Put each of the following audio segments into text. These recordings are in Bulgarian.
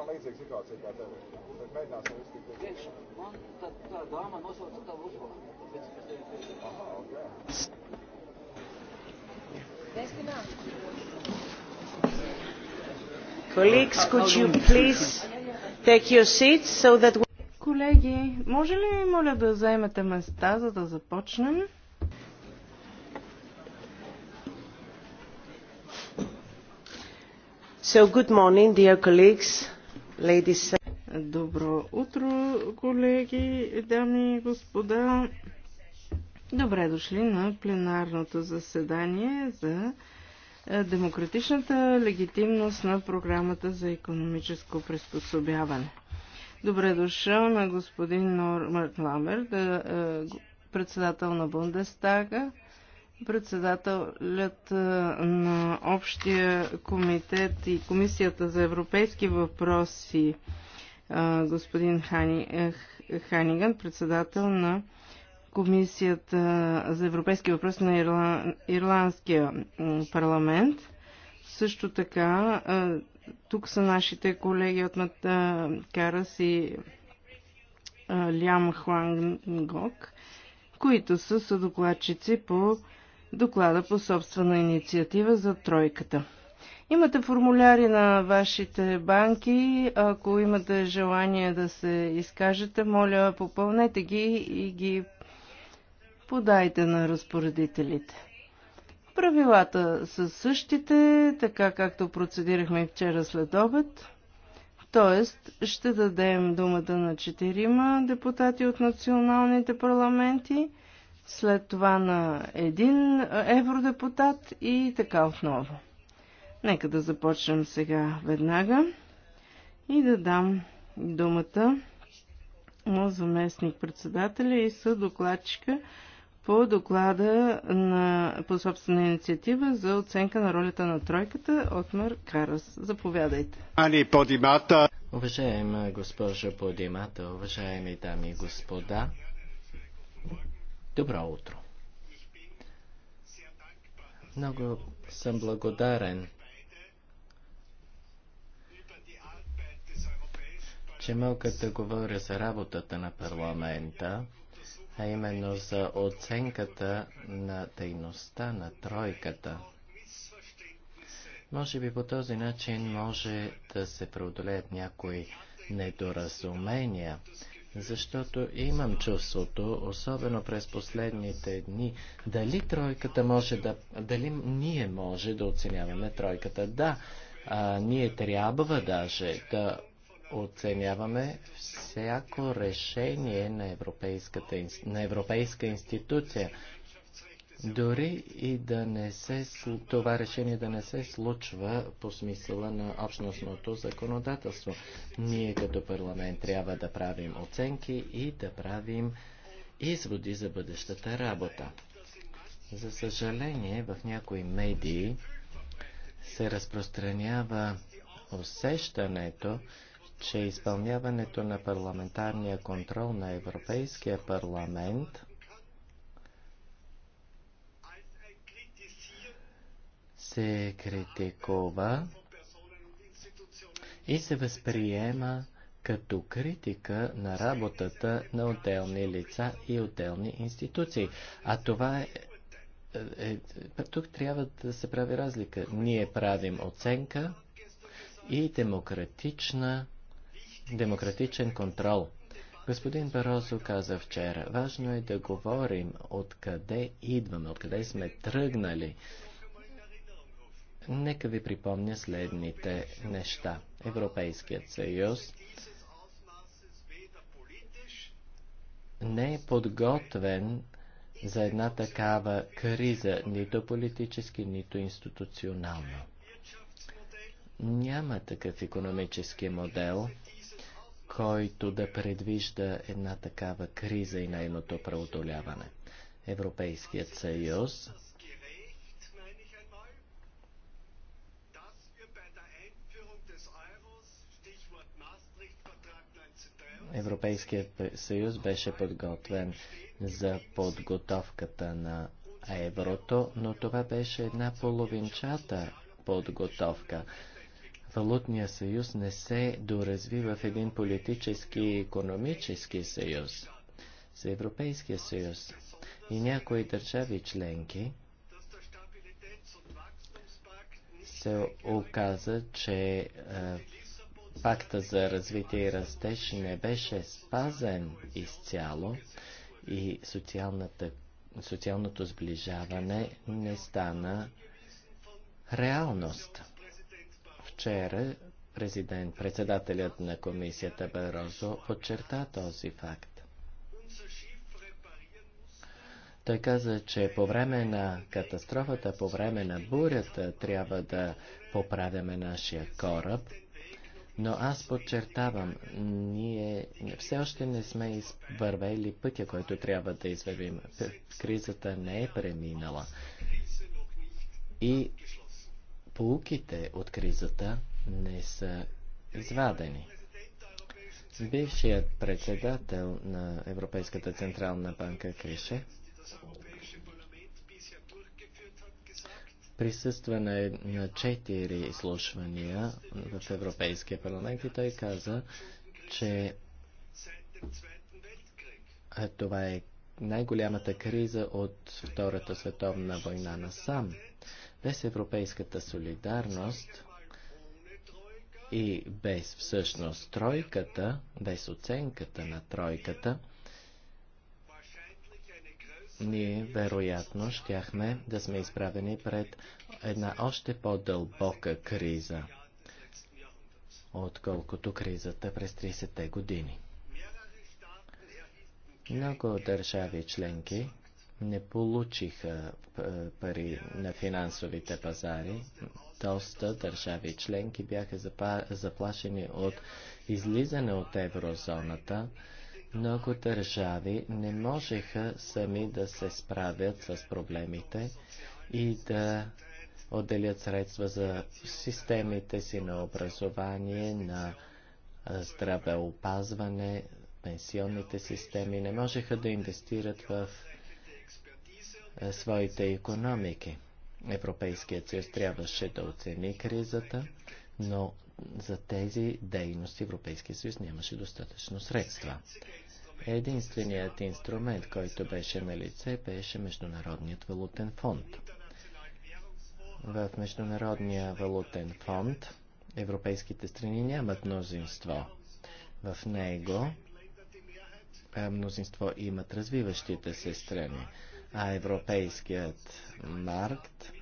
on līdzīgas situācija kā tev. Bet mēģināsim uzskatīt. Priekšā man tā, tā dāma nosauca tavu uzvārdu. Tāpēc, ka tev ir priekšā. Aha, ok. Destināt. Colleagues, could you please take your seats so that we... Колеги, може ли ми моля да заемете места, за да започнем? So good morning, dear colleagues. Ladies... Добро утро, колеги, дами и господа. Добре дошли на пленарното заседание за е, демократичната легитимност на програмата за економическо приспособяване. Добре дошъл на господин Норман Ламер, е, председател на Бундестага, Председателят на Общия комитет и Комисията за европейски въпроси господин Хани, е, Ханиган, председател на Комисията за европейски въпроси на Ирлан, Ирландския парламент. Също така, тук са нашите колеги от Мата Карас и Лям Хуангок, които са съдокладчици по доклада по собствена инициатива за тройката. Имате формуляри на вашите банки. Ако имате желание да се изкажете, моля, попълнете ги и ги подайте на разпоредителите. Правилата са същите, така както процедирахме вчера след обед. Тоест, ще дадем думата на четирима депутати от националните парламенти – след това на един евродепутат и така отново. Нека да започнем сега веднага и да дам думата на заместник председателя и съдокладчика по доклада на, по собствена инициатива за оценка на ролята на тройката от Мар Карас. Заповядайте. Ани Подимата. Уважаема госпожа Подимата, уважаеми дами и господа, Добро утро! Много съм благодарен, че мога да говоря за работата на парламента, а именно за оценката на дейността на тройката. Може би по този начин може да се преодолеят някои недоразумения защото имам чувството, особено през последните дни, дали тройката може да, дали ние може да оценяваме тройката. Да, а, ние трябва даже да оценяваме всяко решение на, на европейска институция. Дори и да не се, това решение да не се случва по смисъла на общностното законодателство. Ние като парламент трябва да правим оценки и да правим изводи за бъдещата работа. За съжаление, в някои медии се разпространява усещането, че изпълняването на парламентарния контрол на Европейския парламент се критикува и се възприема като критика на работата на отделни лица и отделни институции. А това е, е, е тук трябва да се прави разлика. Ние правим оценка и демократична, демократичен контрол. Господин Барозо каза вчера, важно е да говорим откъде идваме, откъде сме тръгнали. Нека ви припомня следните неща. Европейският съюз не е подготвен за една такава криза, нито политически, нито институционално. Няма такъв економически модел, който да предвижда една такава криза и нейното преодоляване. Европейският съюз Европейският съюз беше подготвен за подготовката на еврото, но това беше една половинчата подготовка. Валутния съюз не се доразви в един политически и економически съюз. За Европейския съюз и някои държави членки се оказа, че е, пакта за развитие и растеж не беше спазен изцяло и социалното сближаване не стана реалност. Вчера президент, председателят на комисията Барозо подчерта този факт. Той каза, че по време на катастрофата, по време на бурята трябва да поправяме нашия кораб, но аз подчертавам, ние все още не сме извървели пътя, който трябва да извървим. Кризата не е преминала. И полуките от кризата не са извадени. Бившият председател на Европейската централна банка Крише присъства на, на четири изслушвания в Европейския парламент и той каза, че това е най-голямата криза от Втората световна война насам. Без европейската солидарност и без всъщност тройката, без оценката на тройката, ние вероятно щяхме да сме изправени пред една още по-дълбока криза, отколкото кризата през 30-те години. Много държави членки не получиха пари на финансовите пазари. Доста държави членки бяха заплашени от излизане от еврозоната много държави не можеха сами да се справят с проблемите и да отделят средства за системите си на образование, на здравеопазване, пенсионните системи, не можеха да инвестират в своите економики. Европейският съюз трябваше да оцени кризата, но за тези дейности Европейския съюз нямаше достатъчно средства единственият инструмент, който беше на лице, беше Международният валутен фонд. В Международния валутен фонд европейските страни нямат мнозинство. В него мнозинство имат развиващите се страни, а Европейският маркт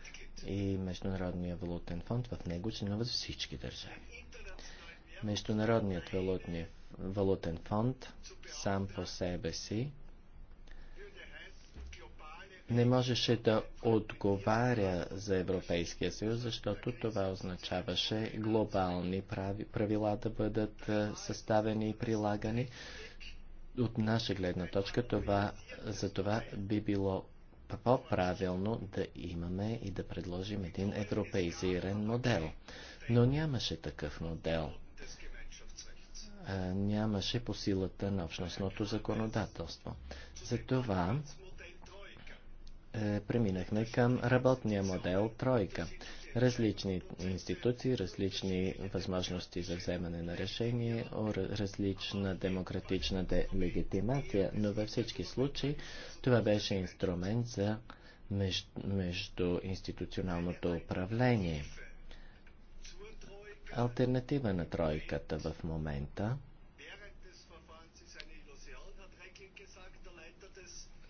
и Международния валутен фонд в него членуват всички държави. Международният валутен валутен фонд сам по себе си не можеше да отговаря за Европейския съюз, защото това означаваше глобални правила да бъдат е, съставени и прилагани. От наша гледна точка това, за това би било по-правилно да имаме и да предложим един европейзиран модел. Но нямаше такъв модел нямаше по силата на общностното законодателство. Затова е, преминахме към работния модел Тройка. Различни институции, различни възможности за вземане на решение, различна демократична легитимация, но във всички случаи това беше инструмент за между, институционалното управление. Альтернатива на тройката в момента –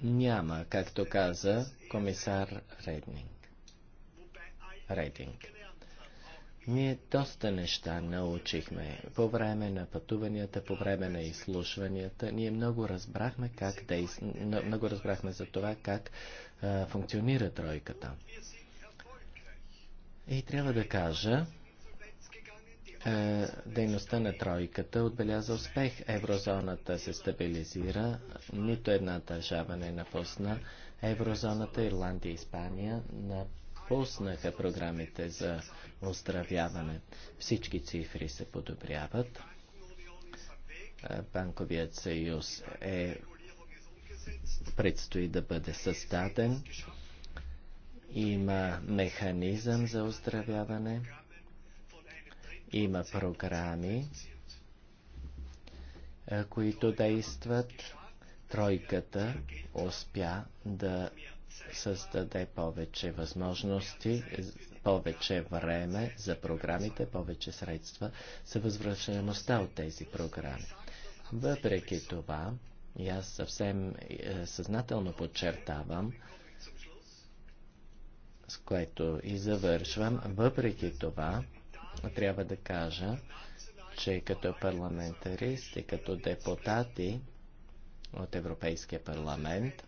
няма, както каза комисар Рейдинг. Рейдинг. Ние доста неща научихме по време на пътуванията, по време на изслушванията. Ние много разбрахме, как да из... много разбрахме за това как а, функционира тройката. И трябва да кажа, е, дейността на тройката отбеляза успех. Еврозоната се стабилизира, нито една държава не напусна. Еврозоната, Ирландия и Испания напуснаха програмите за оздравяване. Всички цифри се подобряват. Е, Банковият съюз е предстои да бъде създаден. Има механизъм за оздравяване. Има програми, които действат. Тройката успя да създаде повече възможности, повече време за програмите, повече средства за възвръщаемостта от тези програми. Въпреки това, и аз съвсем е, съзнателно подчертавам, с което и завършвам, въпреки това, трябва да кажа, че като парламентарист и като депутати от Европейския парламент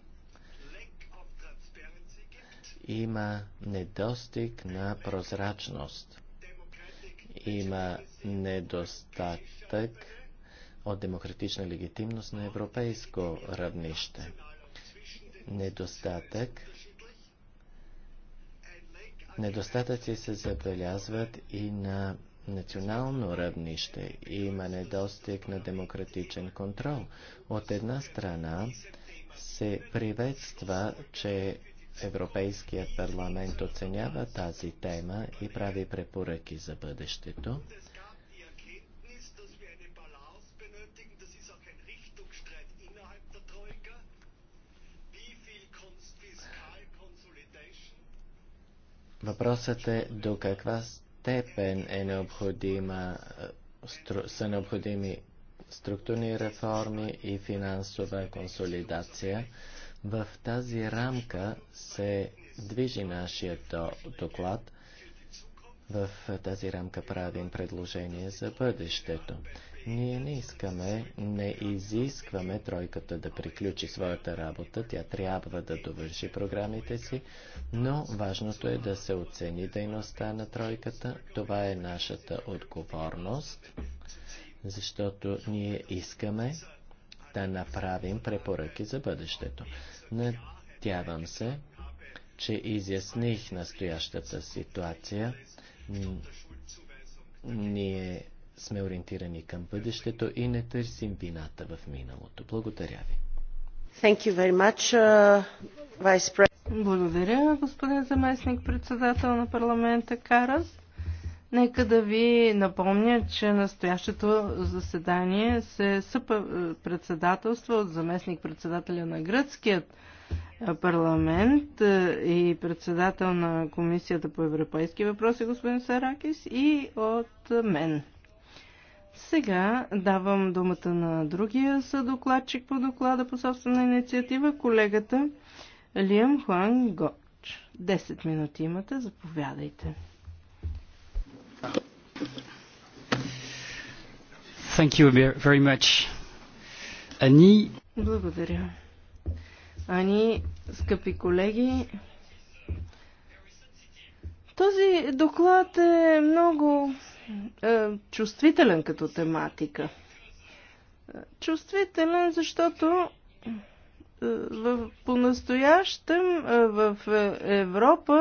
има недостиг на прозрачност. Има недостатък от демократична легитимност на европейско равнище. Недостатък Недостатъци се забелязват и на национално равнище. Има недостиг на демократичен контрол. От една страна се приветства, че Европейският парламент оценява тази тема и прави препоръки за бъдещето. Въпросът е до каква степен е необходима, е, са необходими структурни реформи и финансова консолидация. В тази рамка се движи нашия доклад. В тази рамка правим предложение за бъдещето. Ние не искаме, не изискваме тройката да приключи своята работа, тя трябва да довърши програмите си, но важното е да се оцени дейността на тройката. Това е нашата отговорност, защото ние искаме да направим препоръки за бъдещето. Надявам се, че изясних настоящата ситуация. Ние сме ориентирани към бъдещето и не търсим вината в миналото. Благодаря ви. Thank you very much, uh, Vice Благодаря, господин заместник председател на парламента Карас. Нека да ви напомня, че настоящето заседание се председателства от заместник председателя на гръцкият парламент и председател на Комисията по европейски въпроси господин Саракис и от мен. Сега давам думата на другия съдокладчик по доклада по собствена инициатива, колегата Лиам Хуан Гоч. 10 минути имате, заповядайте. Thank you very much. Ани... Благодаря. Ани, скъпи колеги, този доклад е много е, чувствителен като тематика. Чувствителен, защото е, в, по-настоящем е, в Европа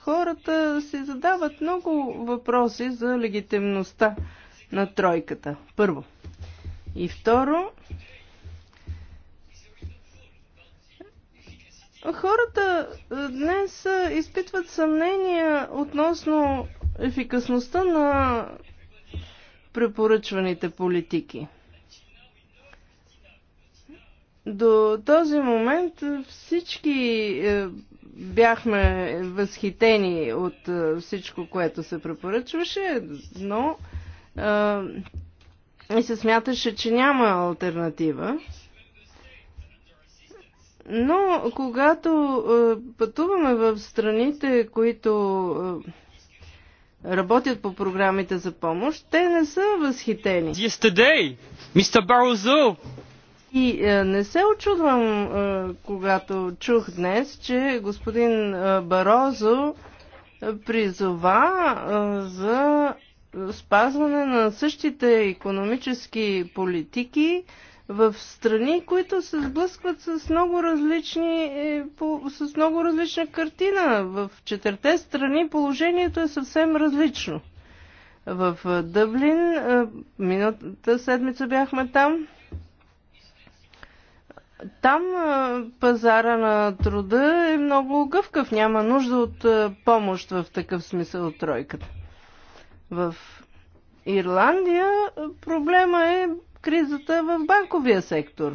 хората си задават много въпроси за легитимността на тройката. Първо. И второ, хората днес изпитват съмнения относно ефикасността на препоръчваните политики. До този момент всички е, бяхме възхитени от е, всичко, което се препоръчваше, но е, и се смяташе, че няма альтернатива. Но когато пътуваме в страните, които работят по програмите за помощ, те не са възхитени. Yesterday, Mr. Barroso. И е, не се очудвам, е, когато чух днес, че господин е, Барозо е, призова е, за спазване на същите економически политики, в страни, които се сблъскват с много различни, е, с много различна картина. В четирте страни положението е съвсем различно. В е, Дъблин, е, миналата седмица бяхме там, там пазара на труда е много гъвкав, няма нужда от помощ в такъв смисъл от тройката. В Ирландия проблема е кризата в банковия сектор,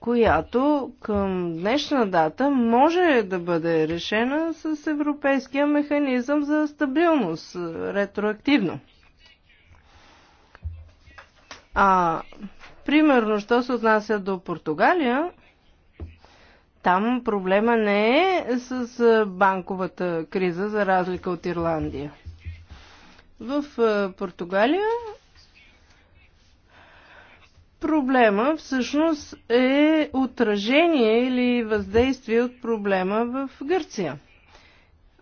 която към днешна дата може да бъде решена с Европейския механизъм за стабилност ретроактивно. А, примерно, що се отнася до Португалия, там проблема не е с банковата криза, за разлика от Ирландия. В Португалия Проблема всъщност е отражение или въздействие от проблема в Гърция.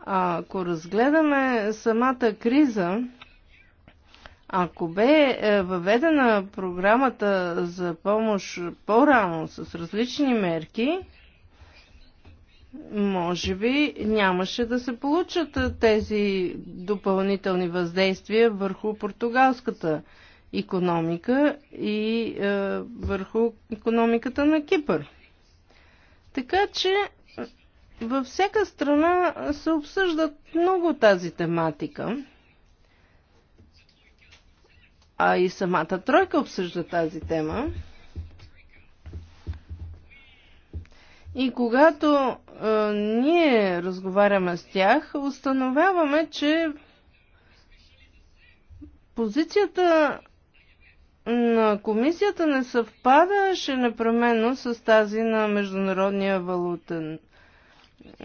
А ако разгледаме самата криза, ако бе е, въведена програмата за помощ по-рано с различни мерки, може би нямаше да се получат е, тези допълнителни въздействия върху португалската економика и е, върху економиката на Кипър. Така че във всяка страна се обсъждат много тази тематика. А и самата тройка обсъжда тази тема. И когато е, ние разговаряме с тях, установяваме, че позицията на комисията не съвпадаше непременно с тази на Международния валутен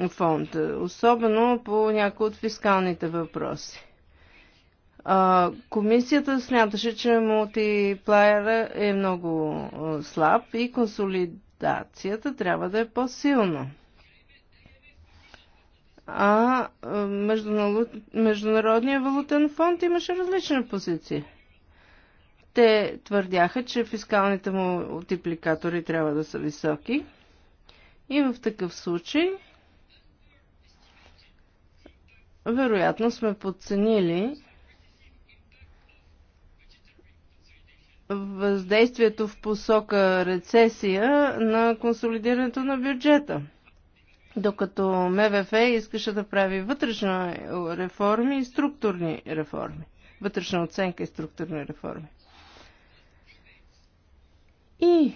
фонд, особено по някои от фискалните въпроси. А, комисията смяташе, че мултиплайера е много слаб и консолидацията трябва да е по-силна. А Международния валутен фонд имаше различни позиции. Те твърдяха, че фискалните мултипликатори трябва да са високи. И в такъв случай, вероятно сме подценили въздействието в посока рецесия на консолидирането на бюджета. Докато МВФ искаше да прави вътрешни реформи и структурни реформи. Вътрешна оценка и структурни реформи. И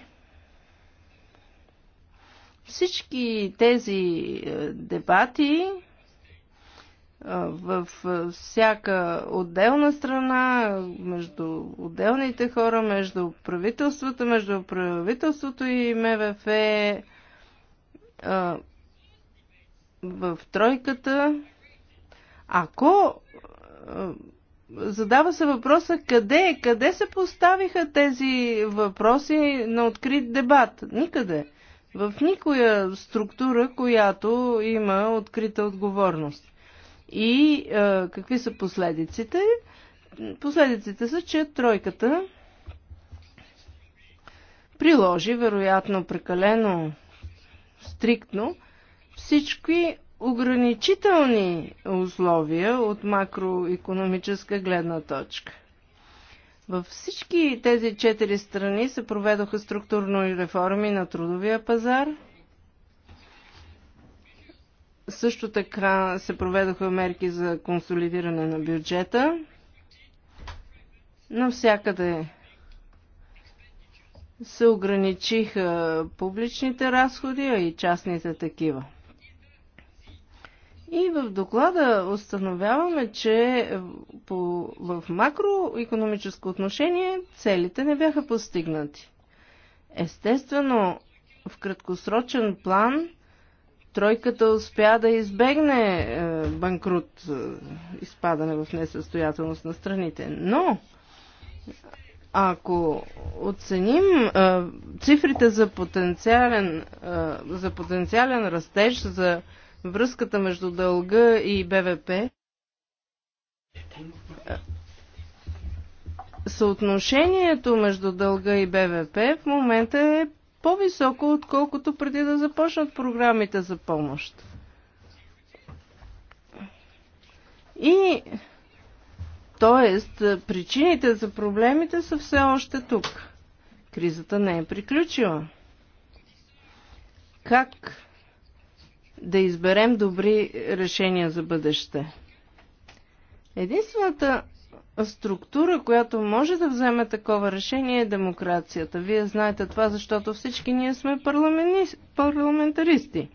всички тези е, дебати е, в е, всяка отделна страна, между отделните хора, между правителствата, между правителството и МВФ, в тройката, ако задава се въпроса къде, къде се поставиха тези въпроси на открит дебат? Никъде. В никоя структура, която има открита отговорност. И е, какви са последиците? Последиците са, че тройката приложи, вероятно прекалено стриктно, всички ограничителни условия от макроекономическа гледна точка. Във всички тези четири страни се проведоха структурни реформи на трудовия пазар. Също така се проведоха мерки за консолидиране на бюджета. Навсякъде се ограничиха публичните разходи, а и частните такива. И в доклада установяваме, че по, в макроекономическо отношение целите не бяха постигнати. Естествено, в краткосрочен план тройката успя да избегне е, банкрут, е, изпадане в несъстоятелност на страните. Но, ако оценим е, цифрите за потенциален, за потенциален растеж, за връзката между дълга и БВП, съотношението между дълга и БВП в момента е по-високо, отколкото преди да започнат програмите за помощ. И, т.е. причините за проблемите са все още тук. Кризата не е приключила. Как да изберем добри решения за бъдеще. Единствената структура, която може да вземе такова решение е демокрацията. Вие знаете това, защото всички ние сме парламентаристи.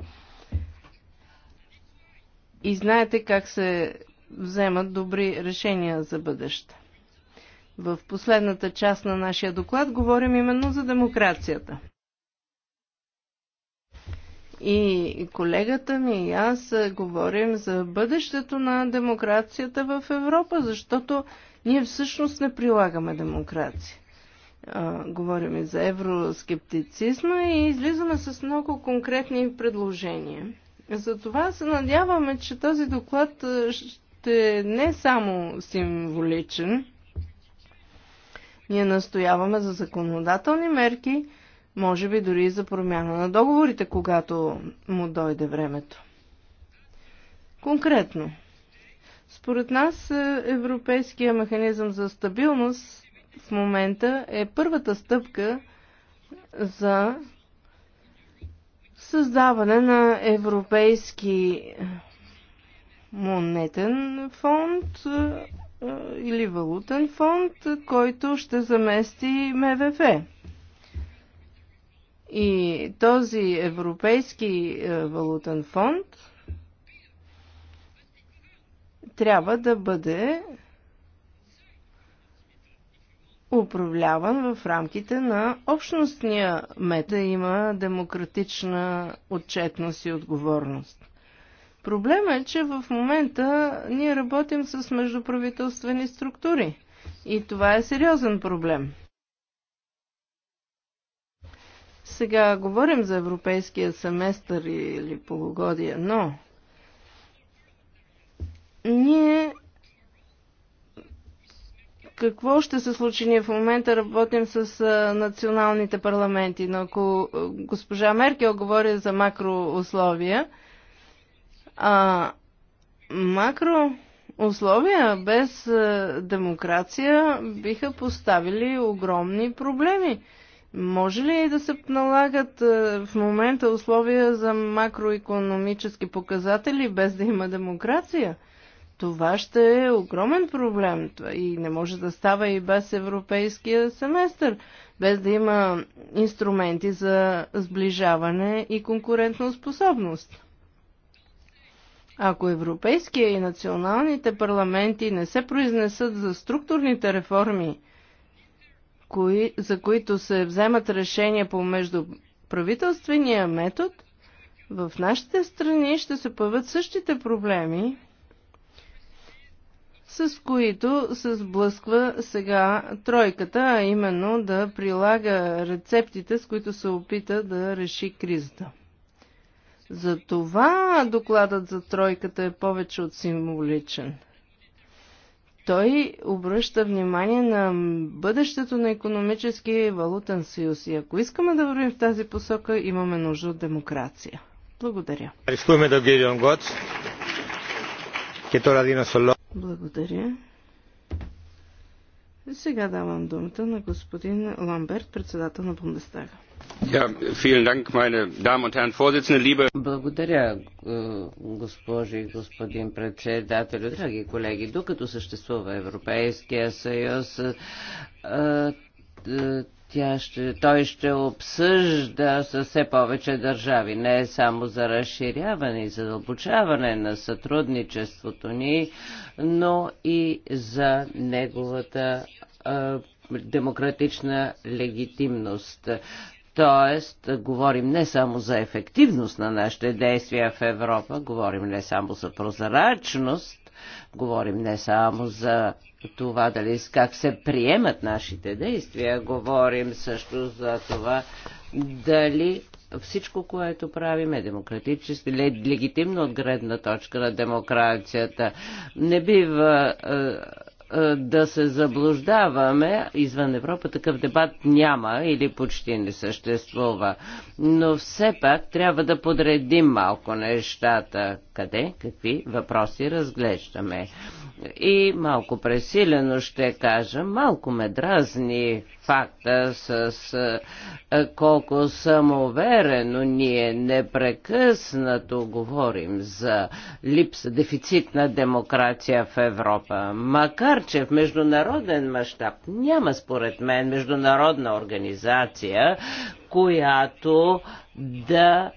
И знаете как се вземат добри решения за бъдеще. В последната част на нашия доклад говорим именно за демокрацията. И колегата ми и аз говорим за бъдещето на демокрацията в Европа, защото ние всъщност не прилагаме демокрация. А, говорим и за евроскептицизма и излизаме с много конкретни предложения. Затова се надяваме, че този доклад ще не само символичен. Ние настояваме за законодателни мерки, може би дори и за промяна на договорите, когато му дойде времето. Конкретно, според нас е, Европейския механизъм за стабилност в момента е първата стъпка за създаване на европейски монетен фонд е, е, или валутен фонд, който ще замести МВФ. И този Европейски е, валутен фонд трябва да бъде управляван в рамките на общностния да има демократична отчетност и отговорност. Проблема е, че в момента ние работим с междуправителствени структури. И това е сериозен проблем. Сега говорим за европейския семестър или полугодие, но ние какво ще се случи? Ние в момента работим с националните парламенти, но ако госпожа Меркел говори за макроусловия, а макроусловия без демокрация биха поставили огромни проблеми. Може ли да се налагат е, в момента условия за макроекономически показатели без да има демокрация? Това ще е огромен проблем и не може да става и без европейския семестър, без да има инструменти за сближаване и способност. Ако европейския и националните парламенти не се произнесат за структурните реформи, кои, за които се вземат решения по междуправителствения метод, в нашите страни ще се появят същите проблеми, с които се сблъсква сега тройката, а именно да прилага рецептите, с които се опита да реши кризата. Затова докладът за тройката е повече от символичен – той обръща внимание на бъдещето на економически и валутен съюз. И ако искаме да вървим в тази посока, имаме нужда от демокрация. Благодаря. Благодаря. Сега давам думата на господин Ламберт, председател на Бундестага. Благодаря, госпожи и господин председател, драги колеги. Докато съществува Европейския съюз, тя ще, той ще обсъжда с все повече държави, не само за разширяване и задълбочаване на сътрудничеството ни, но и за неговата а, демократична легитимност. Тоест, говорим не само за ефективност на нашите действия в Европа, говорим не само за прозрачност, говорим не само за това дали как се приемат нашите действия. Говорим също за това дали всичко, което правим е демократически, легитимно от гледна точка на демокрацията. Не бива е, е, да се заблуждаваме. Извън Европа такъв дебат няма или почти не съществува. Но все пак трябва да подредим малко нещата. Къде, какви въпроси разглеждаме. И малко пресилено ще кажа, малко ме дразни факта с колко самоверено, ние непрекъснато говорим за липса, дефицит на демокрация в Европа. Макар, че в международен мащаб няма според мен международна организация, която да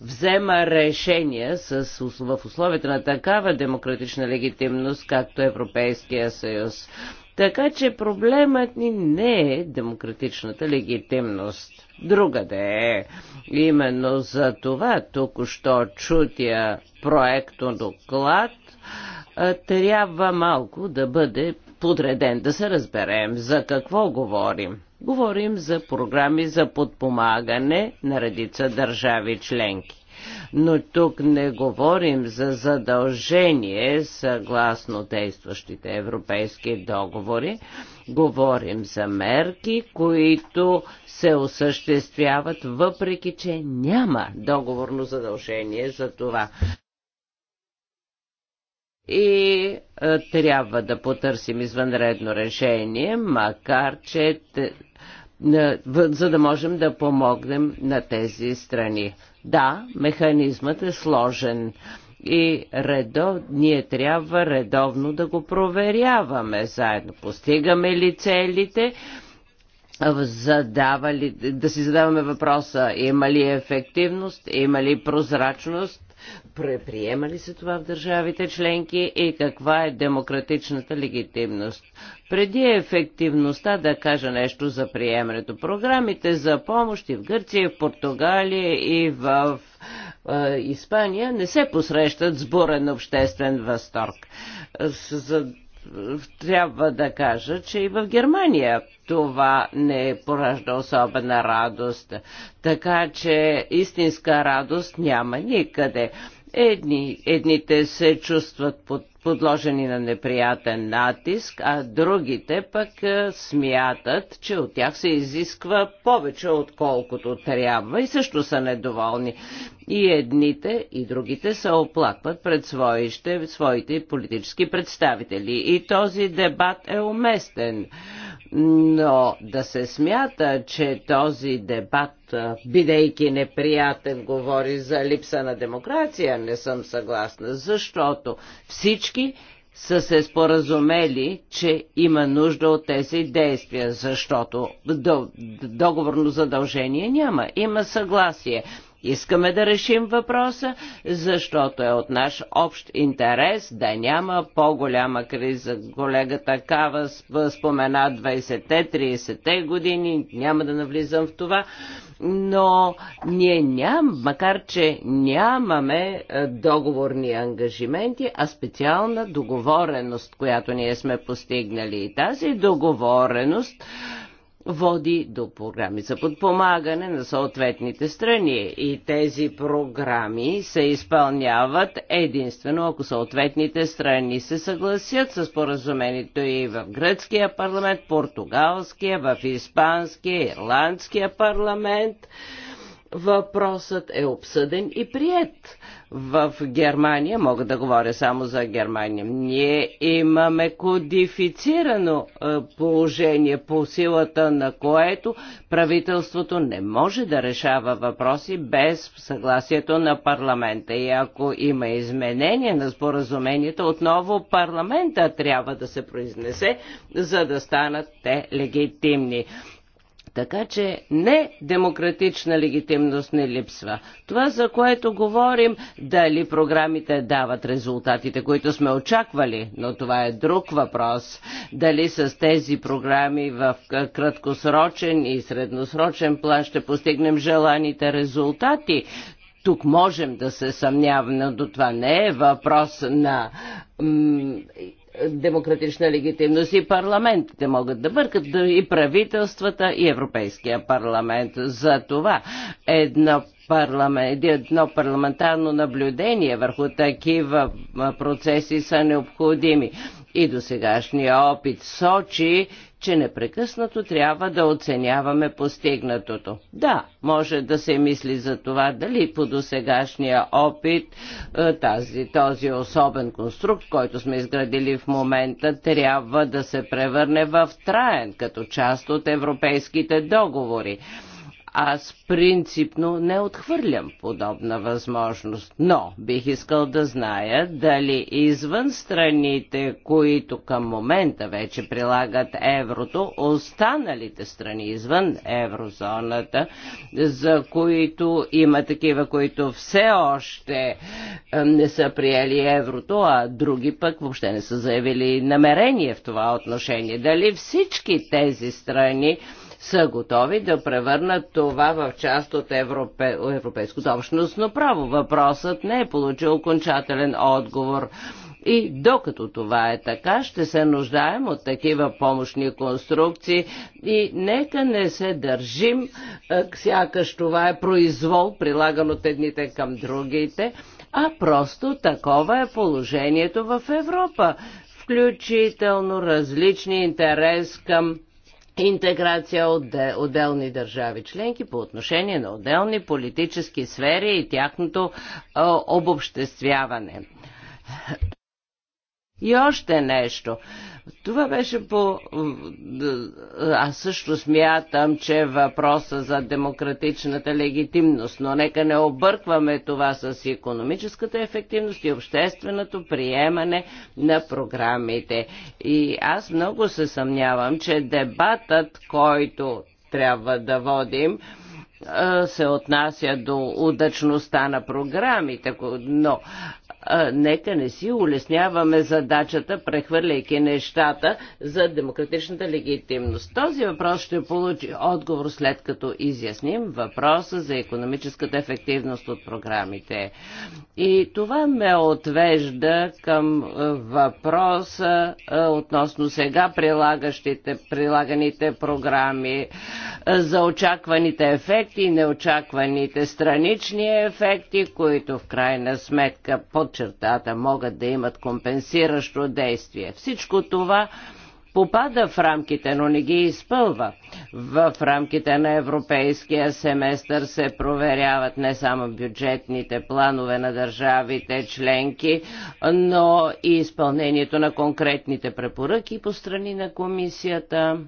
взема решения с, в условията на такава демократична легитимност, както Европейския съюз. Така че проблемът ни не е демократичната легитимност. Друга да е. Именно за това току-що чутия проекто доклад трябва малко да бъде подреден, да се разберем за какво говорим. Говорим за програми за подпомагане на редица държави членки. Но тук не говорим за задължение съгласно действащите европейски договори. Говорим за мерки, които се осъществяват, въпреки че няма договорно задължение за това и е, трябва да потърсим извънредно решение, макар че за да можем да помогнем на тези страни. Да, механизмът е сложен и редов, ние трябва редовно да го проверяваме заедно. Постигаме ли целите? задавали, да си задаваме въпроса има ли ефективност, има ли прозрачност, Преприема ли се това в държавите членки и каква е демократичната легитимност? Преди ефективността да кажа нещо за приемането. Програмите за помощ и в Гърция, и в Португалия, и в е, Испания не се посрещат с бурен обществен възторг. За трябва да кажа, че и в Германия това не поражда особена радост. Така че истинска радост няма никъде. Едни, едните се чувстват под, подложени на неприятен натиск, а другите пък смятат, че от тях се изисква повече отколкото трябва и също са недоволни. И едните и другите се оплакват пред своите, своите политически представители. И този дебат е уместен. Но да се смята, че този дебат, бидейки неприятен, говори за липса на демокрация, не съм съгласна, защото всички са се споразумели, че има нужда от тези действия, защото договорно задължение няма. Има съгласие. Искаме да решим въпроса, защото е от наш общ интерес да няма по-голяма криза. Колега такава спомена 20-те, 30-те години, няма да навлизам в това, но ние ням, макар че нямаме е, договорни ангажименти, а специална договореност, която ние сме постигнали. И тази договореност води до програми за подпомагане на съответните страни и тези програми се изпълняват единствено ако съответните страни се съгласят с поразумението и в гръцкия парламент, португалския, в испанския, ирландския парламент. Въпросът е обсъден и прият в Германия, мога да говоря само за Германия, ние имаме кодифицирано е, положение по силата на което правителството не може да решава въпроси без съгласието на парламента. И ако има изменение на споразумението, отново парламента трябва да се произнесе, за да станат те легитимни. Така че не демократична легитимност не липсва. Това, за което говорим, дали програмите дават резултатите, които сме очаквали, но това е друг въпрос. Дали с тези програми в краткосрочен и средносрочен план ще постигнем желаните резултати, тук можем да се съмняваме, но това не е въпрос на демократична легитимност и парламентите могат да бъркат и правителствата, и Европейския парламент. За това едно парламент, едно парламентарно наблюдение върху такива процеси са необходими. И до сегашния опит сочи, че непрекъснато трябва да оценяваме постигнатото. Да, може да се мисли за това дали по досегашния опит е, тази, този особен конструкт, който сме изградили в момента, трябва да се превърне в траен, като част от европейските договори аз принципно не отхвърлям подобна възможност, но бих искал да зная дали извън страните, които към момента вече прилагат еврото, останалите страни извън еврозоната, за които има такива, които все още е, не са приели еврото, а други пък въобще не са заявили намерение в това отношение. Дали всички тези страни са готови да превърнат това в част от европе, европейското общностно право. Въпросът не е получил окончателен отговор. И докато това е така, ще се нуждаем от такива помощни конструкции и нека не се държим, е, сякаш това е произвол, прилаган от едните към другите, а просто такова е положението в Европа, включително различни интерес към интеграция от отделни държави членки по отношение на отделни политически сфери и тяхното обобществяване. И още нещо. Това беше по... Аз също смятам, че е въпроса за демократичната легитимност, но нека не объркваме това с економическата ефективност и общественото приемане на програмите. И аз много се съмнявам, че дебатът, който трябва да водим, се отнася до удачността на програмите, но нека не си улесняваме задачата, прехвърляйки нещата за демократичната легитимност. Този въпрос ще получи отговор след като изясним въпроса за економическата ефективност от програмите. И това ме отвежда към въпроса относно сега прилагащите, прилаганите програми за очакваните ефекти и неочакваните странични ефекти, които в крайна сметка под под чертата могат да имат компенсиращо действие. Всичко това попада в рамките, но не ги изпълва. В рамките на европейския семестър се проверяват не само бюджетните планове на държавите членки, но и изпълнението на конкретните препоръки по страни на комисията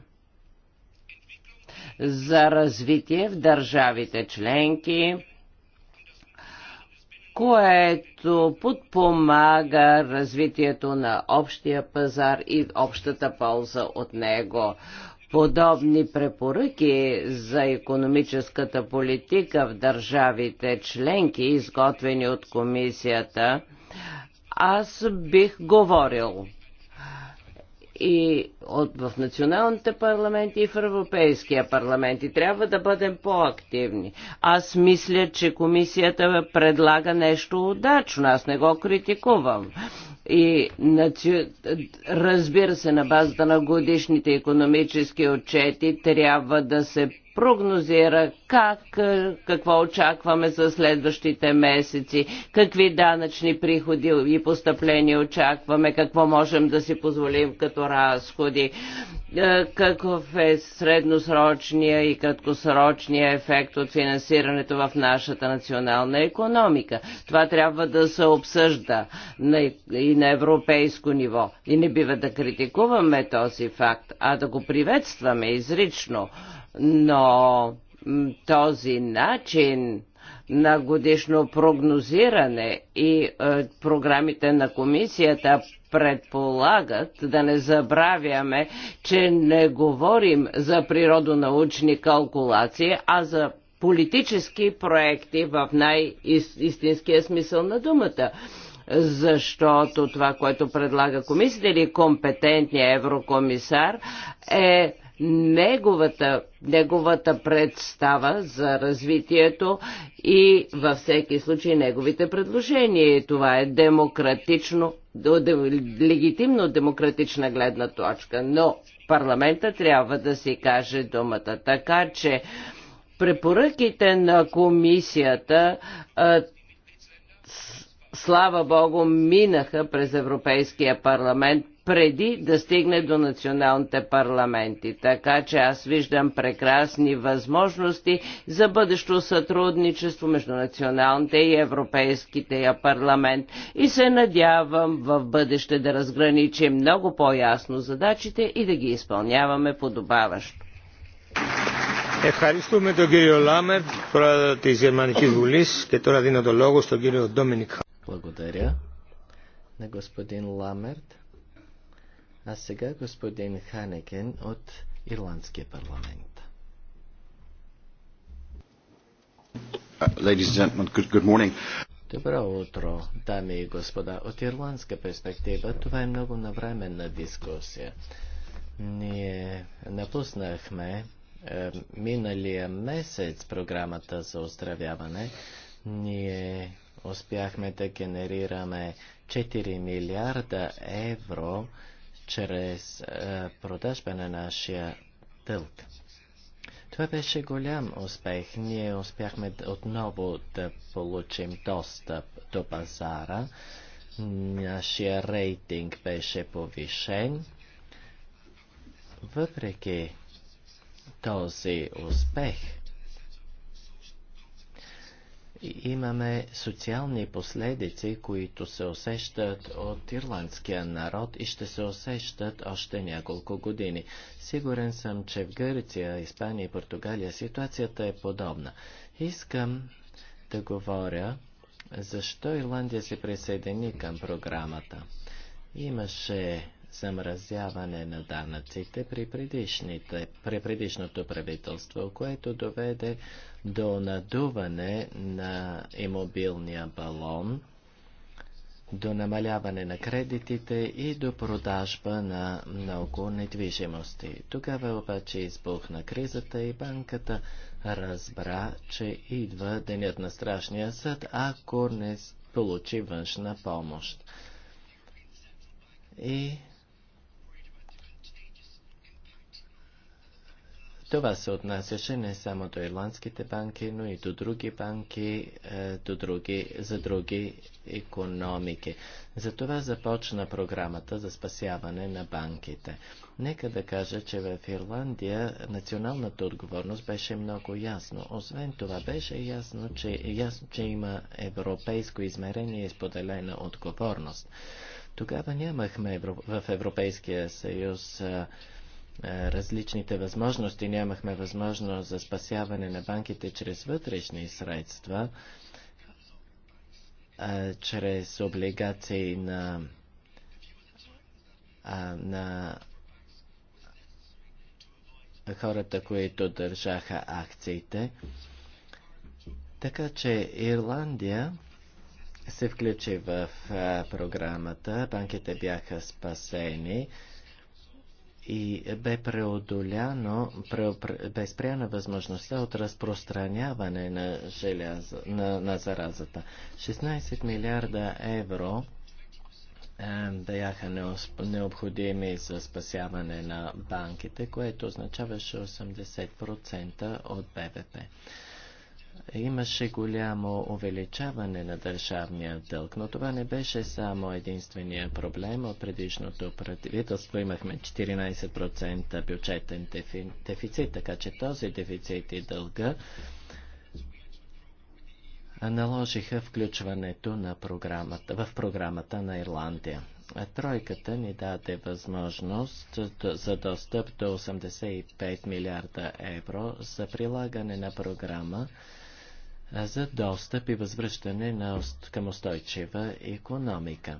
за развитие в държавите членки което подпомага развитието на общия пазар и общата полза от него. Подобни препоръки за економическата политика в държавите членки, изготвени от комисията, аз бих говорил и от, в националните парламенти и в Европейския парламент. И трябва да бъдем по-активни. Аз мисля, че комисията предлага нещо удачно. Аз не го критикувам и разбира се на базата на годишните економически отчети трябва да се прогнозира как, е, какво очакваме за следващите месеци, какви данъчни приходи и постъпления очакваме, какво можем да си позволим като разходи, е, какъв е средносрочния и краткосрочния ефект от финансирането в нашата национална економика. Това трябва да се обсъжда и на европейско ниво. И не бива да критикуваме този факт, а да го приветстваме изрично но този начин на годишно прогнозиране и е, програмите на комисията предполагат, да не забравяме, че не говорим за природонаучни калкулации, а за политически проекти в най-истинския смисъл на думата защото това, което предлага комисията или компетентния еврокомисар е неговата, неговата представа за развитието и във всеки случай неговите предложения. Това е демократично, легитимно демократична гледна точка, но парламента трябва да си каже думата. Така че препоръките на комисията слава Богу, минаха през Европейския парламент преди да стигне до националните парламенти. Така че аз виждам прекрасни възможности за бъдещо сътрудничество между националните и европейските парламент и се надявам в бъдеще да разграничим много по-ясно задачите и да ги изпълняваме подобаващо. Ευχαριστούμε τον κύριο Λάμερ, πρόεδρο της Γερμανικής Βουλής και τώρα δίνω το λόγο στον κύριο Ντόμινικ благодаря на господин Ламерт. А сега господин Ханекен от Ирландския парламент. Uh, Добро утро, дами и господа. От ирландска перспектива това е много навременна дискусия. Ние напуснахме е, миналия месец програмата за оздравяване. Ние успяхме да генерираме 4 милиарда евро чрез е, продажба на нашия дълг. Това беше голям успех. Ние успяхме отново да получим достъп до пазара. Нашия рейтинг беше повишен. Въпреки този успех, имаме социални последици, които се усещат от ирландския народ и ще се усещат още няколко години. Сигурен съм, че в Гърция, Испания и Португалия ситуацията е подобна. Искам да говоря защо Ирландия се присъедини към програмата. Имаше замразяване на данъците при, при предишното правителство, което доведе до надуване на имобилния балон, до намаляване на кредитите и до продажба на много недвижимости. Тогава обаче избухна кризата и банката разбра, че идва денят на страшния съд, ако не получи външна помощ. И Това се отнасяше не само до ирландските банки, но и до други банки, е, до други, за други економики. Затова започна програмата за спасяване на банките. Нека да кажа, че в Ирландия националната отговорност беше много ясно. Освен това беше ясно, че, ясно, че има европейско измерение и споделена отговорност. Тогава нямахме в Европейския съюз е, е, различните възможности. Нямахме възможност за спасяване на банките чрез вътрешни средства, е, чрез облигации на, на хората, които държаха акциите. Така че Ирландия се включи в програмата, банките бяха спасени и бе преодоляно, пре, пре, бе спряна възможността от разпространяване на, желяза, на, на заразата. 16 милиарда евро да е, бяха необходими за спасяване на банките, което означаваше 80% от БВП имаше голямо увеличаване на държавния дълг, но това не беше само единствения проблем. От предишното правителство имахме 14% бюджетен дефицит, така че този дефицит и дълга наложиха включването на програмата, в програмата на Ирландия. Тройката ни даде възможност за достъп до 85 милиарда евро за прилагане на програма, за достъп и възвръщане на, към устойчива економика.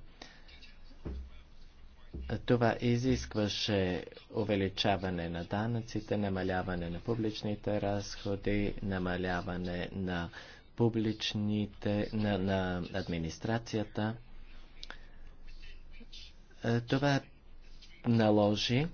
Това изискваше увеличаване на данъците, намаляване на публичните разходи, намаляване на публичните, на, на администрацията. Това наложи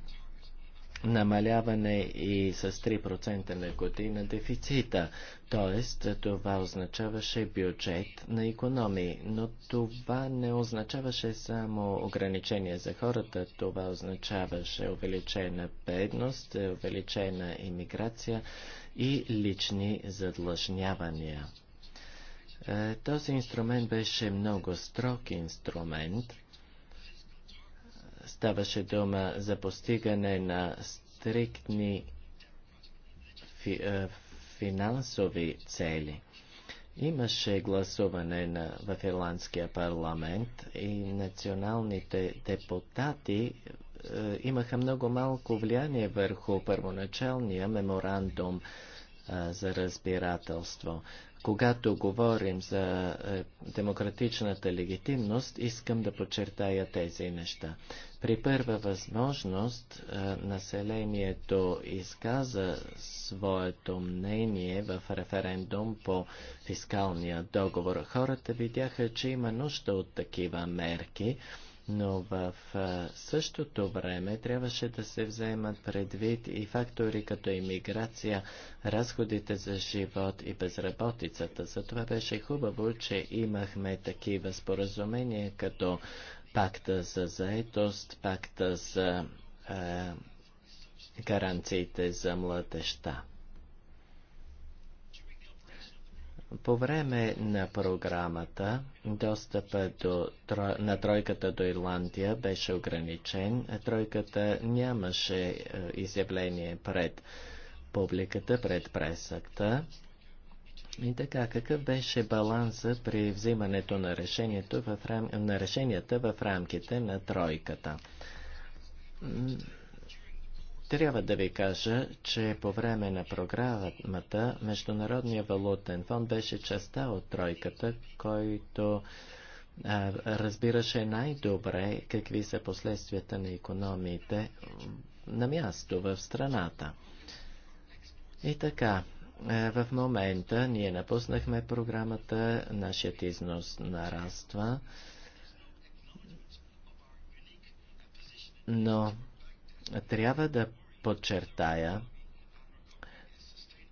намаляване и с 3% на година дефицита. Тоест, това означаваше бюджет на економии, но това не означаваше само ограничение за хората, това означаваше увеличена бедност, увеличена иммиграция и лични задлъжнявания. Е, този инструмент беше много строг инструмент. Ставаше дума за постигане на стриктни е, финансови цели. Имаше гласуване на, в Ирландския парламент и националните депутати е, имаха много малко влияние върху първоначалния меморандум е, за разбирателство. Когато говорим за е, демократичната легитимност, искам да подчертая тези неща. При първа възможност населението изказа своето мнение в референдум по фискалния договор. Хората видяха, че има нужда от такива мерки, но в същото време трябваше да се вземат предвид и фактори като иммиграция, разходите за живот и безработицата. Затова беше хубаво, че имахме такива споразумения като пакта за заетост, пакта за е, гаранциите за младеща. По време на програмата достъпа до, на тройката до Ирландия беше ограничен. Тройката нямаше е, изявление пред публиката, пред пресъкта. И така, какъв беше баланса при взимането на, решението в рам... на решенията в рамките на тройката? Трябва да ви кажа, че по време на програмата Международния валутен фонд беше частта от тройката, който а, разбираше най-добре какви са последствията на економиите на място в страната. И така, е, в момента ние напуснахме програмата, нашият износ нараства, но трябва да подчертая,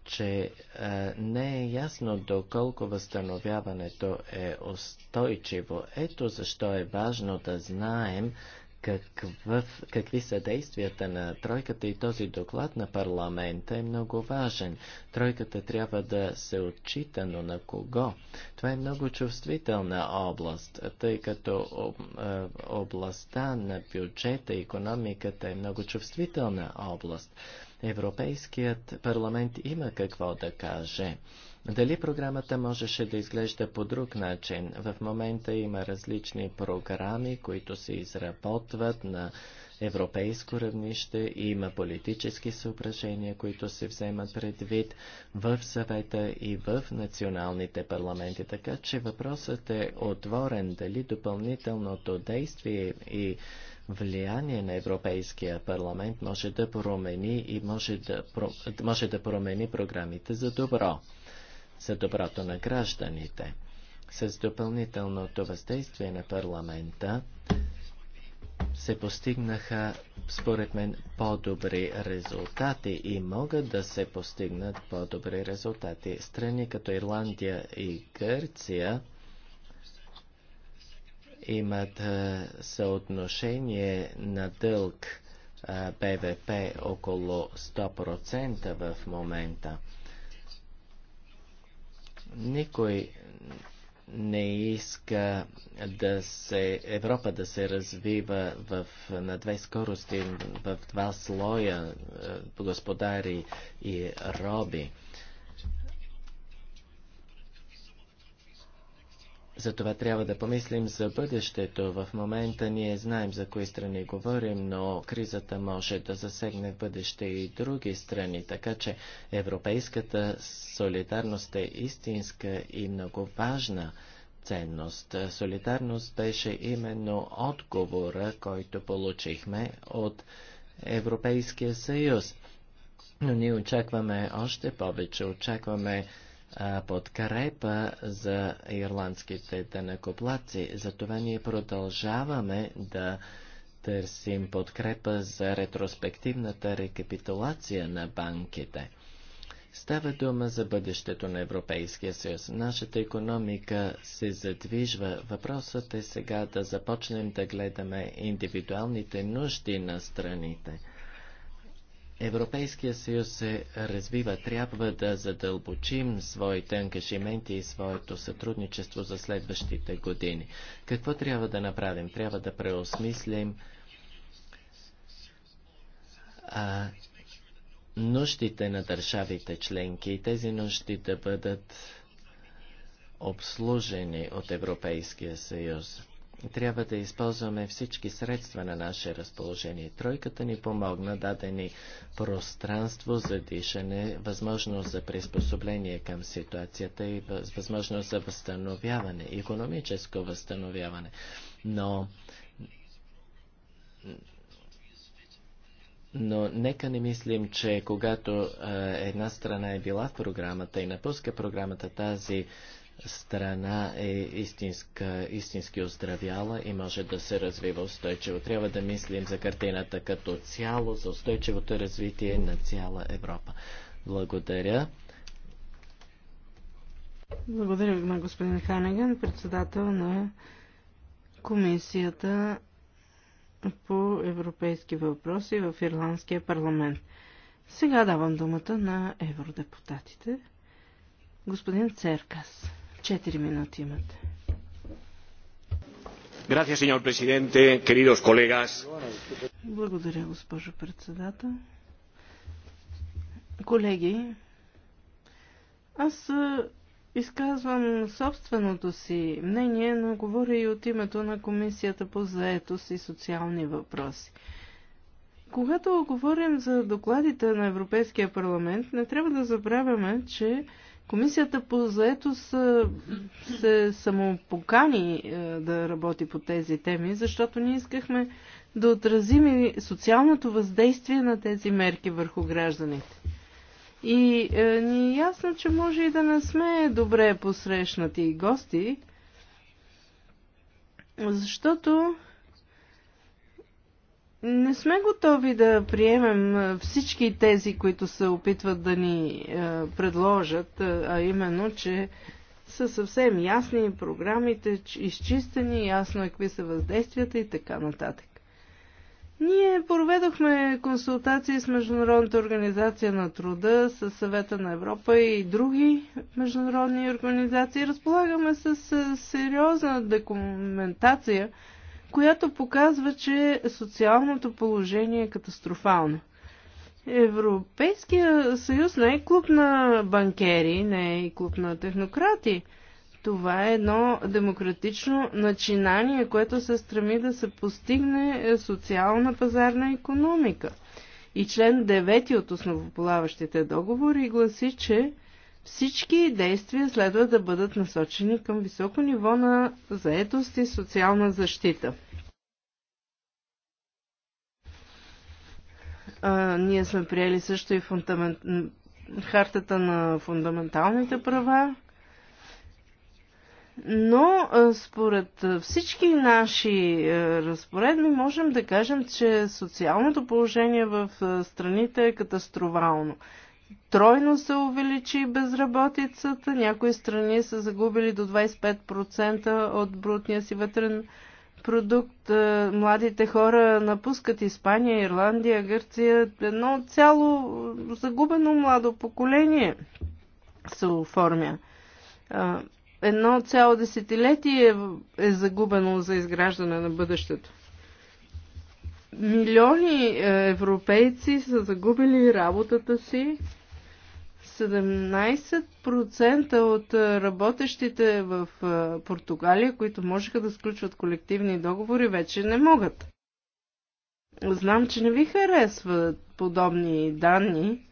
че а, е, не е ясно доколко възстановяването е устойчиво. Ето защо е важно да знаем какъв, какви са действията на тройката и този доклад на парламента е много важен. Тройката трябва да се отчита, но на кого? Това е много чувствителна област, тъй като е, областта на бюджета и економиката е много чувствителна област. Европейският парламент има какво да каже. Дали програмата можеше да изглежда по друг начин? В момента има различни програми, които се изработват на европейско равнище, и има политически съображения, които се вземат предвид в съвета и в националните парламенти. Така че въпросът е отворен дали допълнителното действие и влияние на Европейския парламент може да промени и може да, може да промени програмите за добро за доброто на гражданите. С допълнителното въздействие на парламента се постигнаха, според мен, по-добри резултати и могат да се постигнат по-добри резултати. Страни като Ирландия и Гърция имат съотношение на дълг БВП около 100% в момента. Никой не иска да се, Европа да се развива в, на две скорости, в два слоя е, господари и роби. Затова трябва да помислим за бъдещето. В момента ние знаем за кои страни говорим, но кризата може да засегне в бъдеще и други страни, така че европейската солидарност е истинска и много важна ценност. Солидарност беше именно отговора, който получихме от Европейския съюз. Но ние очакваме още повече, очакваме подкрепа за ирландските денекоплаци. Затова ние продължаваме да търсим подкрепа за ретроспективната рекапитулация на банките. Става дума за бъдещето на Европейския съюз. Нашата економика се задвижва. Въпросът е сега да започнем да гледаме индивидуалните нужди на страните – Европейския съюз се развива. Трябва да задълбочим своите ангажименти и своето сътрудничество за следващите години. Какво трябва да направим? Трябва да преосмислим а, нуждите на държавите членки и тези нужди да бъдат обслужени от Европейския съюз трябва да използваме всички средства на наше разположение. Тройката ни помогна, даде ни пространство за дишане, възможност за приспособление към ситуацията и възможност за възстановяване, економическо възстановяване. Но но нека не мислим, че когато е, една страна е била в програмата и напуска програмата, тази страна е истинска, истински оздравяла и може да се развива устойчиво. Трябва да мислим за картината като цяло, за устойчивото развитие на цяла Европа. Благодаря. Благодаря ви господин Ханеган, председател на Комисията по европейски въпроси в Ирландския парламент. Сега давам думата на евродепутатите. Господин Церкас. Четири минути имате. Gracias, señor presidente, queridos colegas. Благодаря, госпожо председател. Колеги, аз изказвам собственото си мнение, но говоря и от името на Комисията по заетост и социални въпроси. Когато говорим за докладите на Европейския парламент, не трябва да забравяме, че Комисията по заетост се самопокани да работи по тези теми, защото ние искахме да отразим и социалното въздействие на тези мерки върху гражданите. И е, ни е ясно, че може и да не сме добре посрещнати гости, защото не сме готови да приемем всички тези, които се опитват да ни предложат, а именно, че са съвсем ясни програмите, изчистени, ясно е какви са въздействията и така нататък. Ние проведохме консултации с Международната организация на труда, с Съвета на Европа и други международни организации. Разполагаме с сериозна документация – която показва, че социалното положение е катастрофално. Европейския съюз не е клуб на банкери, не е клуб на технократи. Това е едно демократично начинание, което се стреми да се постигне социална пазарна економика. И член 9 от основополаващите договори гласи, че всички действия следва да бъдат насочени към високо ниво на заетост и социална защита. А, ние сме приели също и фундамент... хартата на фундаменталните права, но според всички наши разпоредби можем да кажем, че социалното положение в страните е катастрофално тройно се увеличи безработицата. Някои страни са загубили до 25% от брутния си вътрен продукт. Е, младите хора напускат Испания, Ирландия, Гърция. Едно цяло загубено младо поколение се оформя. Е, едно цяло десетилетие е загубено за изграждане на бъдещето. Милиони е, европейци са загубили работата си 17% от работещите в Португалия, които можеха да сключват колективни договори, вече не могат. Знам, че не ви харесват подобни данни,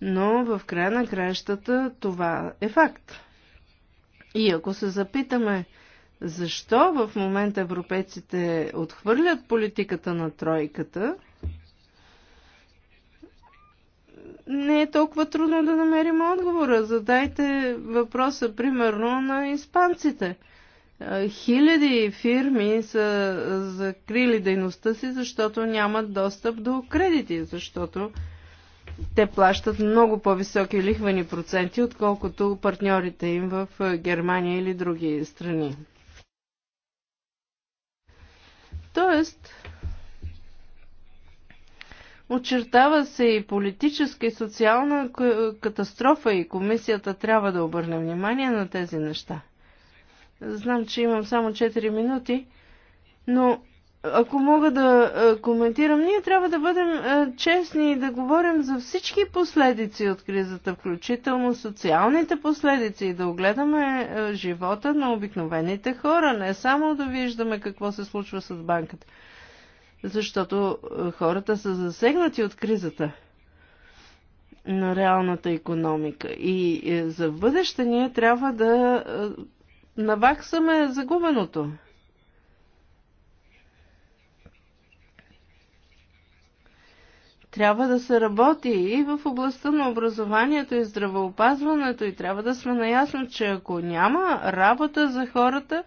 но в края на краищата това е факт. И ако се запитаме, защо в момента европейците отхвърлят политиката на тройката, не е толкова трудно да намерим отговора. Задайте въпроса, примерно, на испанците. Хиляди фирми са закрили дейността си, защото нямат достъп до кредити, защото те плащат много по-високи лихвени проценти, отколкото партньорите им в Германия или други страни. Тоест, Очертава се и политическа и социална катастрофа и комисията трябва да обърне внимание на тези неща. Знам, че имам само 4 минути, но ако мога да коментирам, ние трябва да бъдем честни и да говорим за всички последици от кризата, включително социалните последици и да огледаме живота на обикновените хора, не само да виждаме какво се случва с банката защото е, хората са засегнати от кризата на реалната економика. И е, за бъдеще ние трябва да е, наваксаме загубеното. Трябва да се работи и в областта на образованието и здравеопазването и трябва да сме наясно, че ако няма работа за хората,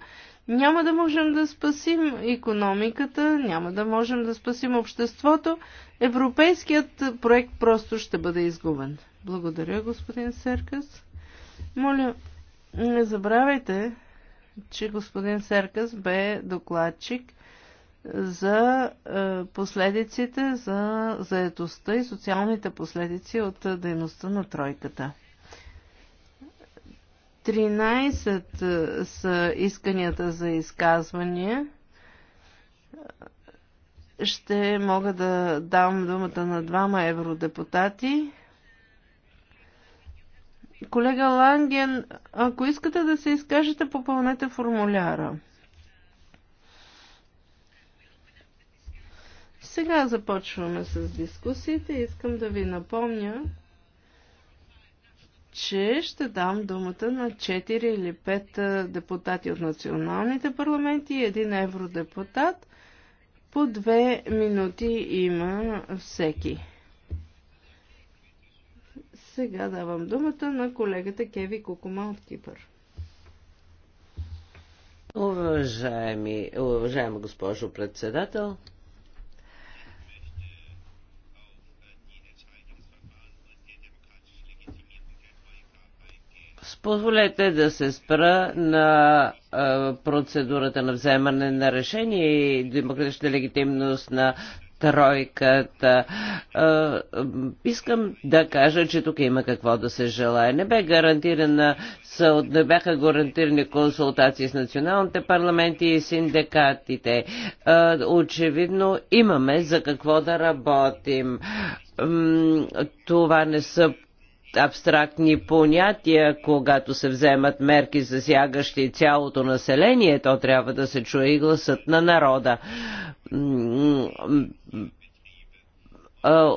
няма да можем да спасим економиката, няма да можем да спасим обществото. Европейският проект просто ще бъде изгубен. Благодаря, господин Серкас. Моля, не забравяйте, че господин Серкас бе докладчик за е, последиците за заедостта и социалните последици от дейността на тройката. 13 е, са исканията за изказвания. Ще мога да дам думата на двама евродепутати. Колега Ланген, ако искате да се изкажете, попълнете формуляра. Сега започваме с дискусиите. Искам да ви напомня, че ще дам думата на 4 или 5 депутати от националните парламенти и един евродепутат. По две минути има всеки. Сега давам думата на колегата Кеви Кукума от Кипър. Уважаеми, уважаема госпожо председател, Позволете да се спра на процедурата на вземане на решение и демократична легитимност на тройката. Искам да кажа, че тук има какво да се желая. Не, бе гарантирана, не бяха гарантирани консултации с националните парламенти и синдикатите. Очевидно имаме за какво да работим. Това не са абстрактни понятия, когато се вземат мерки засягащи цялото население, то трябва да се чуе и гласът на народа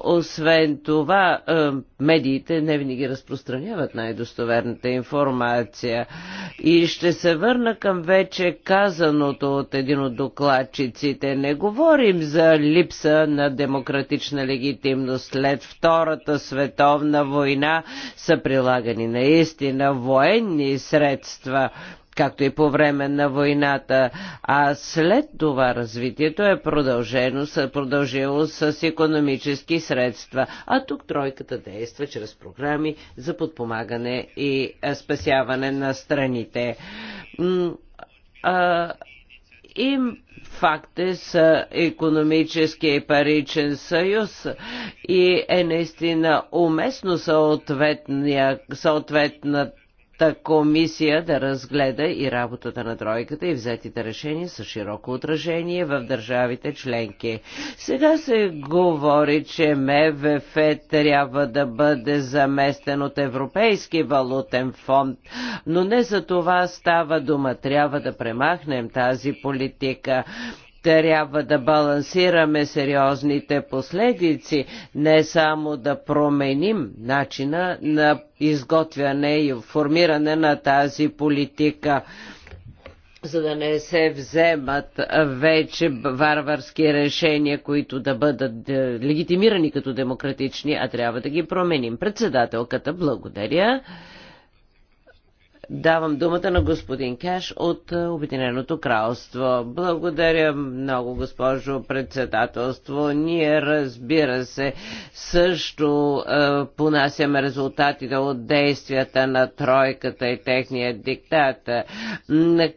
освен това, медиите не винаги разпространяват най-достоверната информация. И ще се върна към вече казаното от един от докладчиците. Не говорим за липса на демократична легитимност. След Втората световна война са прилагани наистина военни средства както и по време на войната, а след това развитието е продължено, продължило с економически средства. А тук тройката действа чрез програми за подпомагане и спасяване на страните. И факти е са економическия и паричен съюз и е наистина уместно съответна, съответната комисия да разгледа и работата на тройката и взетите решения с широко отражение в държавите членки. Сега се говори, че МВФ трябва да бъде заместен от Европейски валутен фонд, но не за това става дума. Трябва да премахнем тази политика трябва да балансираме сериозните последици, не само да променим начина на изготвяне и формиране на тази политика за да не се вземат вече варварски решения, които да бъдат е, легитимирани като демократични, а трябва да ги променим. Председателката, благодаря. Давам думата на господин Кеш от е, Обединеното кралство. Благодаря много, госпожо председателство. Ние, разбира се, също е, понасяме резултатите от действията на тройката и техния диктат, е,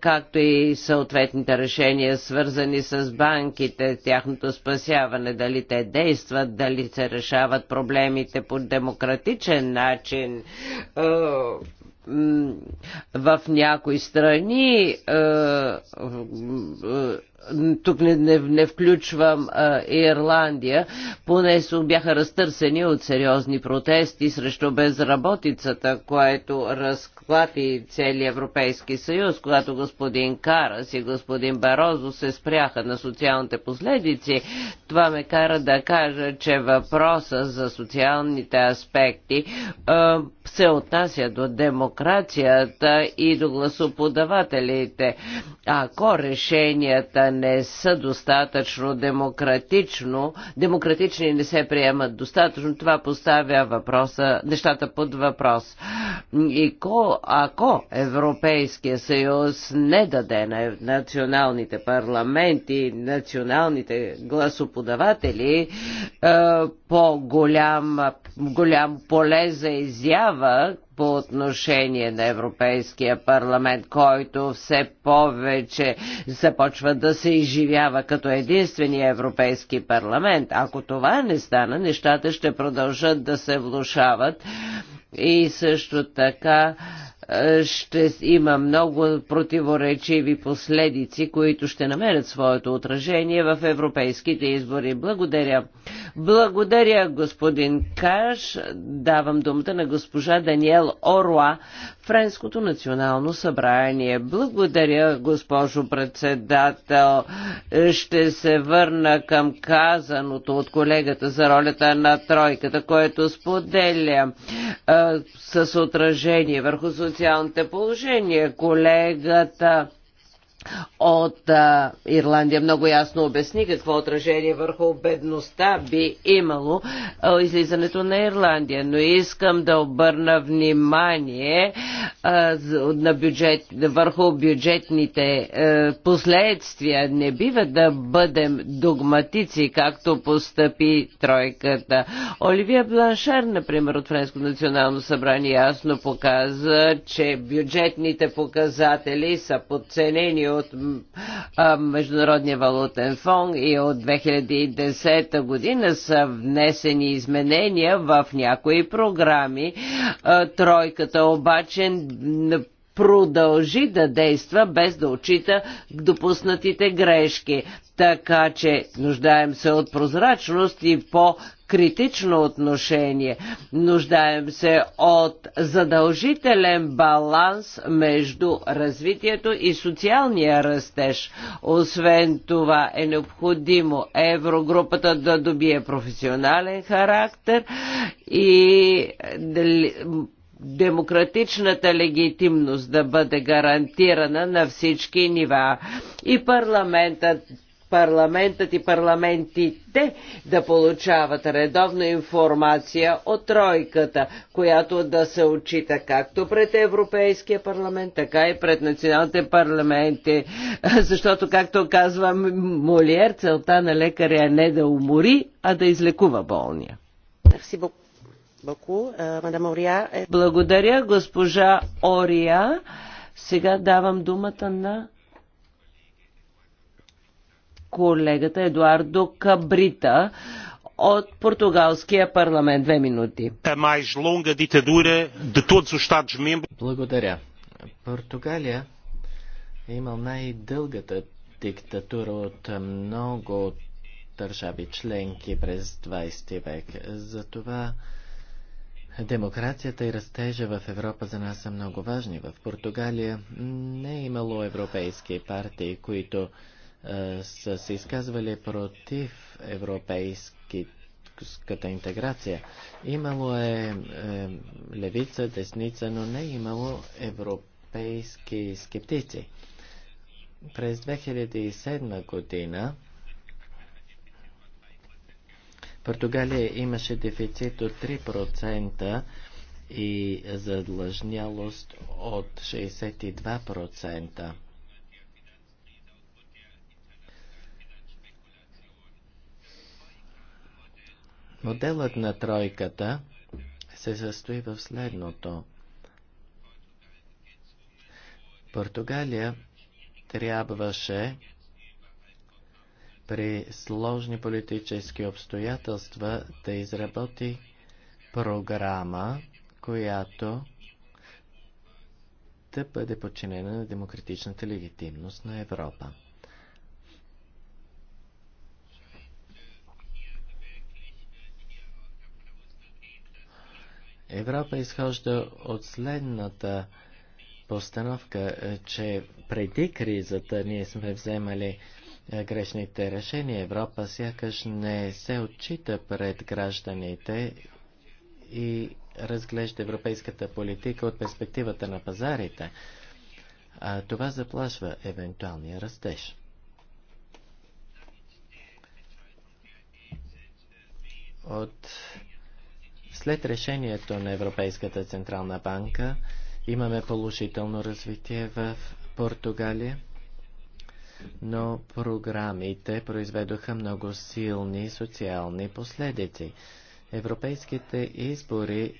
както и съответните решения, свързани с банките, тяхното спасяване, дали те действат, дали се решават проблемите по демократичен начин. Е, в някои страни, е, е, тук не, не, не включвам е, Ирландия, поне бяха разтърсени от сериозни протести срещу безработицата, което разклати целият Европейски съюз, когато господин Карас и господин Барозо се спряха на социалните последици. Това ме кара да кажа, че въпроса за социалните аспекти а, се отнася до демокрацията и до гласоподавателите. Ако решенията не са достатъчно демократично, демократични не се приемат достатъчно, това поставя въпроса, нещата под въпрос. И ко, ако Европейския съюз не даде на националните парламенти, националните гласоподаватели, е, по-голям голям поле за изява, права по отношение на Европейския парламент, който все повече започва да се изживява като единствения Европейски парламент. Ако това не стана, нещата ще продължат да се влушават и също така ще има много противоречиви последици, които ще намерят своето отражение в европейските избори. Благодаря. Благодаря, господин Каш. Давам думата на госпожа Даниел Оруа, Френското национално събрание. Благодаря, госпожо председател. Ще се върна към казаното от колегата за ролята на тройката, което споделя а, с отражение върху социалните положения. Колегата от а, Ирландия много ясно обясни какво отражение върху бедността би имало а, излизането на Ирландия. Но искам да обърна внимание а, на бюджет, върху бюджетните а, е, последствия. Не бива да бъдем догматици, както постъпи тройката. Оливия Бланшар, например, от Френско национално събрание ясно показа, че бюджетните показатели са подценени от а, Международния валутен фонд и от 2010 година са внесени изменения в някои програми. А, тройката обаче продължи да действа без да очита допуснатите грешки. Така че нуждаем се от прозрачност и по критично отношение. Нуждаем се от задължителен баланс между развитието и социалния растеж. Освен това е необходимо еврогрупата да добие професионален характер и демократичната легитимност да бъде гарантирана на всички нива. И парламентът парламентът и парламентите да получават редовна информация от тройката, която да се отчита както пред Европейския парламент, така и пред националните парламенти. Защото, както казва Молиер, целта на лекаря е не да умори, а да излекува болния. Е, е- Благодаря, госпожа Ория. Сега давам думата на колегата Едуардо Кабрита от португалския парламент. Две минути. Благодаря. Португалия е имал най-дългата диктатура от много държави членки през 20 век. Затова демокрацията и растежа в Европа за нас са много важни. В Португалия не е имало европейски партии, които е, са се изказвали против европейската интеграция. Имало е, е левица, десница, но не е имало европейски скептици. През 2007 година Португалия имаше дефицит от 3% и задлъжнялост от 62%. Моделът на тройката се състои в следното. Португалия трябваше при сложни политически обстоятелства да изработи програма, която да бъде подчинена на демократичната легитимност на Европа. Европа изхожда от следната постановка, е, че преди кризата ние сме вземали е, грешните решения. Европа сякаш не се отчита пред гражданите и разглежда европейската политика от перспективата на пазарите. А това заплашва евентуалния растеж. От след решението на Европейската Централна банка имаме положително развитие в Португалия, но програмите произведоха много силни социални последици. Европейските избори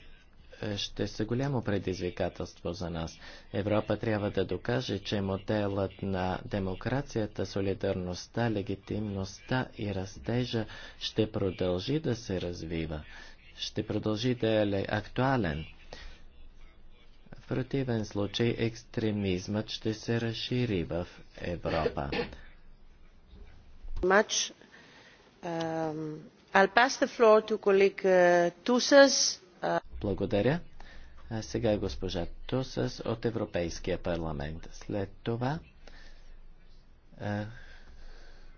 е, ще са голямо предизвикателство за нас. Европа трябва да докаже, че моделът на демокрацията, солидарността, легитимността и растежа ще продължи да се развива ще продължи да е актуален. В противен случай екстремизмът ще се разшири в Европа. Much. Um, I'll pass the floor to colleague uh, Uh... Благодаря. А сега госпожа Тусас от Европейския парламент. След това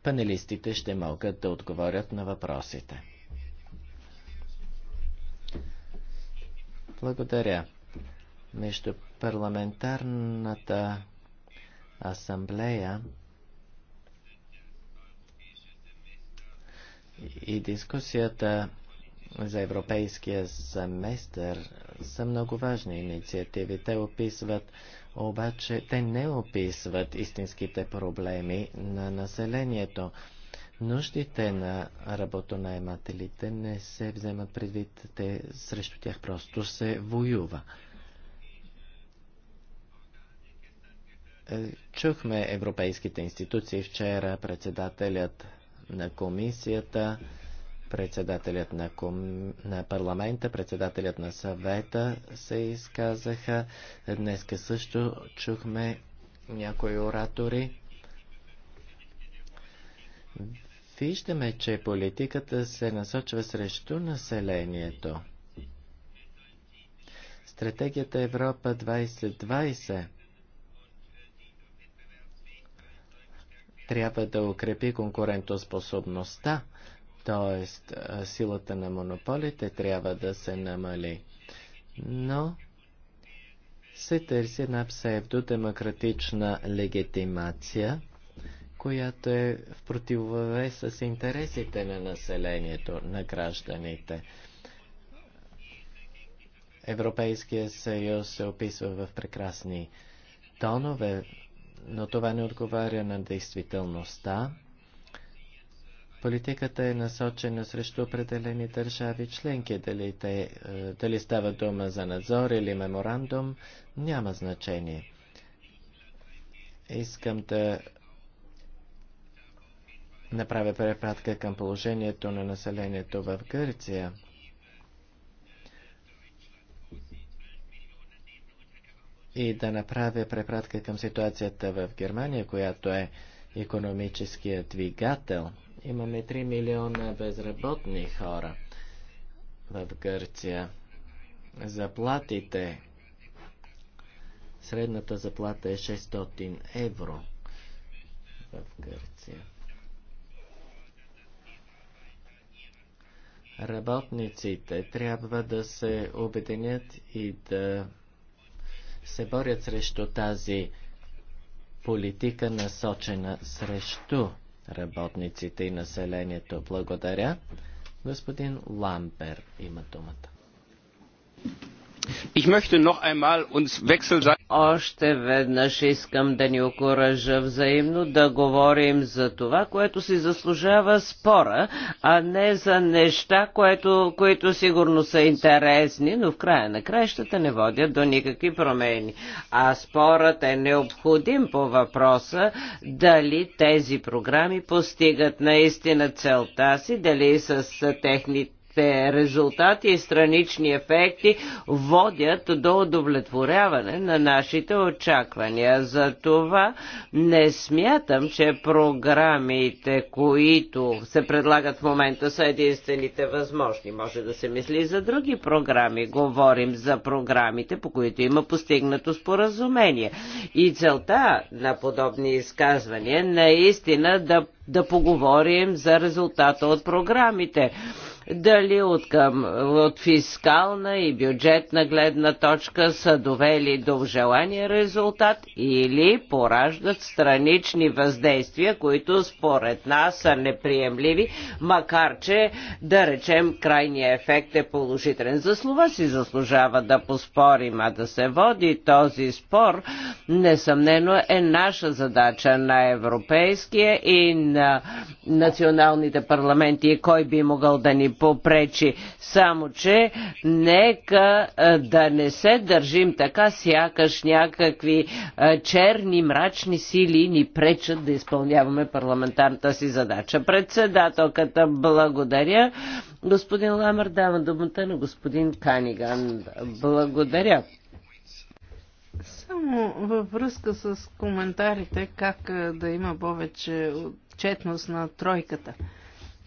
панелистите ще могат да отговорят на въпросите. Благодаря. Между парламентарната асамблея и дискусията за европейския семестър са много важни инициативи. Те описват обаче, те не описват истинските проблеми на населението. Нуждите на работонаемателите не се вземат предвид, те срещу тях просто се воюва. Е, чухме европейските институции вчера, председателят на комисията, председателят на, ком... на парламента, председателят на съвета се изказаха. Днеска също чухме някои оратори. Виждаме, че политиката се насочва срещу населението. Стратегията Европа 2020 трябва да укрепи конкурентоспособността, т.е. силата на монополите трябва да се намали. Но се търси една псевдодемократична легитимация която е в противовес с интересите на населението, на гражданите. Европейския съюз се описва в прекрасни тонове, но това не отговаря на действителността. Политиката е насочена срещу определени държави членки, дали, те, е, дали става дума за надзор или меморандум, няма значение. Искам да направя препратка към положението на населението в Гърция. И да направя препратка към ситуацията в Германия, която е економическият двигател. Имаме 3 милиона безработни хора в Гърция. Заплатите. Средната заплата е 600 евро в Гърция. Работниците трябва да се обединят и да се борят срещу тази политика насочена срещу работниците и населението. Благодаря. Господин Ламбер има думата. Ich möchte noch einmal uns wechselseitig още веднъж искам да ни окоръжа взаимно да говорим за това, което си заслужава спора, а не за неща, което, които сигурно са интересни, но в края на краищата не водят до никакви промени. А спорът е необходим по въпроса дали тези програми постигат наистина целта си, дали с техните те резултати и странични ефекти водят до удовлетворяване на нашите очаквания. Затова не смятам, че програмите, които се предлагат в момента, са единствените възможни. Може да се мисли и за други програми. Говорим за програмите, по които има постигнато споразумение. И целта на подобни изказвания е наистина да, да поговорим за резултата от програмите дали от, към, от фискална и бюджетна гледна точка са довели до желания резултат или пораждат странични въздействия, които според нас са неприемливи, макар че да речем крайния ефект е положителен. За слова си заслужава да поспорим, а да се води този спор, несъмнено е наша задача на европейския и на националните парламенти кой би могъл да ни попречи. Само, че нека да не се държим така, сякаш някакви черни, мрачни сили ни пречат да изпълняваме парламентарната си задача. Председателката, благодаря. Господин Ламър, дава думата на господин Каниган. Благодаря. Само във връзка с коментарите как да има повече отчетност на тройката.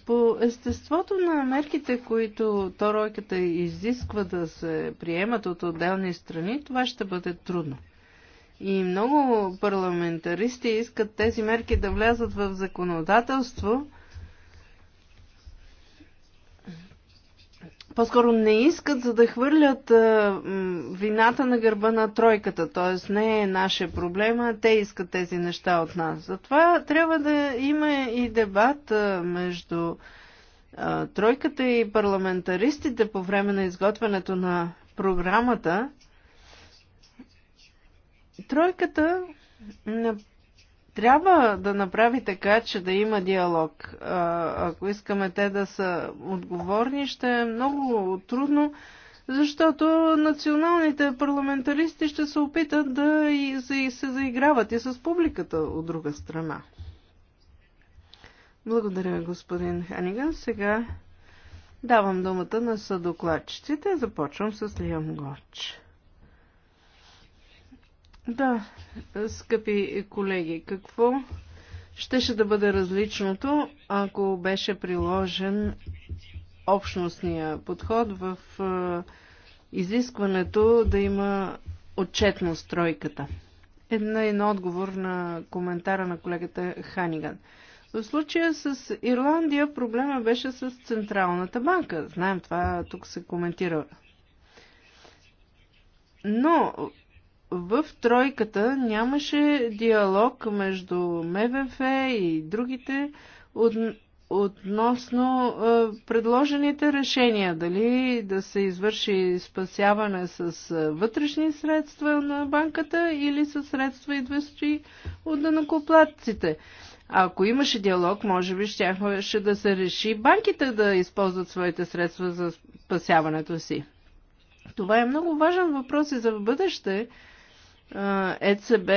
По естеството на мерките, които торойката изисква да се приемат от отделни страни, това ще бъде трудно. И много парламентаристи искат тези мерки да влязат в законодателство, по-скоро не искат, за да хвърлят а, вината на гърба на тройката. Т.е. не е наше проблема, те искат тези неща от нас. Затова трябва да има и дебат а, между а, тройката и парламентаристите по време на изготвянето на програмата. Тройката на трябва да направи така, че да има диалог. Ако искаме те да са отговорни, ще е много трудно, защото националните парламентаристи ще се опитат да и се заиграват и с публиката от друга страна. Благодаря, господин Ханиган. Сега давам думата на съдокладчиците. Започвам с Лиам Горч. Да, скъпи колеги, какво щеше да бъде различното, ако беше приложен общностния подход в изискването да има отчетност тройката? Една и отговор на коментара на колегата Ханиган. В случая с Ирландия проблема беше с Централната банка. Знаем, това тук се коментира. Но в тройката нямаше диалог между МВФ и другите от, относно а, предложените решения. Дали да се извърши спасяване с а, вътрешни средства на банката или с средства идващи от данакоплатците. Ако имаше диалог, може би ще да се реши банките да използват своите средства за спасяването си. Това е много важен въпрос и за бъдеще, ЕЦБ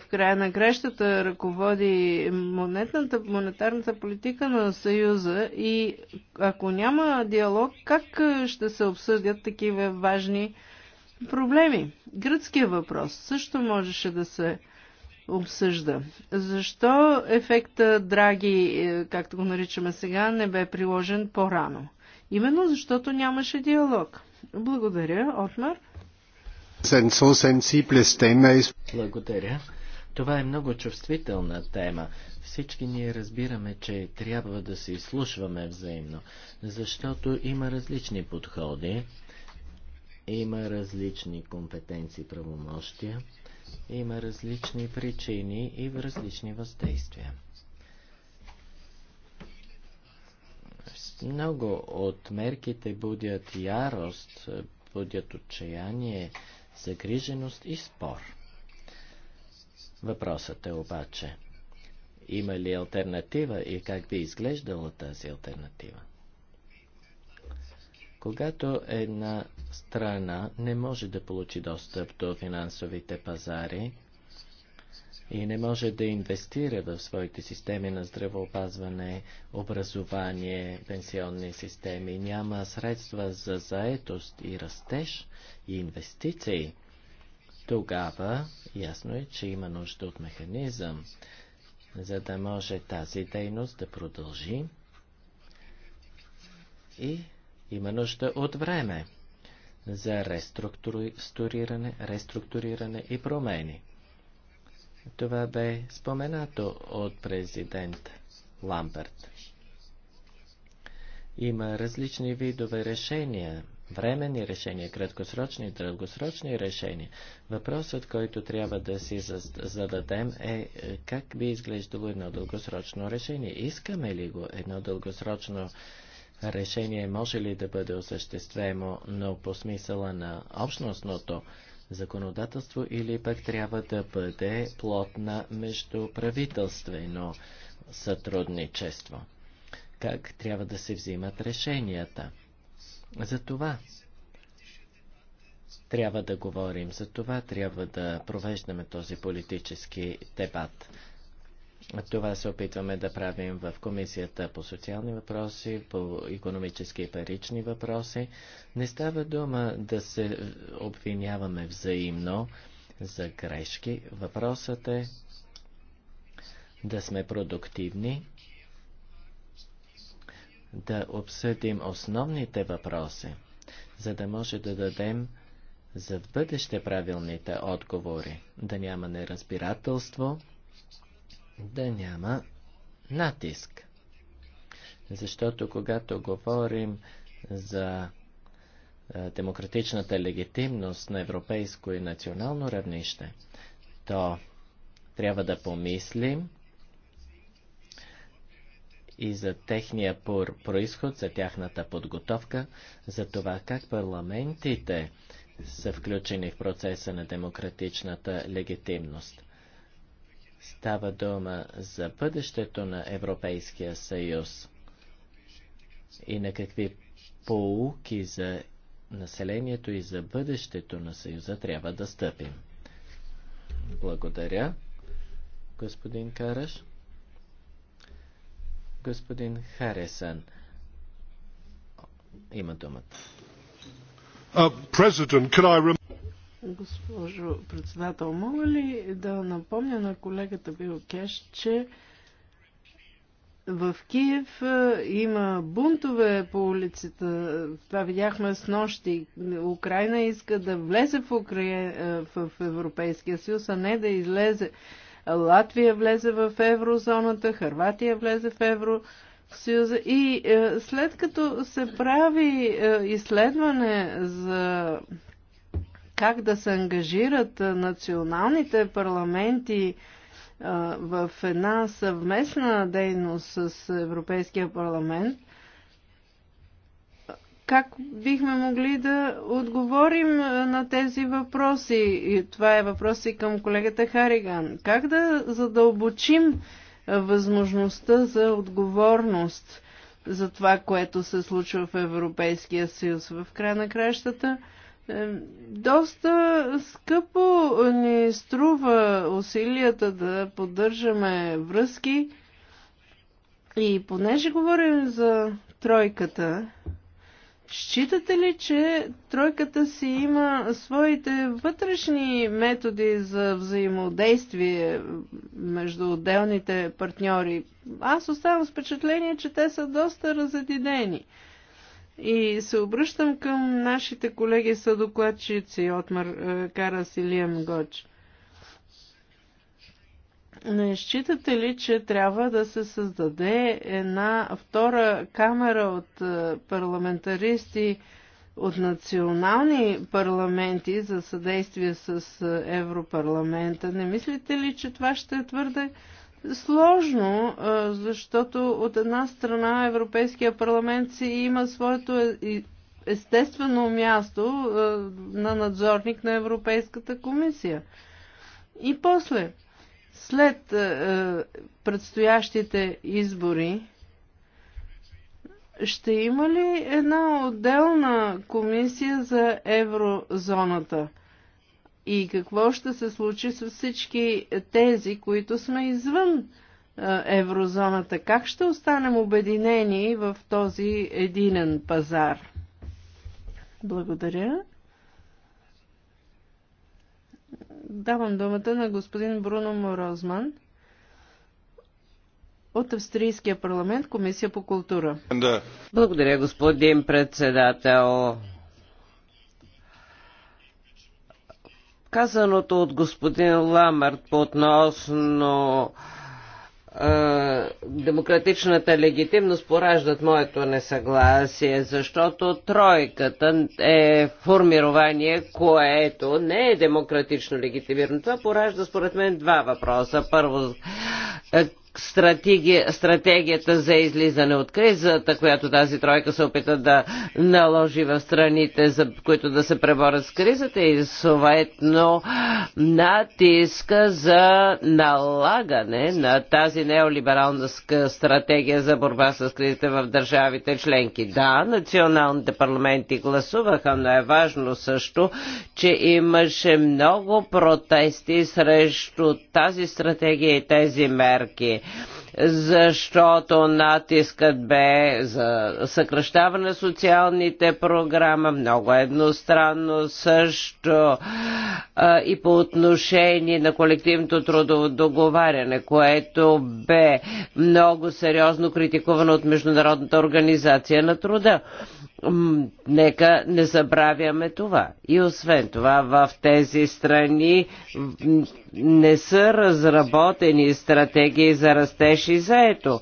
в края на кращата ръководи монетната, монетарната политика на Съюза и ако няма диалог, как ще се обсъдят такива важни проблеми? Гръцкия въпрос също можеше да се обсъжда. Защо ефекта Драги, е, както го наричаме сега, не бе приложен по-рано? Именно защото нямаше диалог. Благодаря, Отмар. Благодаря. Това е много чувствителна тема. Всички ние разбираме, че трябва да се изслушваме взаимно, защото има различни подходи, има различни компетенции, правомощия, има различни причини и различни въздействия. Много от мерките будят ярост, будят отчаяние, загриженост и спор. Въпросът е обаче, има ли альтернатива и как би изглеждала тази альтернатива? Когато една страна не може да получи достъп до финансовите пазари, и не може да инвестира в своите системи на здравеопазване, образование, пенсионни системи, няма средства за заетост и растеж и инвестиции, тогава ясно е, че има нужда от механизъм, за да може тази дейност да продължи и има нужда от време за реструктуриране, реструктуриране и промени. Това бе споменато от президент Ламберт. Има различни видове решения, временни решения, краткосрочни, дългосрочни решения. Въпросът, който трябва да си зададем е, е как би изглеждало едно дългосрочно решение. Искаме ли го едно дългосрочно решение, може ли да бъде осъществено, но по смисъла на общностното законодателство или пък трябва да бъде плотна междуправителствено сътрудничество. Как трябва да се взимат решенията? За това трябва да говорим, за това трябва да провеждаме този политически дебат. Това се опитваме да правим в Комисията по социални въпроси, по економически и парични въпроси. Не става дума да се обвиняваме взаимно за грешки. Въпросът е да сме продуктивни, да обсъдим основните въпроси, за да може да дадем за в бъдеще правилните отговори, да няма неразбирателство – да няма натиск. Защото когато говорим за е, демократичната легитимност на европейско и национално равнище, то трябва да помислим и за техния происход, за тяхната подготовка, за това как парламентите са включени в процеса на демократичната легитимност. Става дума за бъдещето на Европейския съюз и на какви поуки за населението и за бъдещето на съюза трябва да стъпим. Благодаря, господин Караш. Господин Харесън има думата. Uh, Госпожо председател, мога ли да напомня на колегата Бил Кеш, че в Киев е, има бунтове по улицата. Това видяхме с нощи. Украина иска да влезе в, Укра... Е, в Европейския съюз, а не да излезе. Латвия влезе в еврозоната, Харватия влезе в Съюза. И е, след като се прави изследване за как да се ангажират националните парламенти в една съвместна дейност с Европейския парламент, как бихме могли да отговорим на тези въпроси? И това е въпроси към колегата Хариган. Как да задълбочим възможността за отговорност за това, което се случва в Европейския съюз? В края на кращата доста скъпо ни струва усилията да поддържаме връзки и понеже говорим за тройката, считате ли, че тройката си има своите вътрешни методи за взаимодействие между отделните партньори? Аз оставам с впечатление, че те са доста разединени. И се обръщам към нашите колеги съдокладчици от е, Карас и Лием Гоч. Не считате ли, че трябва да се създаде една втора камера от е, парламентаристи от национални парламенти за съдействие с е, Европарламента? Не мислите ли, че това ще е твърде сложно, защото от една страна Европейския парламент си има своето е, естествено място на надзорник на Европейската комисия. И после, след предстоящите избори, ще има ли една отделна комисия за еврозоната – и какво ще се случи с всички тези, които сме извън еврозоната? Как ще останем обединени в този единен пазар? Благодаря. Давам думата на господин Бруно Морозман от Австрийския парламент, Комисия по култура. Благодаря, господин председател. Казаното от господин Ламарт по относно е, демократичната легитимност пораждат моето несъгласие, защото тройката е формирование, което не е демократично легитимирано. Това поражда според мен два въпроса. Първо, е, стратегия, стратегията за излизане от кризата, която тази тройка се опита да наложи в страните, за които да се преборят с кризата и съветно натиска за налагане на тази неолиберална стратегия за борба с кризите в държавите членки. Да, националните парламенти гласуваха, но е важно също, че имаше много протести срещу тази стратегия и тези мерки защото натискът бе за съкръщаване на социалните програма, много едностранно също а, и по отношение на колективното трудово договаряне, което бе много сериозно критикувано от Международната организация на труда. Нека не забравяме това. И освен това, в тези страни не са разработени стратегии за растеж и заето.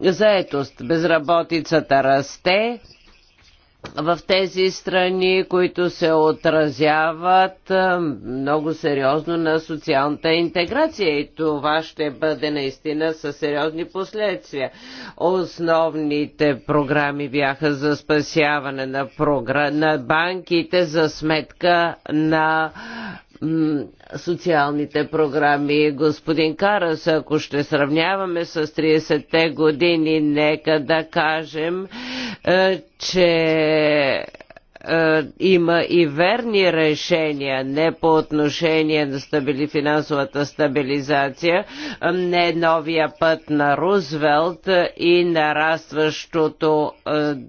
Заетост. Безработицата расте, в тези страни, които се отразяват много сериозно на социалната интеграция и това ще бъде наистина със сериозни последствия. Основните програми бяха за спасяване на, програ... на банките за сметка на социалните програми. Господин Карас, ако ще сравняваме с 30-те години, нека да кажем, е, че е, има и верни решения, не по отношение на стабили, финансовата стабилизация, не новия път на Рузвелт и е,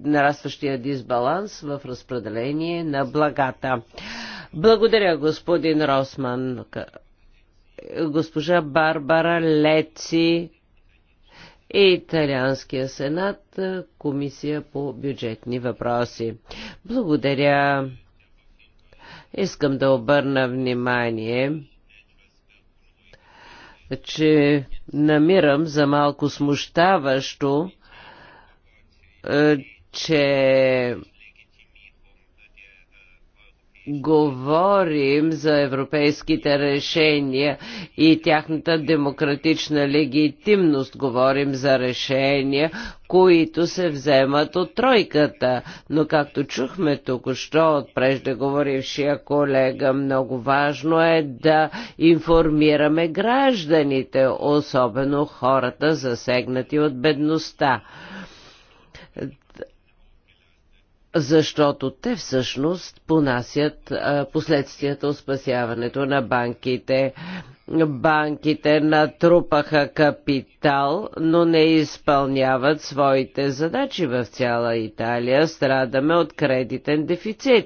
нарастващия дисбаланс в разпределение на благата. Благодаря, господин Росман. Госпожа Барбара Леци и Италианския сенат, Комисия по бюджетни въпроси. Благодаря. Искам да обърна внимание, че намирам за малко смущаващо, е, че говорим за европейските решения и тяхната демократична легитимност. Говорим за решения, които се вземат от тройката. Но както чухме току-що от преждеговорившия колега, много важно е да информираме гражданите, особено хората засегнати от бедността защото те всъщност понасят последствията от спасяването на банките. Банките натрупаха капитал, но не изпълняват своите задачи в цяла Италия. Страдаме от кредитен дефицит.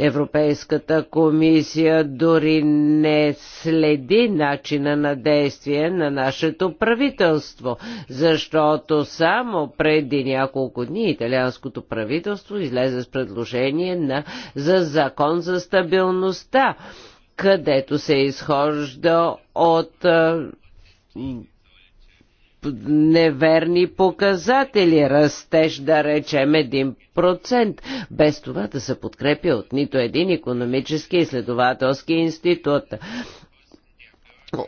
Европейската комисия дори не следи начина на действие на нашето правителство, защото само преди няколко дни италианското правителство излезе с предложение на, за закон за стабилността където се изхожда от неверни показатели, растеж да речем 1%, без това да се подкрепя от нито един економически изследователски институт.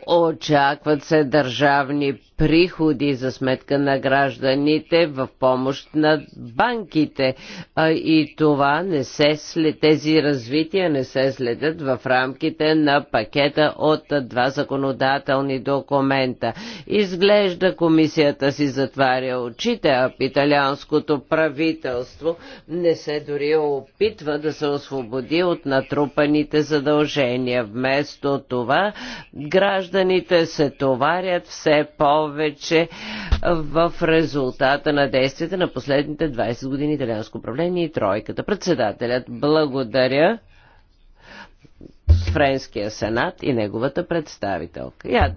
Очакват се държавни приходи за сметка на гражданите в помощ на банките. А и това не се след, тези развития не се следят в рамките на пакета от два законодателни документа. Изглежда комисията си затваря очите, а италианското правителство не се дори опитва да се освободи от натрупаните задължения. Вместо това, гражданите гражданите се товарят все повече в резултата на действията на последните 20 години италианско управление и тройката. Председателят благодаря Френския сенат и неговата представителка.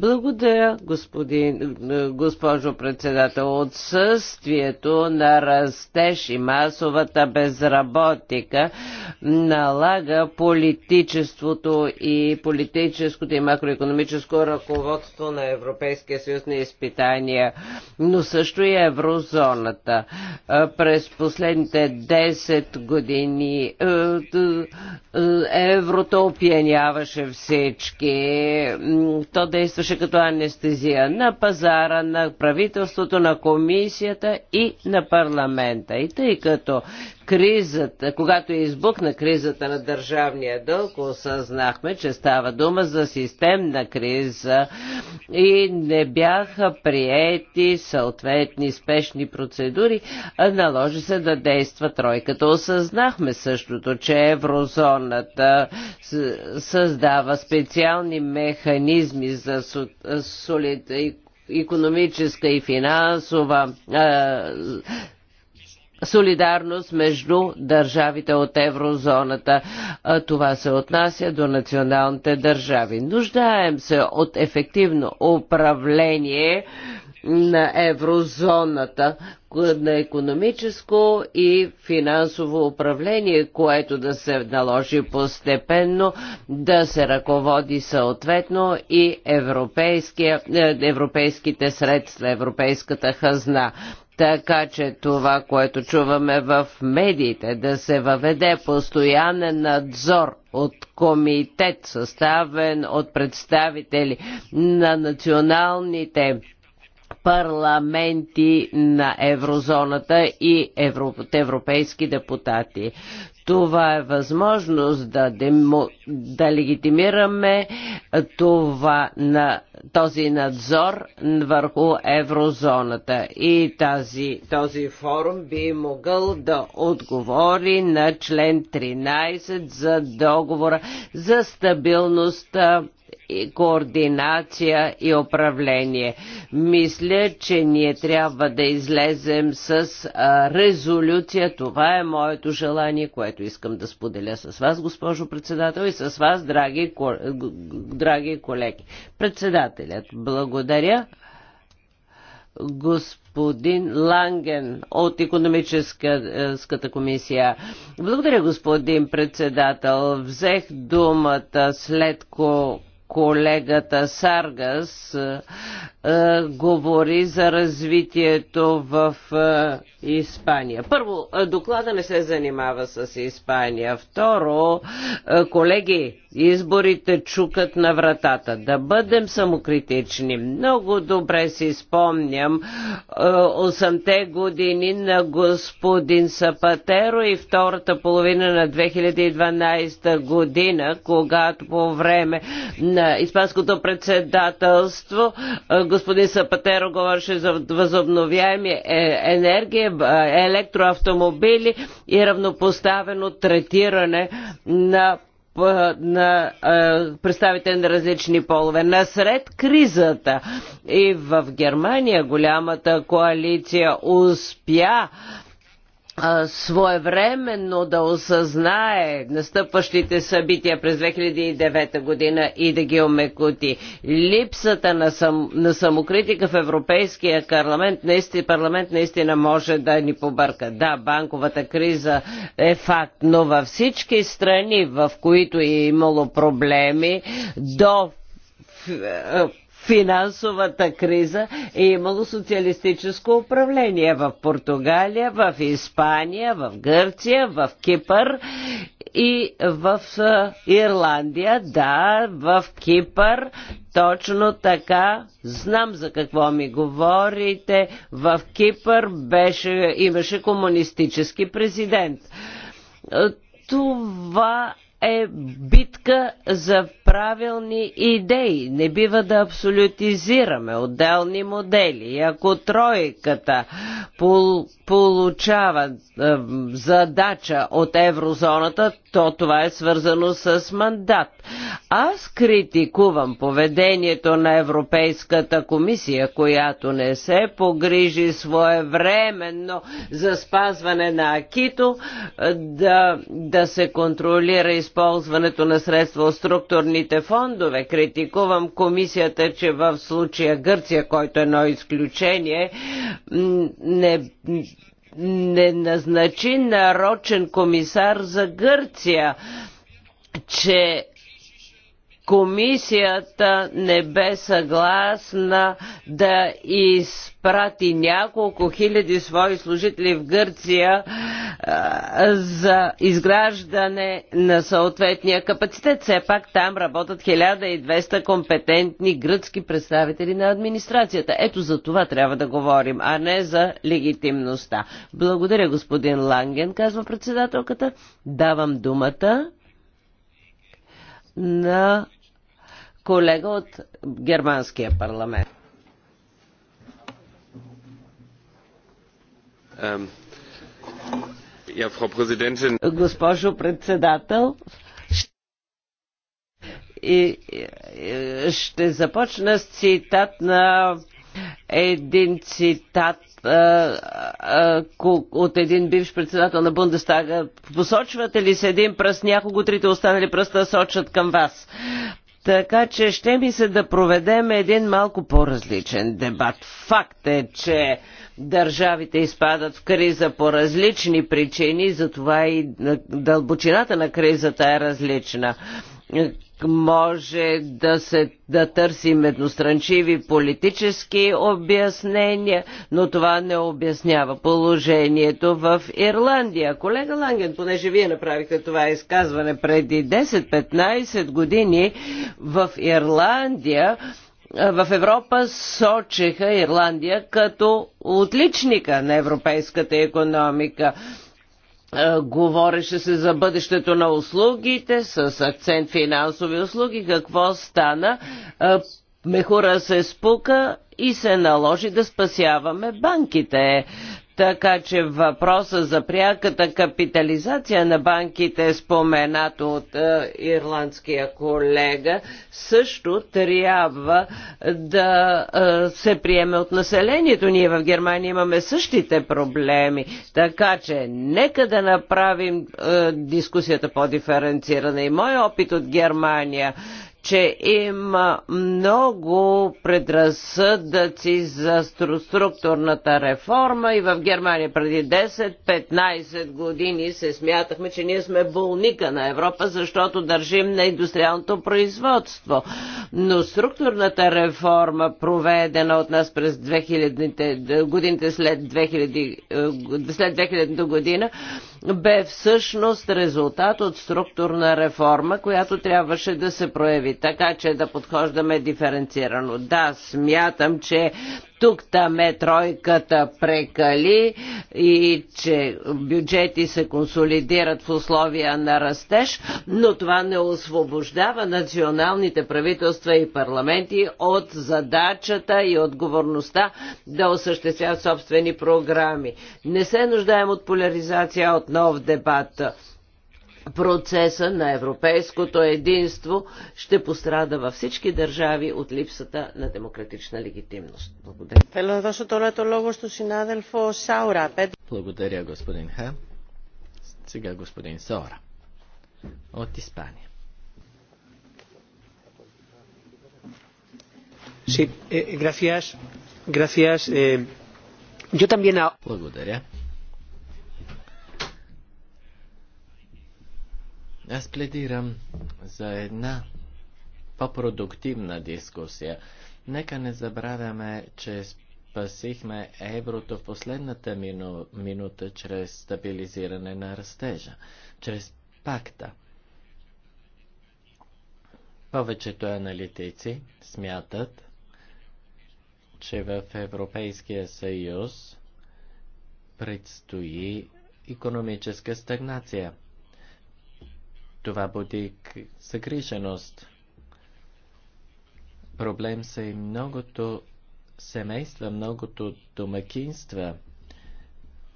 Благодаря, господин, госпожо председател. Отсъствието на растеж и масовата безработика налага политическото и политическото и макроекономическо ръководство на Европейския съюз на изпитания, но също и еврозоната. През последните 10 години еврото опияняваше всички. То действаше служеше като анестезия на пазара, на правителството, на комисията и на парламента. И тъй като кризата, когато е избухна кризата на държавния дълг, осъзнахме, че става дума за системна криза и не бяха приети съответни спешни процедури, а наложи се да действа тройката. Осъзнахме същото, че еврозоната създава специални механизми за солид, економическа и финансова солидарност между държавите от еврозоната. Това се отнася до националните държави. Нуждаем се от ефективно управление на еврозоната, на економическо и финансово управление, което да се наложи постепенно, да се ръководи съответно и е, европейските средства, европейската хазна. Така че това, което чуваме в медиите, да се въведе постоянен надзор от комитет, съставен от представители на националните парламенти на еврозоната и европейски депутати. Това е възможност да, демо, да легитимираме това на този надзор върху еврозоната. И тази, този форум би могъл да отговори на член 13 за договора за стабилността координация и управление. Мисля, че ние трябва да излезем с а, резолюция. Това е моето желание, което искам да споделя с вас, госпожо председател, и с вас, драги, драги колеги. Председателят, благодаря господин Ланген от економическата комисия. Благодаря, господин председател. Взех думата след ко колегата Саргас е, е, говори за развитието в е, Испания. Първо, доклада не се занимава с Испания. Второ, колеги, Изборите чукат на вратата. Да бъдем самокритични. Много добре си спомням 8-те е, години на господин Сапатеро и втората половина на 2012 година, когато по време на Испанското председателство е, господин Сапатеро говореше за възобновяеми е, енергия, електроавтомобили и равнопоставено третиране на на представите на различни полове. Насред кризата и в Германия голямата коалиция успя своевременно да осъзнае настъпващите събития през 2009 година и да ги омекоти. Липсата на, сам, на самокритика в Европейския парламент наистина, парламент наистина може да ни побърка. Да, банковата криза е факт, но във всички страни, в които е имало проблеми, до е, финансовата криза е имало социалистическо управление в Португалия, в Испания, в Гърция, в Кипър и в Ирландия, да, в Кипър, точно така, знам за какво ми говорите, в Кипър беше, имаше комунистически президент. Това е битка за правилни идеи. Не бива да абсолютизираме отделни модели. И ако тройката получава е, задача от еврозоната, то това е свързано с мандат. Аз критикувам поведението на Европейската комисия, която не се погрижи своевременно за спазване на Акито, е, да, да се контролира използването на средства от структурните фондове. Критикувам комисията, че в случая Гърция, който е едно изключение, не не назначи нарочен комисар за Гърция че комисията не бе съгласна да изпрати няколко хиляди свои служители в Гърция за изграждане на съответния капацитет. Все пак там работят 1200 компетентни гръцки представители на администрацията. Ето за това трябва да говорим, а не за легитимността. Благодаря, господин Ланген, казва председателката. Давам думата на колега от германския парламент. Госпожо председател, и, ще започна с цитат на един цитат от един бивш председател на Бундестага. Посочвате ли се един пръст някого, трите останали пръста сочат към вас? Така че ще ми се да проведем един малко по-различен дебат. Факт е, че държавите изпадат в криза по различни причини, затова и дълбочината на кризата е различна може да се да търсим едностранчиви политически обяснения, но това не обяснява положението в Ирландия. Колега Ланген, понеже вие направихте това изказване преди 10-15 години в Ирландия, в Европа сочеха Ирландия като отличника на европейската економика. Е, говореше се за бъдещето на услугите с акцент финансови услуги. Какво стана? Е, Мехура се спука и се наложи да спасяваме банките. Така че въпроса за пряката капитализация на банките, е от е, ирландския колега, също трябва да е, се приеме от населението. Ние в Германия имаме същите проблеми. Така че нека да направим е, дискусията по-диференцирана. И мой опит от Германия че има много предразсъдъци за структурната реформа и в Германия преди 10-15 години се смятахме, че ние сме болника на Европа, защото държим на индустриалното производство. Но структурната реформа, проведена от нас през 2000-те, годините след 2000, е, след 2000 година, бе всъщност резултат от структурна реформа, която трябваше да се прояви държави, така че да подхождаме диференцирано. Да, смятам, че тук там е тройката прекали и че бюджети се консолидират в условия на растеж, но това не освобождава националните правителства и парламенти от задачата и отговорността да осъществяват собствени програми. Не се нуждаем от поляризация, от нов дебат процеса на европейското единство ще пострада във всички държави от липсата на демократична легитимност. Благодаря. Благодаря, господин Ха. Сега господин Сора от Испания. Sí, eh, gracias. Gracias. Eh, yo también. Благодаря. Аз пледирам за една по-продуктивна дискусия. Нека не забравяме, че спасихме еврото в последната мину, минута чрез стабилизиране на растежа, чрез пакта. Повечето аналитици смятат, че в Европейския съюз предстои економическа стагнация – това буди загриженост. Проблем са и многото семейства, многото домакинства,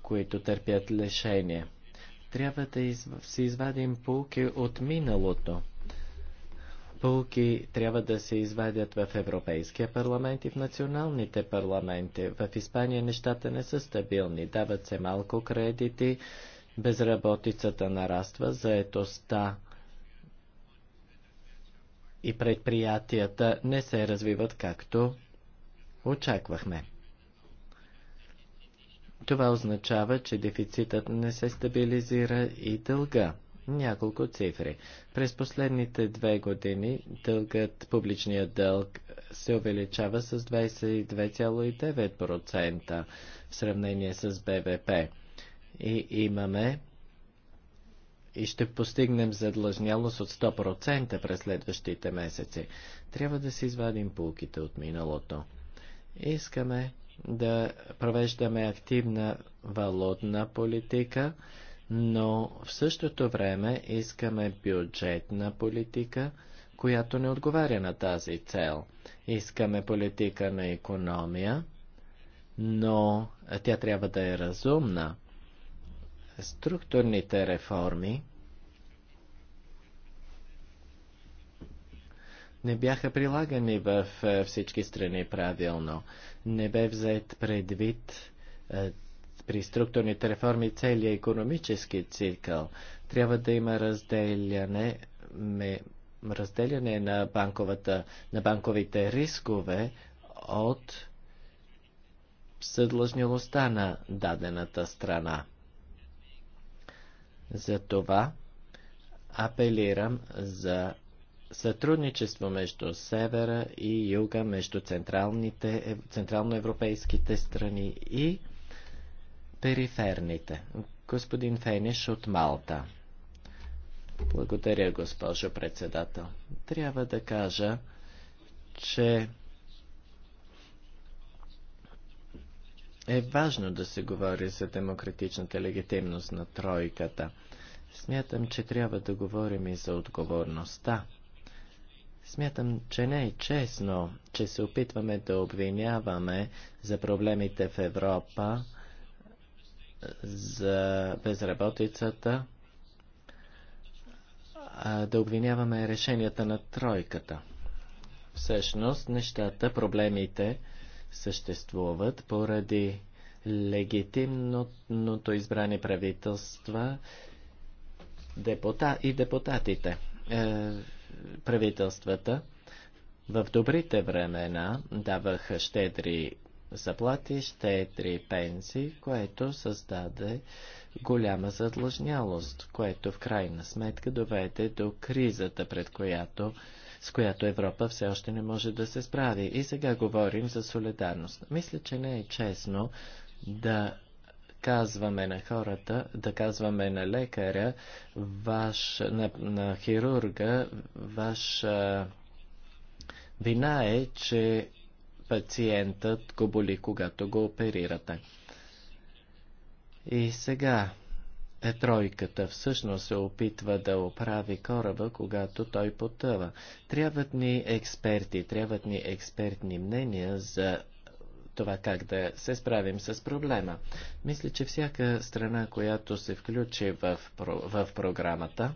които търпят лишение. Трябва да из... си извадим полки от миналото. Полки трябва да се извадят в Европейския парламент и в националните парламенти. В Испания нещата не са стабилни. Дават се малко кредити, Безработицата нараства, заетостта и предприятията не се развиват както очаквахме. Това означава, че дефицитът не се стабилизира и дълга. Няколко цифри. През последните две години дългът, публичният дълг се увеличава с 22,9% в сравнение с БВП и имаме и ще постигнем задлъжнялост от 100% през следващите месеци. Трябва да се извадим полките от миналото. Искаме да провеждаме активна валутна политика, но в същото време искаме бюджетна политика, която не отговаря на тази цел. Искаме политика на економия, но тя трябва да е разумна. Структурните реформи не бяха прилагани в е, всички страни правилно. Не бе взет предвид е, при структурните реформи целия економически цикъл. Трябва да има разделяне, разделяне на, банковата, на банковите рискове от съдлъжнилостта на дадената страна. За това апелирам за сътрудничество между севера и юга, между централните, централноевропейските страни и периферните. Господин Фениш от Малта. Благодаря, госпожо председател. Трябва да кажа, че е важно да се говори за демократичната легитимност на тройката. Смятам, че трябва да говорим и за отговорността. Смятам, че не е честно, че се опитваме да обвиняваме за проблемите в Европа, за безработицата, да обвиняваме решенията на тройката. Всъщност, нещата, проблемите, съществуват поради легитимното избрани правителства депута, и депутатите. Е, правителствата в добрите времена даваха щедри заплати, щедри пенсии, което създаде голяма задлъжнялост, което в крайна сметка доведе до кризата, пред която с която Европа все още не може да се справи. И сега говорим за солидарност. Мисля, че не е честно да казваме на хората, да казваме на лекаря, ваш, на, на хирурга, ваша вина е, че пациентът го боли, когато го оперирате. И сега е тройката всъщност се опитва да оправи кораба, когато той потъва. Трябват ни експерти, трябват ни експертни мнения за това как да се справим с проблема. Мисля, че всяка страна, която се включи в, в програмата,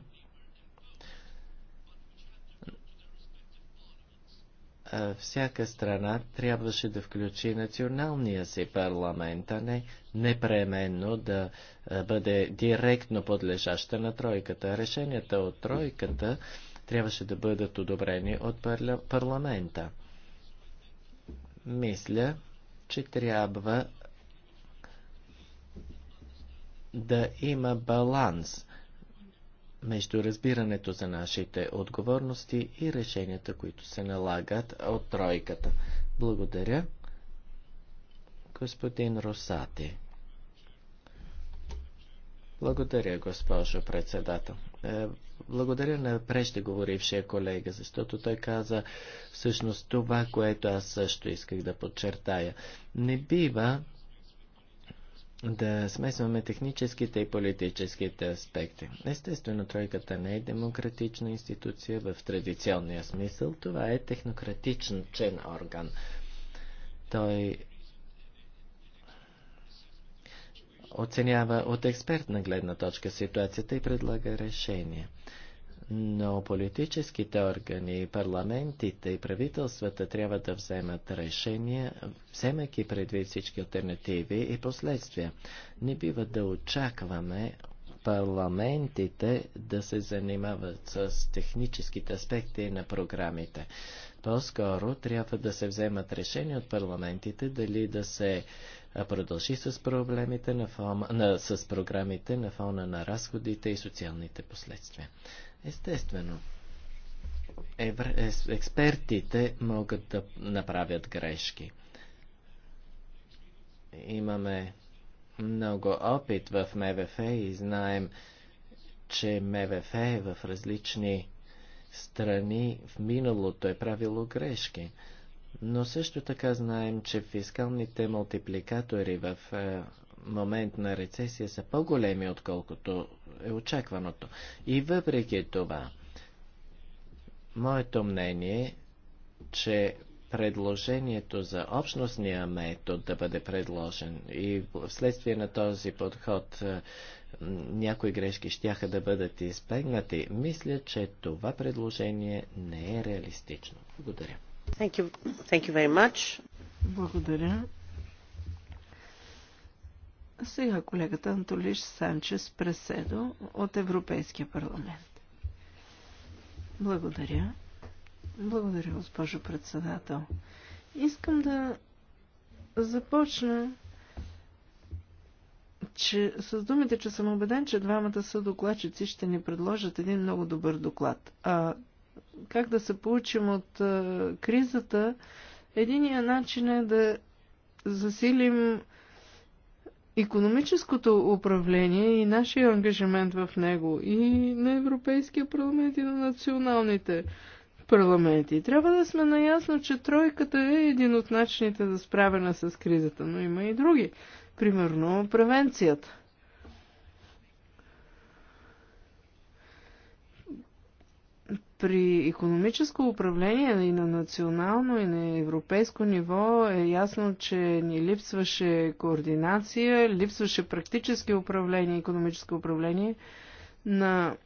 всяка страна трябваше да включи националния си парламент, а не непременно да бъде директно подлежаща на тройката. Решенията от тройката трябваше да бъдат одобрени от парля... парламента. Мисля, че трябва да има баланс между разбирането за нашите отговорности и решенията, които се налагат от тройката. Благодаря, господин Росати. Благодаря, госпожо председател. Е, благодаря на преждеговорившия колега, защото той каза всъщност това, което аз също исках да подчертая. Не бива да смесваме техническите и политическите аспекти. Естествено, тройката не е демократична институция в традиционния смисъл. Това е технократичен чен орган. Той оценява от експертна гледна точка ситуацията и предлага решение но политическите органи, парламентите и правителствата трябва да вземат решения, вземайки предвид всички альтернативи и последствия. Не бива да очакваме парламентите да се занимават с техническите аспекти на програмите. По-скоро трябва да се вземат решения от парламентите дали да се продължи с, проблемите на фон, на, с програмите на фона на разходите и социалните последствия. Естествено, евр... експертите могат да направят грешки. Имаме много опит в МВФ и знаем, че МВФ е в различни страни в миналото е правило грешки. Но също така знаем, че фискалните мултипликатори в е, момент на рецесия са по-големи, отколкото е очакваното. И въпреки това, моето мнение, че предложението за общностния метод да бъде предложен и вследствие на този подход е, някои грешки щяха да бъдат избегнати, мисля, че това предложение не е реалистично. Благодаря. Thank you. Thank you very much. Благодаря. Сега колегата Антолиш Санчес Преседо от Европейския парламент. Благодаря. Благодаря, госпожо председател. Искам да започна че, с думите, че съм убеден, че двамата са докладчици ще ни предложат един много добър доклад. А как да се получим от а, кризата? Единият начин е да засилим економическото управление и нашия ангажимент в него и на Европейския парламент и на националните парламенти. Трябва да сме наясно, че тройката е един от начините за справяне с кризата, но има и други. Примерно превенцията. при економическо управление и на национално и на европейско ниво е ясно, че ни липсваше координация, липсваше практически управление, економическо управление на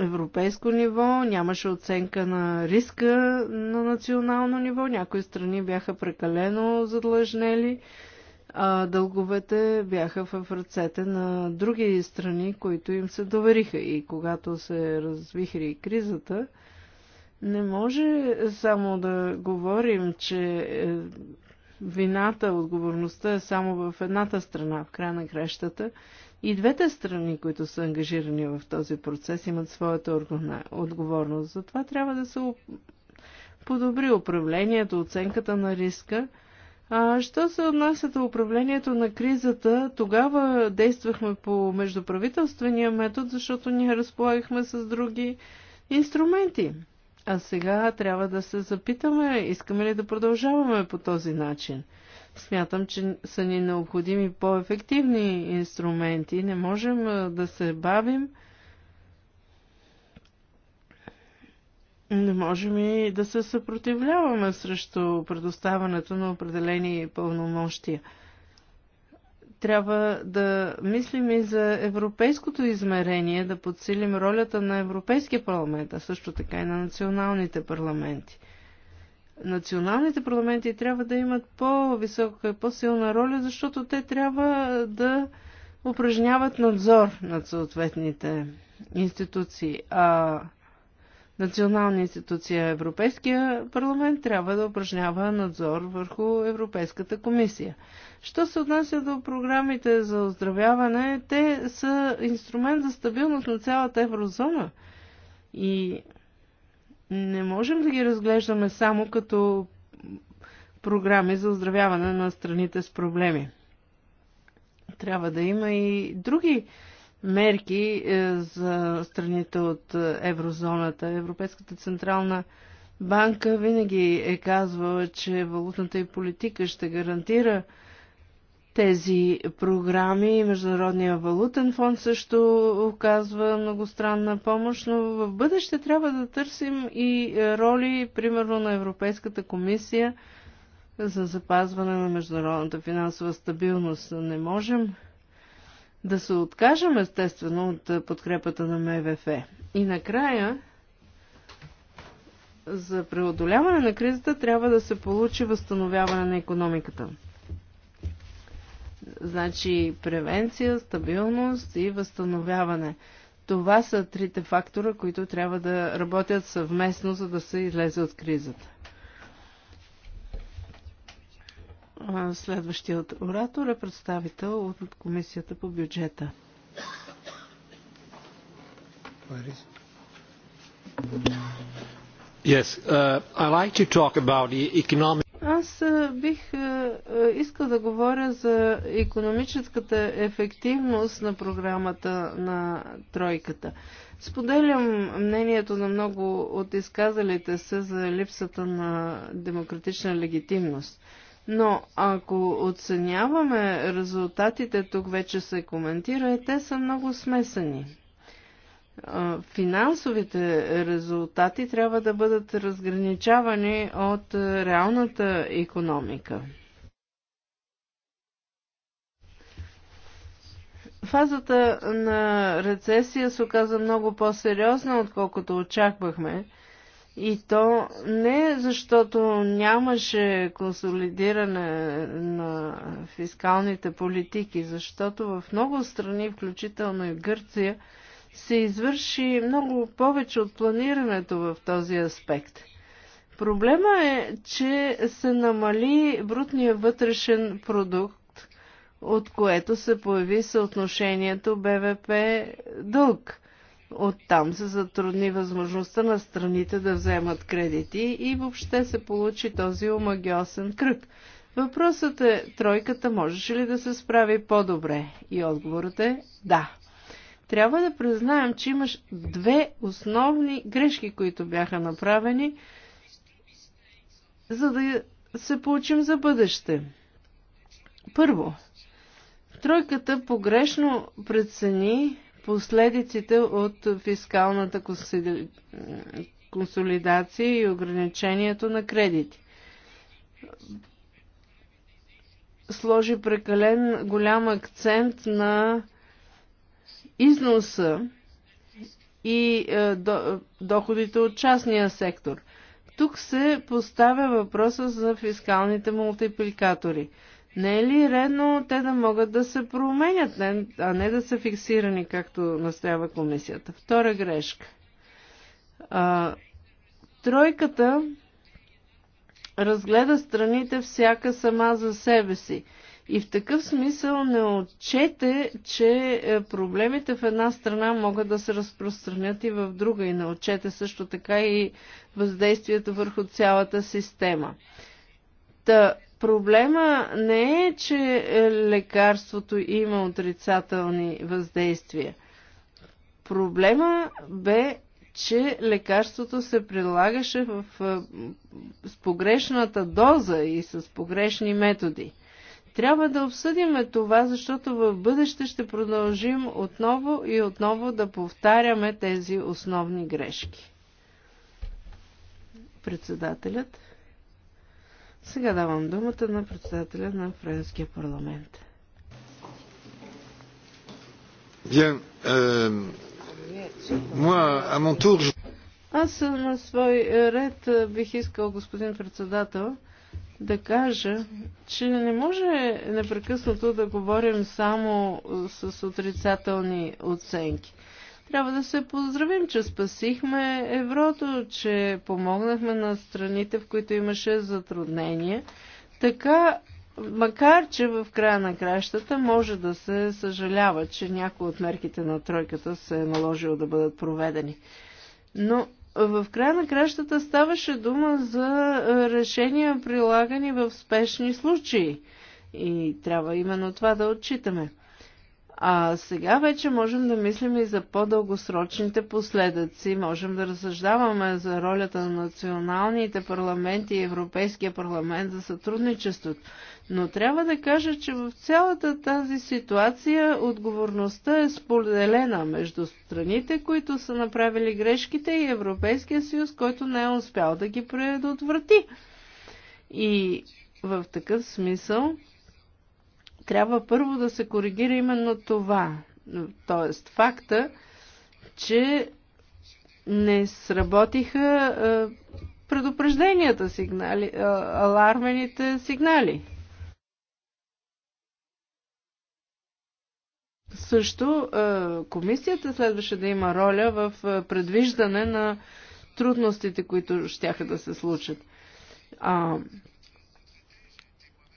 европейско ниво, нямаше оценка на риска на национално ниво, някои страни бяха прекалено задлъжнели а дълговете бяха в ръцете на други страни, които им се довериха. И когато се развихри кризата, не може само да говорим, че е, вината, отговорността е само в едната страна, в края на кращата. И двете страни, които са ангажирани в този процес, имат своята отговорност. Затова трябва да се подобри управлението, оценката на риска а, що се отнася до управлението на кризата, тогава действахме по междуправителствения метод, защото ние разполагахме с други инструменти. А сега трябва да се запитаме, искаме ли да продължаваме по този начин. Смятам, че са ни необходими по-ефективни инструменти. Не можем да се бавим. Не можем и да се съпротивляваме срещу предоставането на определени пълномощия. Трябва да мислим и за европейското измерение, да подсилим ролята на Европейския парламент, а също така и на националните парламенти. Националните парламенти трябва да имат по-висока и по-силна роля, защото те трябва да упражняват надзор над съответните институции. А национална институция Европейския парламент трябва да упражнява надзор върху Европейската комисия. Що се отнася до програмите за оздравяване, те са инструмент за стабилност на цялата еврозона. И не можем да ги разглеждаме само като програми за оздравяване на страните с проблеми. Трябва да има и други мерки е, за страните от е, еврозоната. Европейската централна банка винаги е казвала, че валутната и политика ще гарантира тези програми. Международния валутен фонд също оказва многостранна помощ, но в бъдеще трябва да търсим и е, роли, примерно на Европейската комисия за запазване на международната финансова стабилност. Не можем да се откажем естествено от подкрепата на МВФ. И накрая, за преодоляване на кризата трябва да се получи възстановяване на економиката. Значи превенция, стабилност и възстановяване. Това са трите фактора, които трябва да работят съвместно, за да се излезе от кризата. Следващият оратор е представител от Комисията по бюджета. Yes, uh, I like to talk about the economic... Аз бих искал да говоря за економическата ефективност на програмата на тройката. Споделям мнението на много от изказалите се за липсата на демократична легитимност. Но ако оценяваме резултатите, тук вече се коментира, и е, те са много смесени. Финансовите резултати трябва да бъдат разграничавани от реалната економика. Фазата на рецесия се оказа много по-сериозна, отколкото очаквахме – и то не защото нямаше консолидиране на фискалните политики, защото в много страни, включително и в Гърция, се извърши много повече от планирането в този аспект. Проблема е, че се намали брутния вътрешен продукт, от което се появи съотношението БВП дълг. Оттам се затрудни възможността на страните да вземат кредити и въобще се получи този омагиосен кръг. Въпросът е, тройката можеше ли да се справи по-добре? И отговорът е да. Трябва да признаем, че имаш две основни грешки, които бяха направени, за да се получим за бъдеще. Първо, тройката погрешно прецени последиците от фискалната консолидация и ограничението на кредити. Сложи прекален голям акцент на износа и е, доходите от частния сектор. Тук се поставя въпроса за фискалните мултипликатори. Не е ли редно те да могат да се променят, а не да са фиксирани, както настоява комисията? Втора грешка. А, тройката разгледа страните всяка сама за себе си. И в такъв смисъл не отчете, че е, проблемите в една страна могат да се разпространят и в друга. И не отчете също така и въздействието върху цялата система. Та, Проблема не е, че лекарството има отрицателни въздействия. Проблема бе, че лекарството се прилагаше в, с погрешната доза и с погрешни методи. Трябва да обсъдиме това, защото в бъдеще ще продължим отново и отново да повтаряме тези основни грешки. Председателят. Сега давам думата на председателя на Френския парламент. Bien, euh, moi, à mon tour, je... Аз на свой ред бих искал, господин председател, да кажа, че не може непрекъснато да говорим само с отрицателни оценки. Трябва да се поздравим, че спасихме еврото, че помогнахме на страните, в които имаше затруднения. Така, макар че в края на кращата може да се съжалява, че някои от мерките на тройката се е наложило да бъдат проведени. Но в края на кращата ставаше дума за решения, прилагани в спешни случаи. И трябва именно това да отчитаме. А сега вече можем да мислим и за по-дългосрочните последици. Можем да разсъждаваме за ролята на националните парламенти и Европейския парламент за сътрудничеството. Но трябва да кажа, че в цялата тази ситуация отговорността е споделена между страните, които са направили грешките и Европейския съюз, който не е успял да ги предотврати. И в такъв смисъл трябва първо да се коригира именно това. Тоест факта, че не сработиха предупрежденията, сигнали, алармените сигнали. Също комисията следваше да има роля в предвиждане на трудностите, които щяха да се случат. А,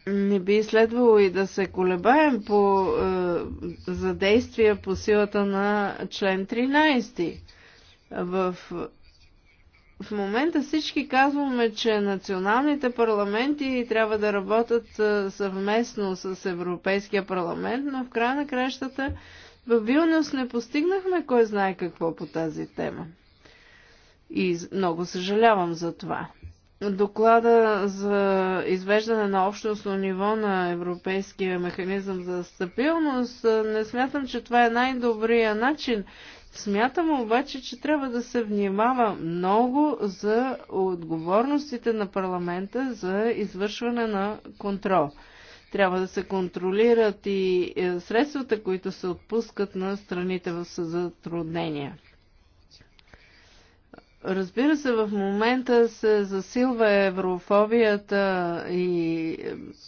не би следвало и да се колебаем по, е, за действия по силата на член 13. В, в момента всички казваме, че националните парламенти трябва да работят е, съвместно с Европейския парламент, но в края на кращата в Вилнюс не постигнахме кой знае какво по тази тема. И много съжалявам за това доклада за извеждане на общностно ниво на Европейския механизъм за стабилност, не смятам, че това е най-добрия начин. Смятам обаче, че трябва да се внимава много за отговорностите на парламента за извършване на контрол. Трябва да се контролират и е, средствата, които се отпускат на страните в затруднения. Разбира се, в момента се засилва еврофобията и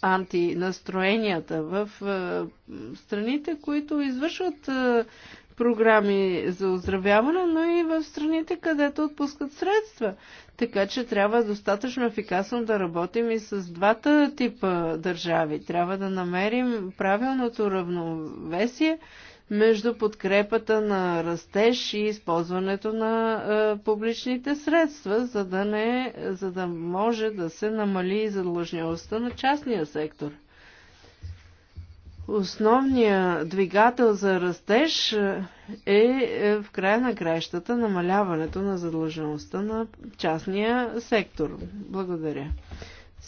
антинастроенията в е, страните, които извършват е, програми за оздравяване, но и в страните, където отпускат средства. Така че трябва достатъчно ефикасно да работим и с двата типа държави. Трябва да намерим правилното равновесие – между подкрепата на растеж и използването на а, е, публичните средства, за да, не, за да може да се намали задлъжнялостта на частния сектор. Основният двигател за растеж е, е в края на краищата намаляването на задлъжнялостта на частния сектор. Благодаря.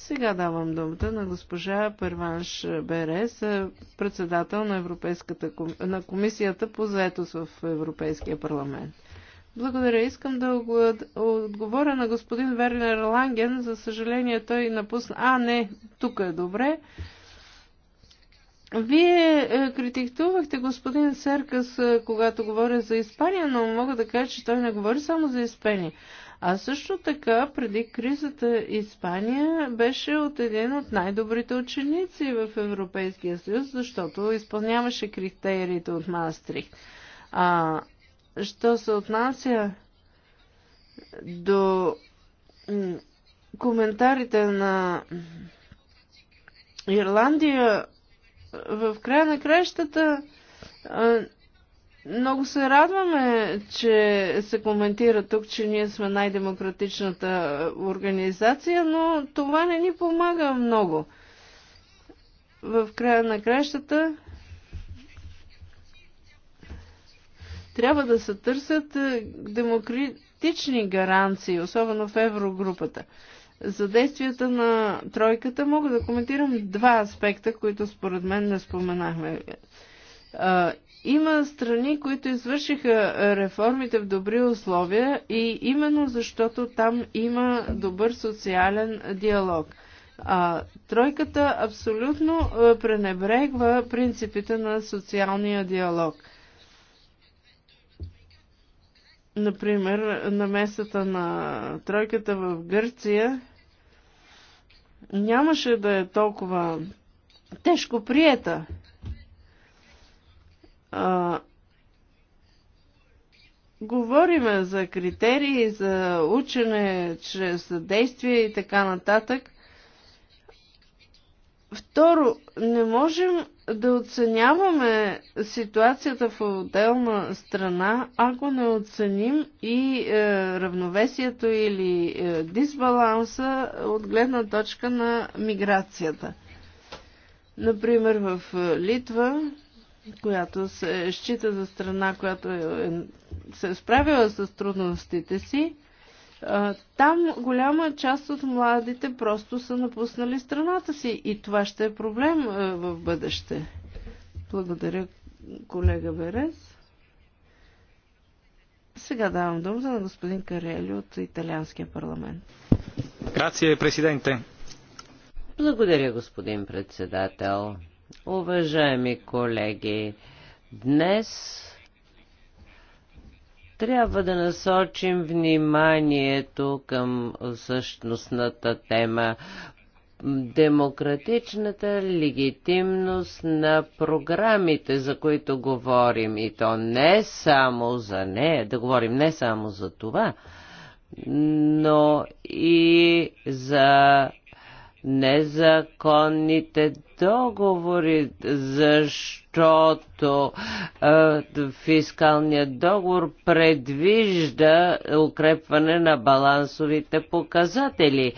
Сега давам думата на госпожа Перванш Берес, председател на, Европейската, на Комисията по заетост в Европейския парламент. Благодаря. Искам да отговоря на господин Вернер Ланген. За съжаление той напусна. А, не, тук е добре. Вие е, критиктувахте господин Серкас, е, когато говоря за Испания, но мога да кажа, че той не говори само за Испания. А също така, преди кризата, Испания беше от един от най-добрите ученици в Европейския съюз, защото изпълняваше критериите от Мастрих. А, що се отнася до коментарите на Ирландия, в края на кращата много се радваме, че се коментира тук, че ние сме най-демократичната е, организация, но това не ни помага много. В края на кращата трябва да се търсят е, демократични гаранции, особено в еврогрупата. За действията на тройката мога да коментирам два аспекта, които според мен не споменахме е, има страни, които извършиха реформите в добри условия и именно защото там има добър социален диалог. А, тройката абсолютно пренебрегва принципите на социалния диалог. Например, на местата на тройката в Гърция нямаше да е толкова тежко приета. А, говориме за критерии, за учене чрез действие и така нататък. Второ, не можем да оценяваме ситуацията в отделна страна, ако не оценим и е, равновесието или е, дисбаланса от гледна точка на миграцията. Например, в е, Литва която се счита за страна, която е, е се е справила с трудностите си, там голяма част от младите просто са напуснали страната си и това ще е проблем в бъдеще. Благодаря, колега Верес. Сега давам думата на господин Карели от Италианския парламент. Грация, президенте. Благодаря, господин председател. Уважаеми колеги, днес трябва да насочим вниманието към същностната тема демократичната легитимност на програмите, за които говорим, и то не само за нея, да говорим не само за това, но и за незаконните договори, защото е, фискалният договор предвижда укрепване на балансовите показатели,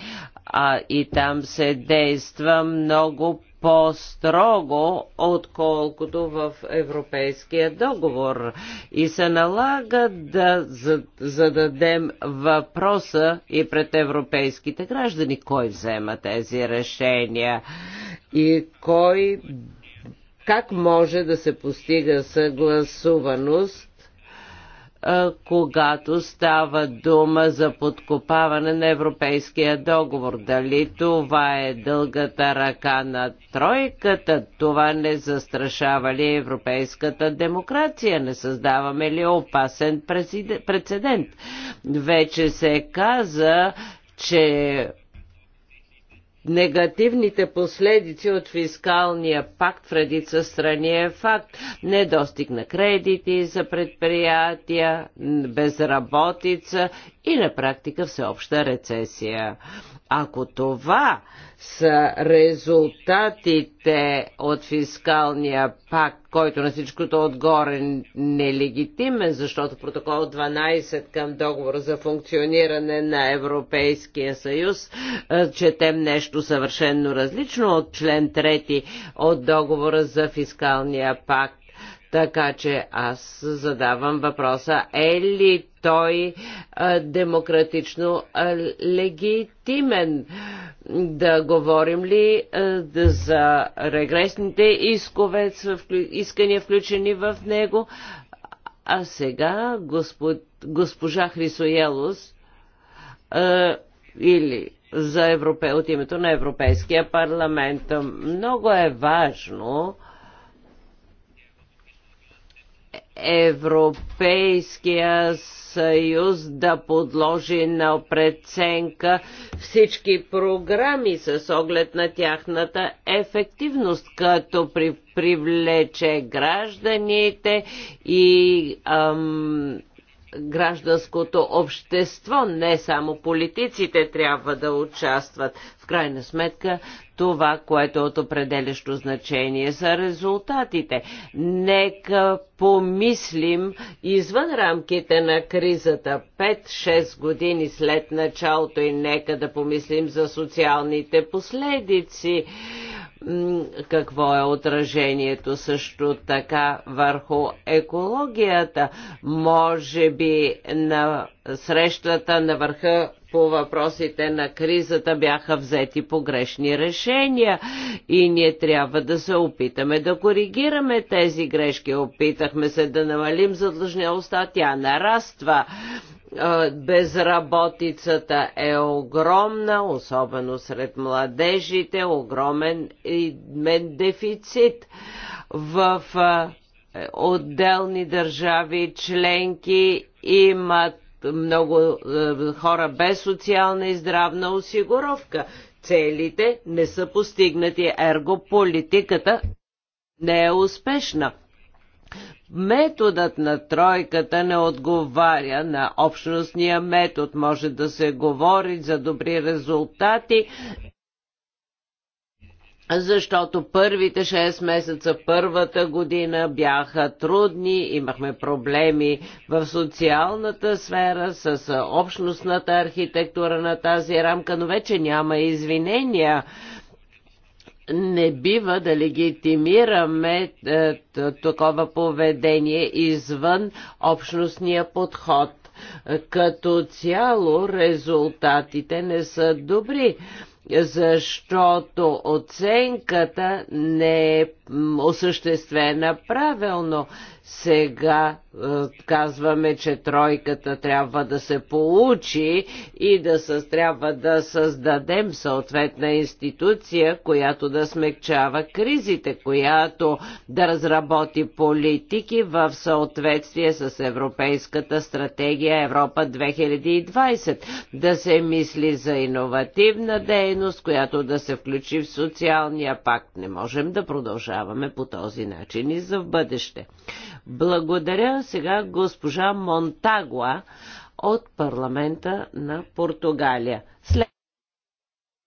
а и там се действа много по-строго, отколкото в Европейския договор. И се налага да зададем въпроса и пред европейските граждани, кой взема тези решения и кой как може да се постига съгласуваност когато става дума за подкопаване на европейския договор. Дали това е дългата ръка на тройката, това не застрашава ли европейската демокрация, не създаваме ли опасен прецедент. Вече се каза, че Негативните последици от фискалния пакт в редица страни е факт. Недостиг на кредити за предприятия, безработица и на практика всеобща рецесия. Ако това са резултатите от фискалния пакт, който на всичкото отгоре нелегитимен, защото протокол 12 към договор за функциониране на Европейския съюз, четем нещо съвършенно различно от член 3 от договора за фискалния пакт така че аз задавам въпроса, е ли той а, е, демократично а, е, легитимен? Да говорим ли а, е, за регресните искове, искания включени в него? А сега господ, госпожа Хрисоелос или за Европе, от името на Европейския парламент. Много е важно а, Европейския съюз да подложи на преценка всички програми с оглед на тяхната ефективност, като при, привлече гражданите и ам, гражданското общество, не само политиците трябва да участват. В крайна сметка това, което е от определящо значение за резултатите. Нека помислим извън рамките на кризата 5-6 години след началото и нека да помислим за социалните последици какво е отражението също така върху екологията. Може би на срещата на върха по въпросите на кризата бяха взети погрешни решения и ние трябва да се опитаме да коригираме тези грешки. Опитахме се да намалим задлъжнялостта, тя нараства безработицата е огромна, особено сред младежите, огромен и мен дефицит в е, отделни държави членки имат много е, хора без социална и здравна осигуровка. Целите не са постигнати, ерго политиката не е успешна. Методът на тройката не отговаря на общностния метод. Може да се говори за добри резултати, защото първите 6 месеца, първата година бяха трудни, имахме проблеми в социалната сфера, с общностната архитектура на тази рамка, но вече няма извинения не бива да легитимираме е, такова поведение извън общностния подход. Е, като цяло резултатите не са добри защото оценката не е осъществена правилно. Сега е, казваме, че тройката трябва да се получи и да със, трябва да създадем съответна институция, която да смекчава кризите, която да разработи политики в съответствие с Европейската стратегия Европа 2020, да се мисли за иновативна дейност, която да се включи в социалния пакт. Не можем да продължаваме по този начин и за в бъдеще. Благодаря сега госпожа Монтагуа от парламента на Португалия. След...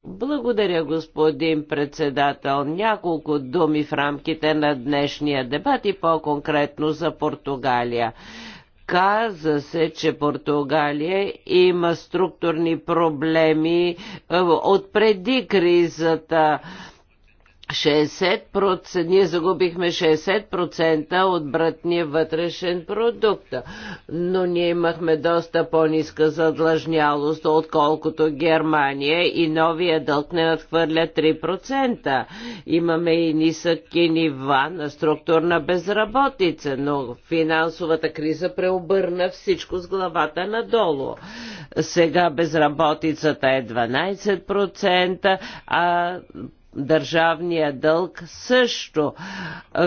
Благодаря, господин председател. Няколко думи в рамките на днешния дебат и по-конкретно за Португалия. Каза се, че Португалия има структурни проблеми е, от преди кризата 60%, ние загубихме 60% от братния вътрешен продукт, но ние имахме доста по-ниска задлъжнялост, отколкото Германия и новия дълг не надхвърля 3%. Имаме и нисъки нива на структурна безработица, но финансовата криза преобърна всичко с главата надолу. Сега безработицата е 12%, а държавния дълг също.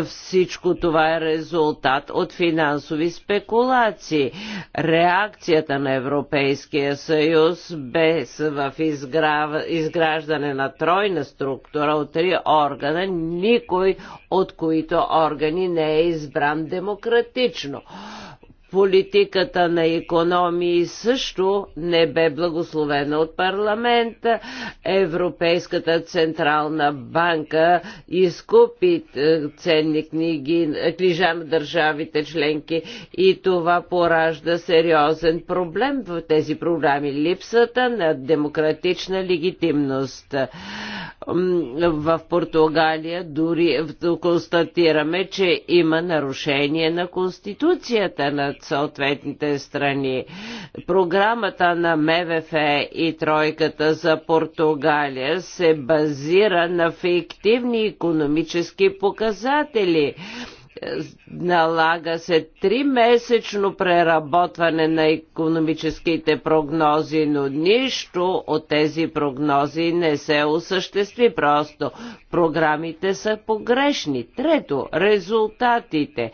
Всичко това е резултат от финансови спекулации. Реакцията на Европейския съюз бе в изгра... изграждане на тройна структура от три органа, никой от които органи не е избран демократично. Политиката на економии също не бе благословена от парламента. Европейската централна банка изкупи е, ценни книги, е, книжа на държавите членки и това поражда сериозен проблем в тези програми. Липсата на демократична легитимност в Португалия дори констатираме, че има нарушение на конституцията на съответните страни. Програмата на МВФ и Тройката за Португалия се базира на фиктивни економически показатели налага се тримесечно преработване на економическите прогнози, но нищо от тези прогнози не се осъществи. Просто програмите са погрешни. Трето, резултатите.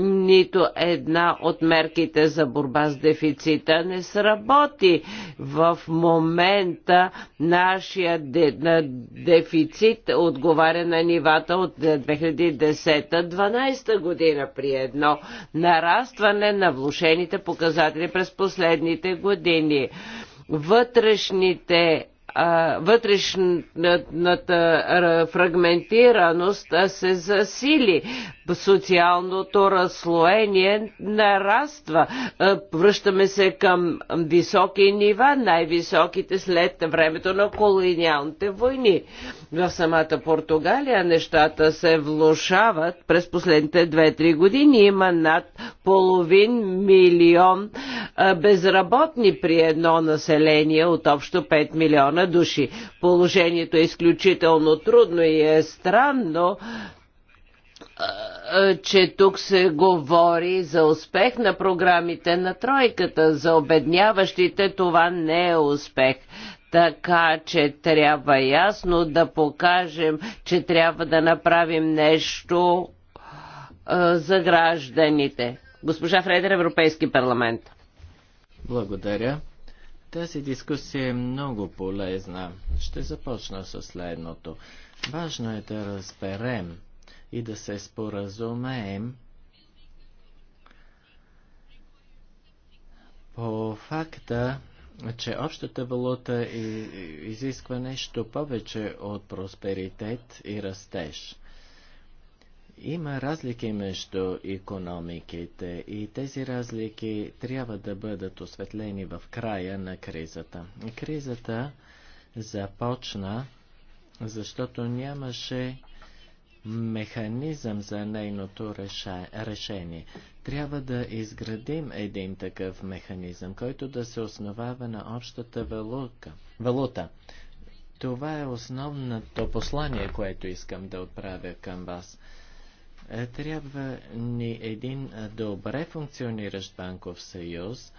Нито една от мерките за борба с дефицита не сработи. В момента нашия дефицит отговаря на нивата от 2010-2012 2011 година при едно нарастване на влушените показатели през последните години вътрешните вътрешната фрагментираност се засили, социалното разслоение нараства, връщаме се към високи нива, най-високите след времето на колониалните войни. В самата Португалия нещата се влушават през последните 2-3 години. Има над половин милион безработни при едно население от общо 5 милиона души. Положението е изключително трудно и е странно, че тук се говори за успех на програмите на тройката. За обедняващите това не е успех. Така че трябва ясно да покажем, че трябва да направим нещо е, за гражданите. Госпожа Фредер, Европейски парламент. Благодаря. Тази дискусия е много полезна. Ще започна с следното. Важно е да разберем и да се споразумеем по факта, че общата валута изисква нещо повече от просперитет и растеж. Има разлики между економиките и тези разлики трябва да бъдат осветлени в края на кризата. Кризата започна, защото нямаше механизъм за нейното решение. Трябва да изградим един такъв механизъм, който да се основава на общата валута. валута. Това е основното послание, което искам да отправя към вас. Е, трябва ни един добре функциониращ банков съюз,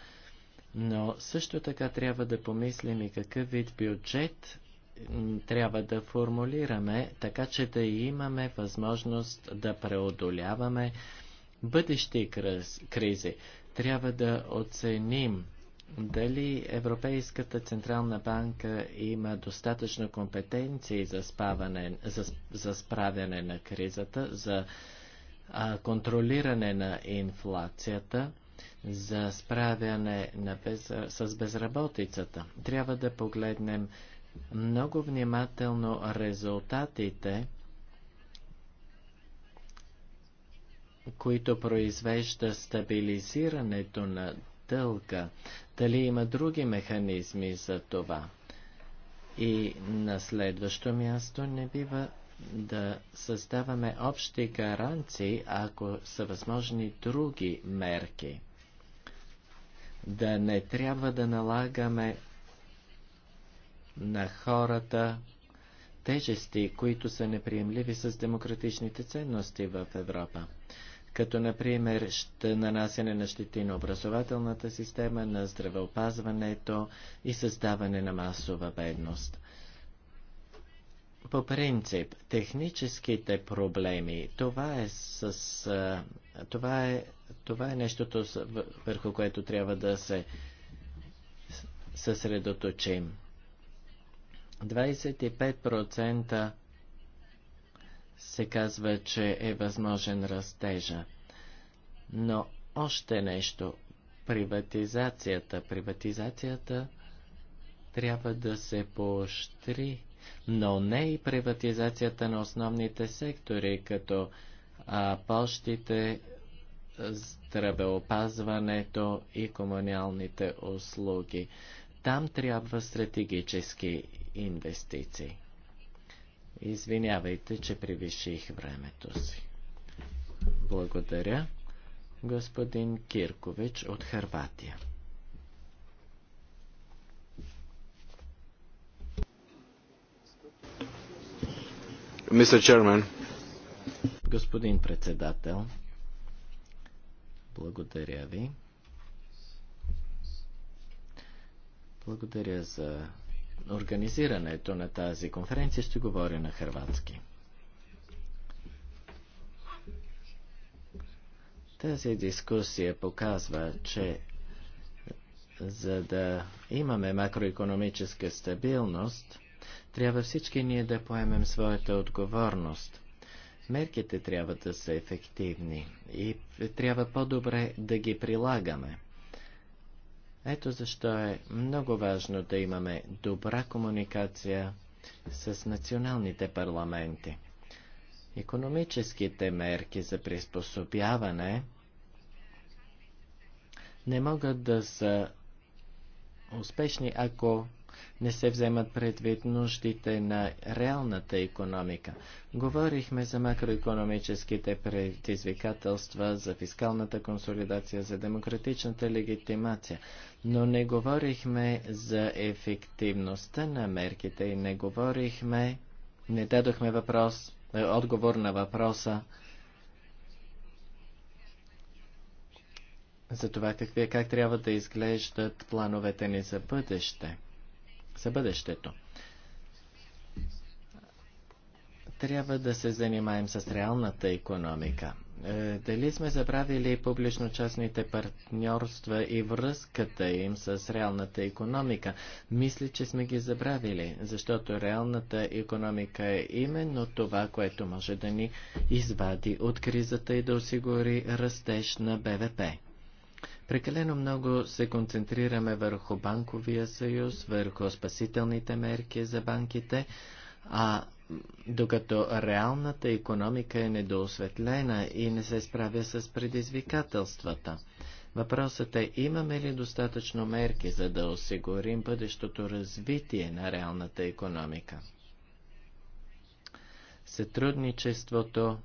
но също така трябва да помислим и какъв вид бюджет трябва да формулираме, така че да имаме възможност да преодоляваме бъдещи кризи. Трябва да оценим дали Европейската Централна банка има достатъчно компетенции за, спаване, за, за справяне на кризата, за контролиране на инфлацията, за справяне на без... с безработицата. Трябва да погледнем много внимателно резултатите, които произвежда стабилизирането на дълга. Дали има други механизми за това? И на следващо място не бива да създаваме общи гаранции, ако са възможни други мерки. Да не трябва да налагаме на хората тежести, които са неприемливи с демократичните ценности в Европа. Като, например, нанасяне на щети на образователната система, на здравеопазването и създаване на масова бедност по принцип, техническите проблеми, това е, с, това е, това е нещото, върху което трябва да се съсредоточим. 25% се казва, че е възможен растежа. Но още нещо. Приватизацията. Приватизацията трябва да се поощри но не и приватизацията на основните сектори, като а, почтите, здравеопазването и комуниалните услуги. Там трябва стратегически инвестиции. Извинявайте, че превиших времето си. Благодаря, господин Киркович от Харватия. Господин председател, благодаря ви. Благодаря за организирането на тази конференция. Ще говоря на хрватски. Тази дискусия показва, че за да имаме макроекономическа стабилност, трябва всички ние да поемем своята отговорност. Мерките трябва да са ефективни и трябва по-добре да ги прилагаме. Ето защо е много важно да имаме добра комуникация с националните парламенти. Економическите мерки за приспособяване не могат да са успешни, ако не се вземат предвид нуждите на реалната економика. Говорихме за макроекономическите предизвикателства, за фискалната консолидация, за демократичната легитимация, но не говорихме за ефективността на мерките и не говорихме, не дадохме въпрос, е, отговор на въпроса за това какви, как трябва да изглеждат плановете ни за бъдеще за бъдещето. Трябва да се занимаем с реалната економика. Е, дали сме забравили публично-частните партньорства и връзката им с реалната економика? Мисля, че сме ги забравили, защото реалната економика е именно това, което може да ни извади от кризата и да осигури растеж на БВП. Прекалено много се концентрираме върху банковия съюз, върху спасителните мерки за банките, а докато реалната економика е недоосветлена и не се справя с предизвикателствата. Въпросът е, имаме ли достатъчно мерки, за да осигурим бъдещото развитие на реалната економика? Сътрудничеството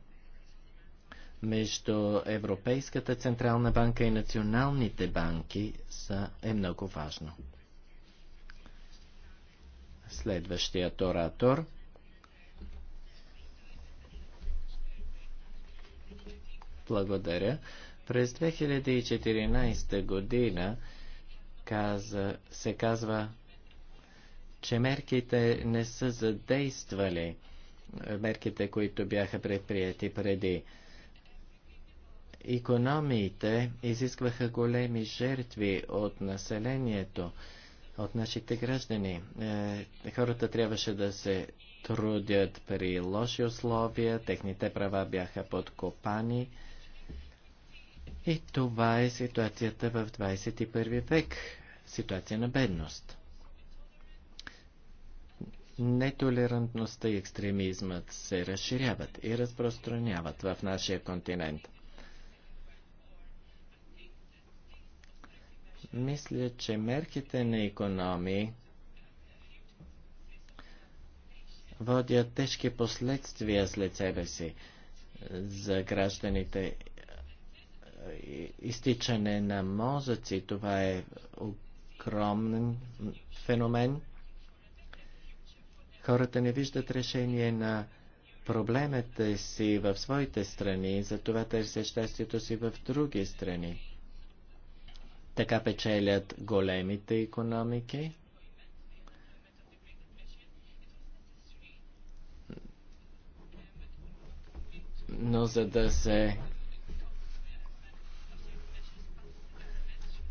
между Европейската централна банка и националните банки са, е много важно. Следващият оратор Благодаря. През 2014 година каза, се казва, че мерките не са задействали мерките, които бяха предприяти преди Икономиите изискваха големи жертви от населението, от нашите граждани. Е, хората трябваше да се трудят при лоши условия, техните права бяха подкопани. И това е ситуацията в 21 век. Ситуация на бедност. Нетолерантността и екстремизмът се разширяват и разпространяват в нашия континент. Мисля, че мерките на економии водят тежки последствия след себе си за гражданите. Изтичане на мозъци, това е огромен феномен. Хората не виждат решение на проблемите си в своите страни, затова търсят щастието си в други страни. Така печелят големите економики. Но за да се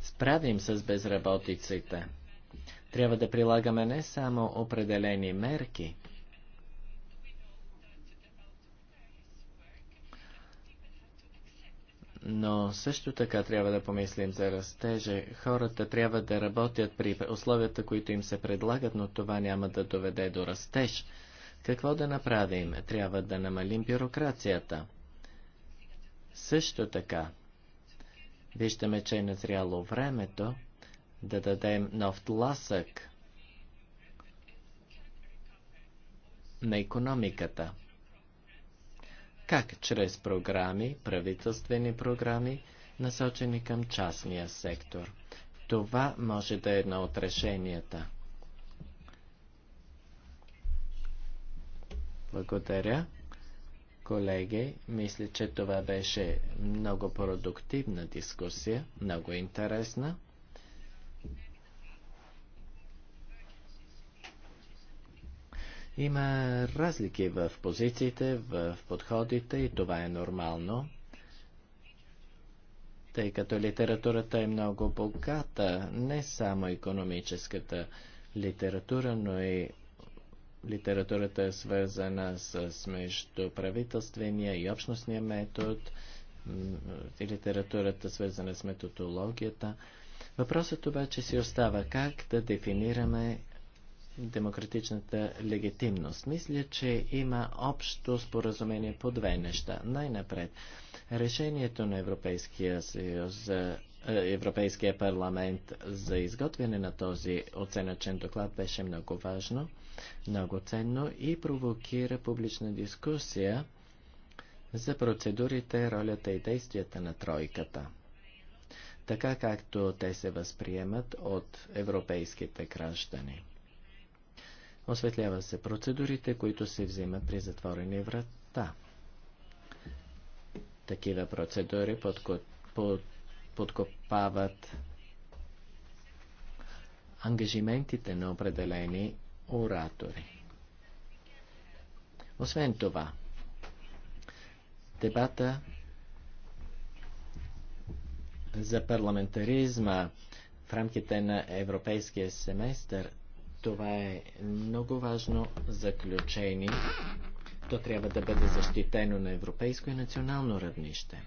справим с безработиците, трябва да прилагаме не само определени мерки, но също така трябва да помислим за растежа. Хората трябва да работят при условията, които им се предлагат, но това няма да доведе до растеж. Какво да направим? Трябва да намалим бюрокрацията. Също така, виждаме, че е назряло времето да дадем нов тласък на економиката. Как? Чрез програми, правителствени програми, насочени към частния сектор. Това може да е едно от решенията. Благодаря. Колеги, мисля, че това беше много продуктивна дискусия, много интересна. Има разлики в позициите, в подходите и това е нормално, тъй като литературата е много богата, не само економическата литература, но и литературата е свързана с междуправителствения и общностния метод, и литературата свързана с методологията. Въпросът обаче си остава как да дефинираме демократичната легитимност. Мисля, че има общо споразумение по две неща. Най-напред, решението на Европейския съюз за е, Европейския парламент за изготвяне на този оценъчен доклад беше много важно, много ценно и провокира публична дискусия за процедурите, ролята и действията на тройката, така както те се възприемат от европейските граждани. Осветлява се процедурите, които се взимат при затворени врата. Такива процедури подко... под... подкопават ангажиментите на определени оратори. Освен това, дебата за парламентаризма в рамките на европейския семестър това е много важно заключение. То трябва да бъде защитено на европейско и национално равнище.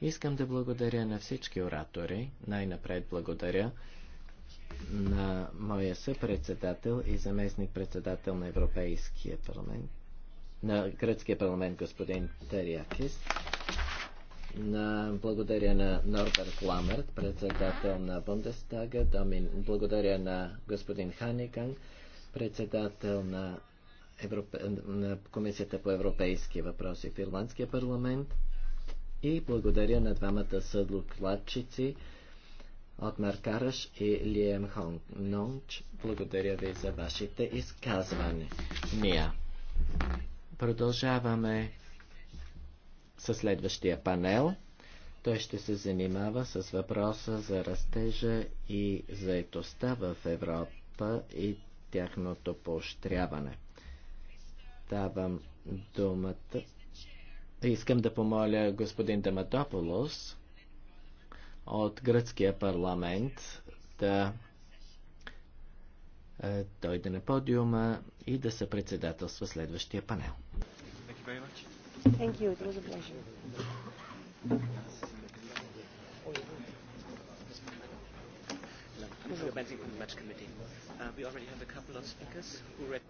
Искам да благодаря на всички оратори. Най-напред благодаря на моя съпредседател и заместник-председател на Европейския парламент, на Гръцкия парламент господин Териакис. На, благодаря на Норберт Ламерт, председател на Бундестага. Домин, благодаря на господин Ханиган, председател на, Европе, на Комисията по европейски въпроси в Ирландския парламент. И благодаря на двамата съдлокладчици от Маркараш и Лием Хонг Нонч. Благодаря ви за вашите изказвания. Продължаваме със следващия панел. Той ще се занимава с въпроса за растежа и заетостта в Европа и тяхното поощряване. Давам думата. Искам да помоля господин Даматополос от гръцкия парламент да е, дойде на подиума и да се председателства следващия панел. Thank you very much. Thank you. It was a pleasure. Committee. Uh, we already have a couple of speakers who read.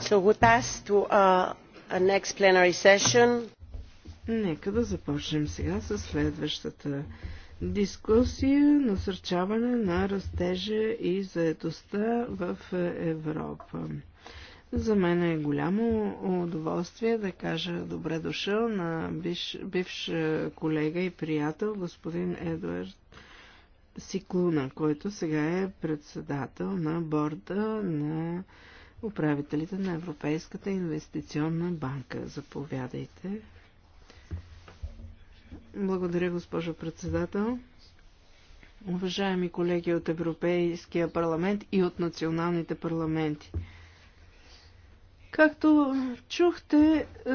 So we pass to uh, a next plenary session. Нека да започнем сега с следващата дискусия насърчаване на растежа и заедостта в Европа. За мен е голямо удоволствие да кажа добре дошъл на бивш, бивш колега и приятел господин Едуард Сиклуна, който сега е председател на борда на управителите на Европейската инвестиционна банка. Заповядайте. Благодаря, госпожо председател. Уважаеми колеги от Европейския парламент и от националните парламенти. Както чухте, е,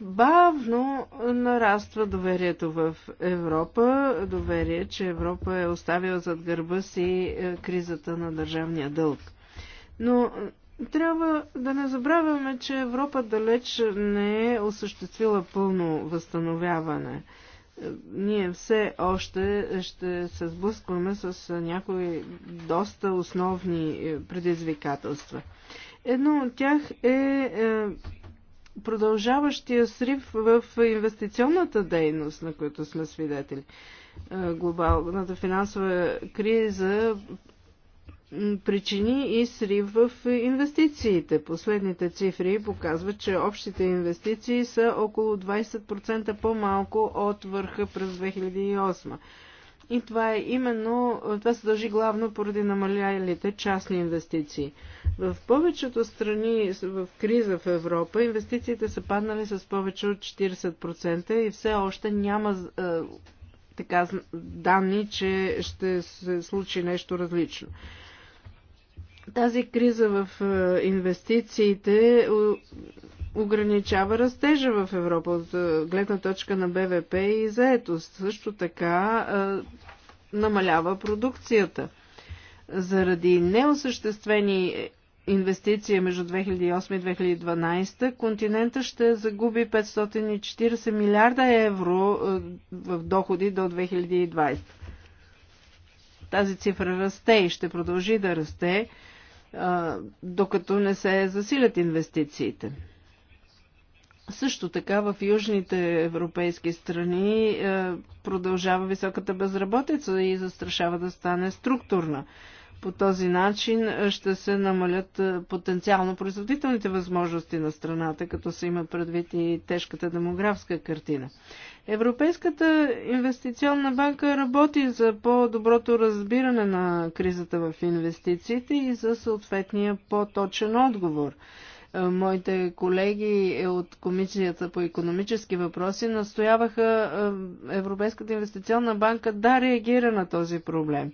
бавно нараства доверието в Европа. Доверие, че Европа е оставила зад гърба си е, кризата на държавния дълг. Но е, трябва да не забравяме, че Европа далеч не е осъществила пълно възстановяване. Ние все още ще се сблъскваме с някои доста основни предизвикателства. Едно от тях е, е продължаващия срив в инвестиционната дейност, на която сме свидетели. Е, глобалната финансова криза причини и срив в инвестициите. Последните цифри показват, че общите инвестиции са около 20% по-малко от върха през 2008. И това е именно, това се дължи главно поради намалялите частни инвестиции. В повечето страни в криза в Европа инвестициите са паднали с повече от 40% и все още няма е, така данни, че ще се случи нещо различно. Тази криза в е, инвестициите е, ограничава растежа в Европа от е, гледна точка на БВП и заетост. Също така а, е, намалява продукцията. Заради неосъществени инвестиции между 2008 и 2012 континента ще загуби 540 милиарда евро е, в доходи до 2020. Тази цифра расте и ще продължи да расте, докато не се засилят инвестициите. Също така в южните европейски страни е, продължава високата безработица и застрашава да стане структурна. По този начин е, ще се намалят е, потенциално производителните възможности на страната, като се има предвид и тежката демографска картина. Европейската инвестиционна банка работи за по-доброто разбиране на кризата в инвестициите и за съответния по-точен отговор. Е, моите колеги е от Комисията по економически въпроси настояваха е, Европейската инвестиционна банка да реагира на този проблем.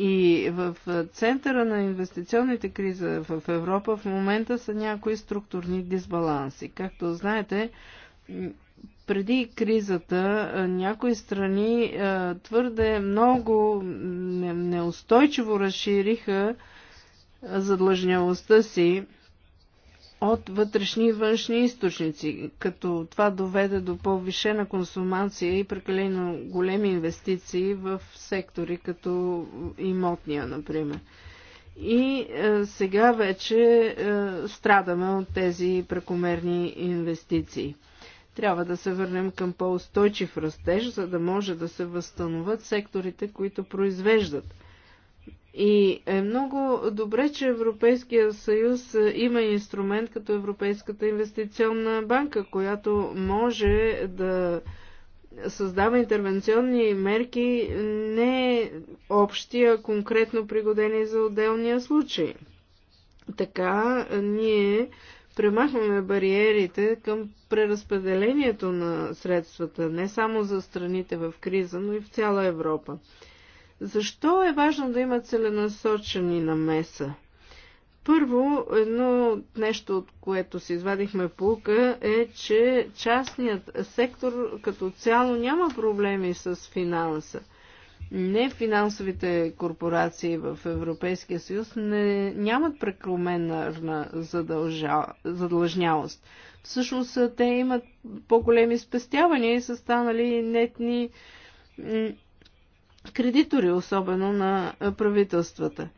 И в центъра на инвестиционните криза в Европа в момента са някои структурни дисбаланси. Както знаете, преди кризата някои страни твърде много неустойчиво разшириха задлъжнялостта си от вътрешни и външни източници, като това доведе до повишена консумация и прекалено големи инвестиции в сектори, като имотния, например. И е, сега вече е, страдаме от тези прекомерни инвестиции. Трябва да се върнем към по-устойчив растеж, за да може да се възстановят секторите, които произвеждат – и е много добре, че Европейския съюз има инструмент като Европейската инвестиционна банка, която може да създава интервенционни мерки не общи, а конкретно пригодени за отделния случай. Така ние премахваме бариерите към преразпределението на средствата, не само за страните в криза, но и в цяла Европа. Защо е важно да има целенасочени намеса? Първо, едно нещо, от което си извадихме пулка, е, че частният сектор като цяло няма проблеми с финанса. Не финансовите корпорации в Европейския съюз не, нямат прекроменна задължнялост. Всъщност те имат по-големи спестявания и са станали нетни кредитори, особено на правителствата.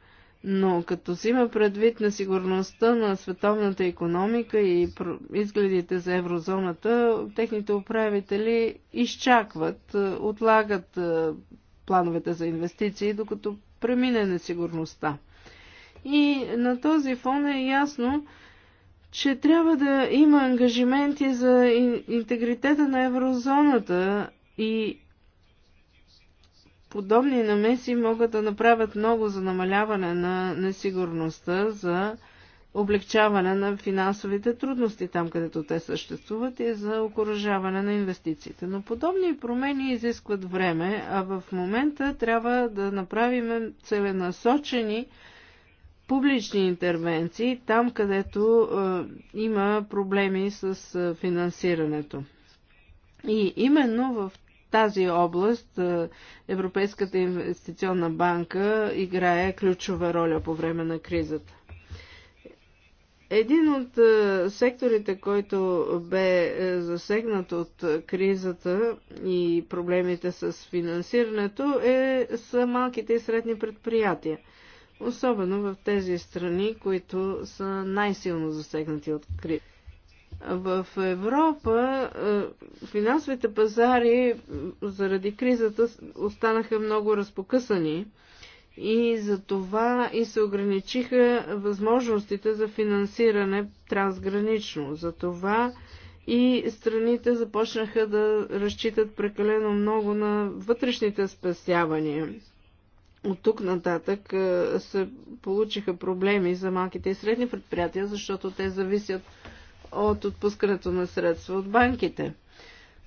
Но като има предвид на сигурността на световната економика и изгледите за еврозоната, техните управители изчакват, отлагат плановете за инвестиции, докато премине несигурността. И на този фон е ясно, че трябва да има ангажименти за интегритета на еврозоната и Подобни намеси могат да направят много за намаляване на несигурността, за облегчаване на финансовите трудности там, където те съществуват и за окоръжаване на инвестициите. Но подобни промени изискват време, а в момента трябва да направим целенасочени публични интервенции там, където е, има проблеми с е, финансирането. И именно в тази област е, Европейската инвестиционна банка играе ключова роля по време на кризата. Един от е, секторите, който бе е, засегнат от кризата и проблемите с финансирането е, са малките и средни предприятия. Особено в тези страни, които са най-силно засегнати от кризата. В Европа е, финансовите пазари заради кризата останаха много разпокъсани и за това и се ограничиха възможностите за финансиране трансгранично. За това и страните започнаха да разчитат прекалено много на вътрешните спасявания. От тук нататък е, се получиха проблеми за малките и средни предприятия, защото те зависят от отпускането на средства от банките.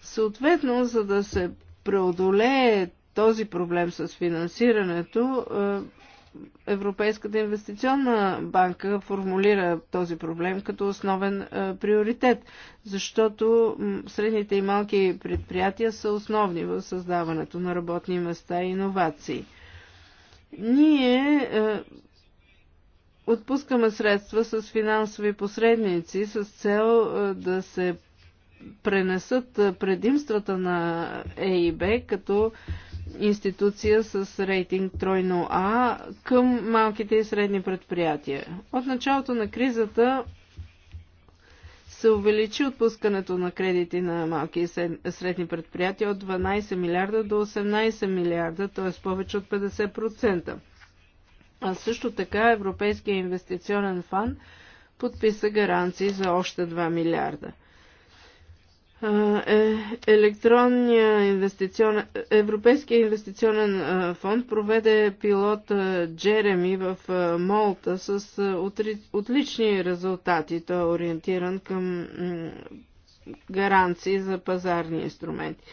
Съответно, за да се преодолее този проблем с финансирането, е, Европейската инвестиционна банка формулира този проблем като основен е, приоритет, защото средните и малки предприятия са основни в създаването на работни места и иновации. Ние е, отпускаме средства с финансови посредници с цел е, да се пренесат е, предимствата на ЕИБ като институция с рейтинг тройно А към малките и средни предприятия. От началото на кризата се увеличи отпускането на кредити на малки и средни предприятия от 12 милиарда до 18 милиарда, т.е. повече от 50%. А също така Европейския инвестиционен фонд подписа гаранции за още 2 милиарда. Е, електронния инвестиционен, Европейския инвестиционен фонд проведе пилот Джереми в Молта с отлични резултати. Той е ориентиран към гаранции за пазарни инструменти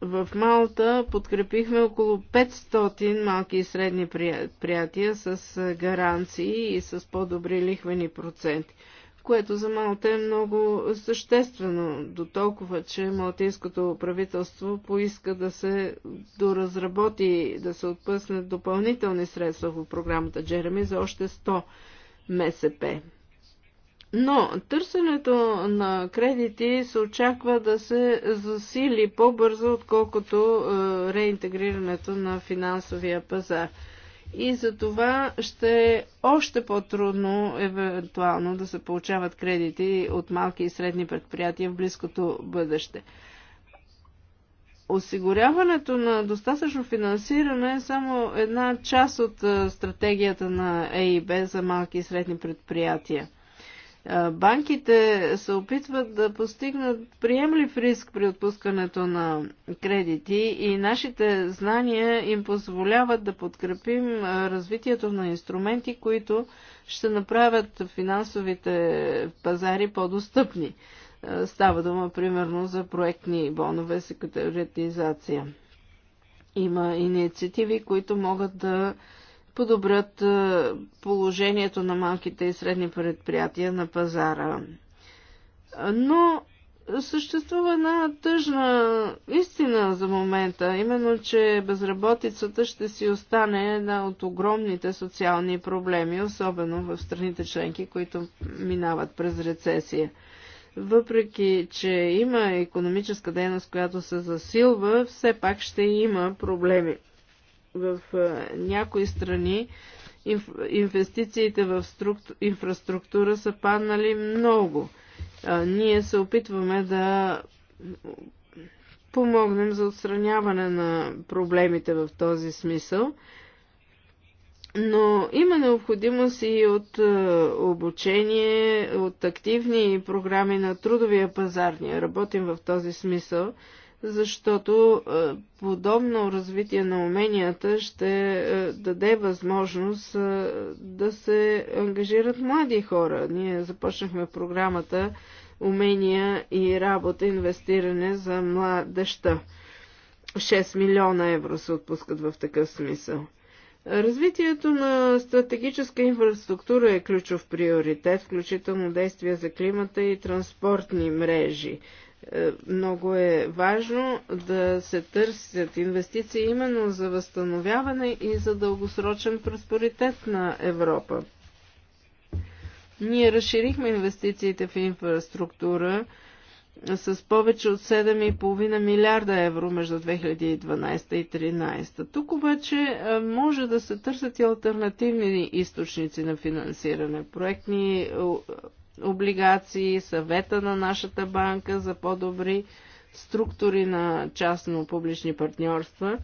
в Малта подкрепихме около 500 малки и средни предприятия с гаранции и с по-добри лихвени проценти, което за Малта е много съществено, до толкова, че малтийското правителство поиска да се доразработи, да се отпъснат допълнителни средства в програмата Джереми за още 100 МСП. Но търсенето на кредити се очаква да се засили по-бързо, отколкото е, реинтегрирането на финансовия пазар. И за това ще е още по-трудно евентуално да се получават кредити от малки и средни предприятия в близкото бъдеще. Осигуряването на достатъчно финансиране е само една част от е, стратегията на ЕИБ за малки и средни предприятия Банките се опитват да постигнат приемлив риск при отпускането на кредити и нашите знания им позволяват да подкрепим развитието на инструменти, които ще направят финансовите пазари по-достъпни. Става дума примерно за проектни бонове секретаризация. Има инициативи, които могат да подобрят е, положението на малките и средни предприятия на пазара. Но съществува една тъжна истина за момента, именно, че безработицата ще си остане една от огромните социални проблеми, особено в страните членки, които минават през рецесия. Въпреки, че има економическа дейност, която се засилва, все пак ще има проблеми в някои страни инвестициите в инфраструктура са паднали много. Ние се опитваме да помогнем за отстраняване на проблемите в този смисъл. Но има необходимост и от обучение, от активни програми на трудовия пазар. Ние работим в този смисъл защото е, подобно развитие на уменията ще е, даде възможност е, да се ангажират млади хора. Ние започнахме програмата Умения и работа, инвестиране за младеща. 6 милиона евро се отпускат в такъв смисъл. Развитието на стратегическа инфраструктура е ключов приоритет, включително действия за климата и транспортни мрежи. Е, много е важно да се търсят инвестиции именно за възстановяване и за дългосрочен проспоритет на Европа. Ние разширихме инвестициите в инфраструктура с повече от 7,5 милиарда евро между 2012 и 2013. Тук обаче е, може да се търсят и альтернативни източници на финансиране, проектни е, облигации, съвета на нашата банка за по-добри структури на частно-публични партньорства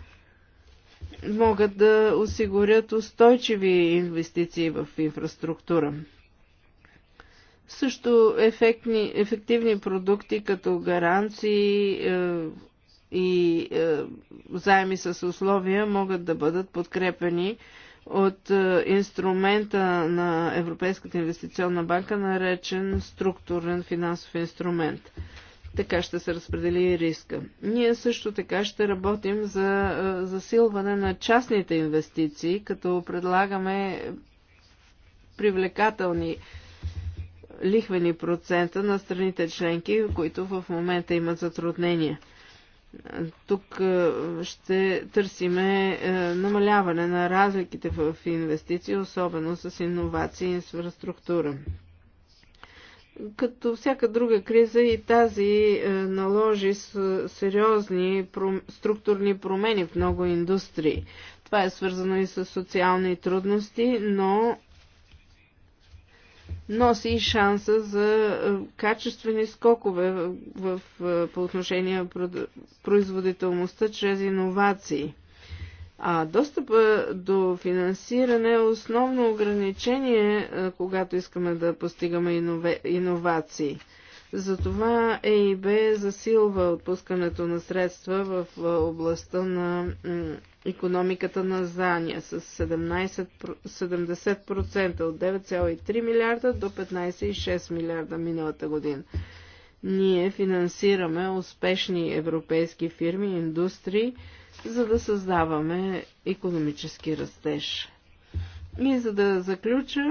могат да осигурят устойчиви инвестиции в инфраструктура. Също ефектни, ефективни продукти като гаранции е, и е, заеми с условия могат да бъдат подкрепени от е, инструмента на Европейската инвестиционна банка, наречен структурен финансов инструмент. Така ще се разпредели и риска. Ние също така ще работим за е, засилване на частните инвестиции, като предлагаме привлекателни е, лихвени процента на страните членки, които в момента имат затруднения. Тук е, ще търсиме е, намаляване на разликите в инвестиции, особено с иновации и инфраструктура. Като всяка друга криза и тази е, наложи с сериозни структурни промени в много индустрии. Това е свързано и с социални трудности, но носи и шанса за е, качествени скокове в, в, е, по отношение производителността чрез иновации. А достъпа до финансиране е основно ограничение, е, когато искаме да постигаме инове, иновации. Затова ЕИБ засилва отпускането на средства в областта на економиката на знания с 17, 70% от 9,3 милиарда до 15,6 милиарда миналата година. Ние финансираме успешни европейски фирми и индустрии, за да създаваме економически растеж. И за да заключа,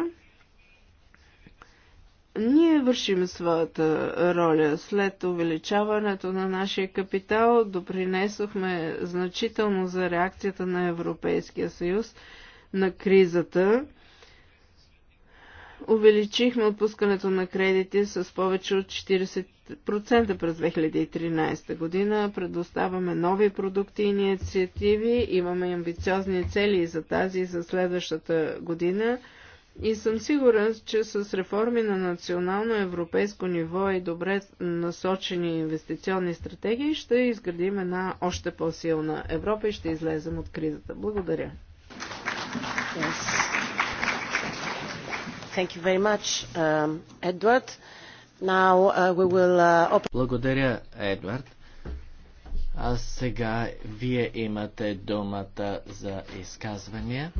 ние вършим своята роля. След увеличаването на нашия капитал допринесохме значително за реакцията на Европейския съюз на кризата. Увеличихме отпускането на кредити с повече от 40% през 2013 година. Предоставяме нови продукти и инициативи. Имаме амбициозни цели и за тази и за следващата година и съм сигурен, че с реформи на национално европейско ниво и добре насочени инвестиционни стратегии ще изградим една още по-силна Европа и ще излезем от кризата. Благодаря. Yes. Thank you very much, um, Now, uh, we will, uh, open... Благодаря, Едвард. А сега вие имате думата за изказвания.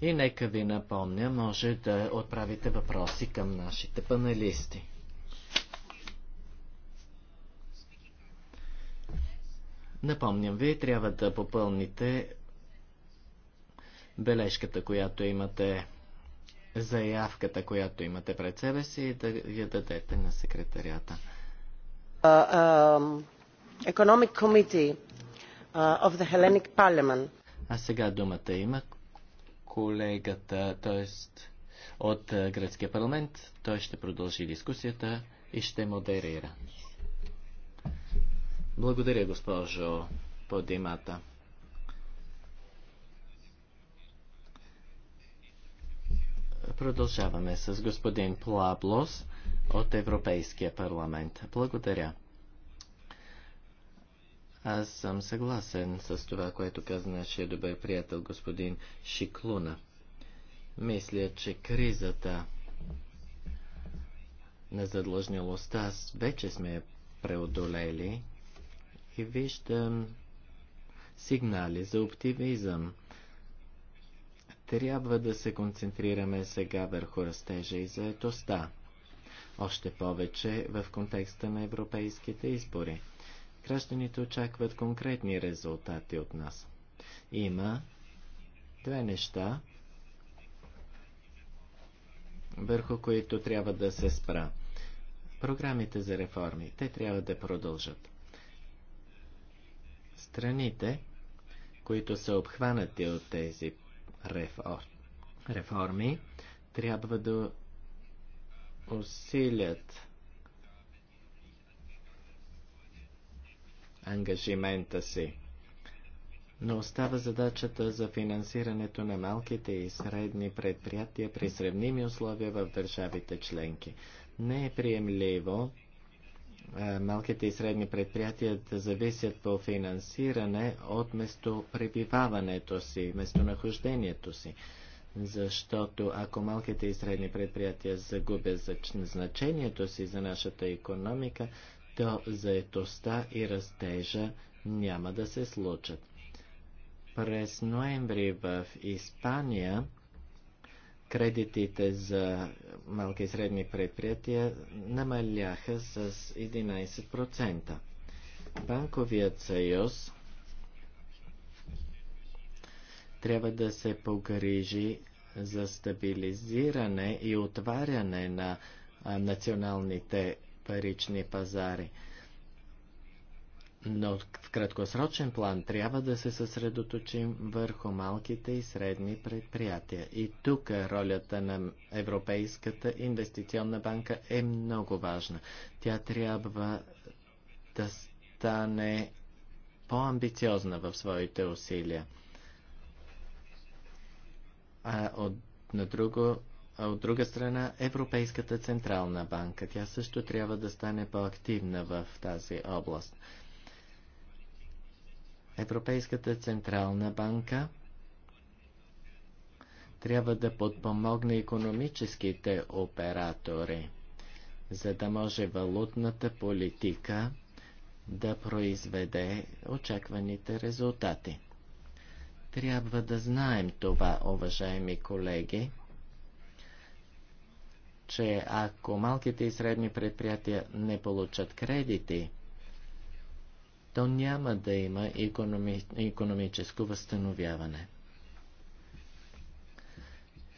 И нека ви напомня, може да отправите въпроси към нашите панелисти. Напомням ви, трябва да попълните бележката, която имате, заявката, която имате пред себе си и да я дадете на секретарията. Uh, um, uh, of the А сега думата има колегата, т.е. от гръцкия парламент. Той ще продължи дискусията и ще модерира. Благодаря, госпожо Подимата. Продължаваме с господин Плаблос от Европейския парламент. Благодаря. Аз съм съгласен с това, което каза нашия добър приятел господин Шиклуна. Мисля, че кризата на задлъжнялостта вече сме я преодолели и виждам сигнали за оптимизъм. Трябва да се концентрираме сега върху растежа и заетостта. Още повече в контекста на европейските избори. Гражданите очакват конкретни резултати от нас. Има две неща, върху които трябва да се спра. Програмите за реформи, те трябва да продължат. Страните, които са обхванати от тези реформи, трябва да усилят ангажимента си. Но остава задачата за финансирането на малките и средни предприятия при сравними условия в държавите членки. Не е приемливо малките и средни предприятия да зависят по финансиране от местопребиваването си, местонахождението си. Защото ако малките и средни предприятия загубят значението си за нашата економика, то заетостта и растежа няма да се случат. През ноември в Испания кредитите за малки и средни предприятия намаляха с 11%. Банковият съюз трябва да се погрижи за стабилизиране и отваряне на националните парични пазари. Но в краткосрочен план трябва да се съсредоточим върху малките и средни предприятия. И тук ролята на Европейската инвестиционна банка е много важна. Тя трябва да стане по-амбициозна в своите усилия. А от, на друго а от друга страна, Европейската централна банка, тя също трябва да стане по-активна в тази област. Европейската централна банка трябва да подпомогне економическите оператори, за да може валутната политика да произведе очакваните резултати. Трябва да знаем това, уважаеми колеги че ако малките и средни предприятия не получат кредити, то няма да има економи... економическо възстановяване.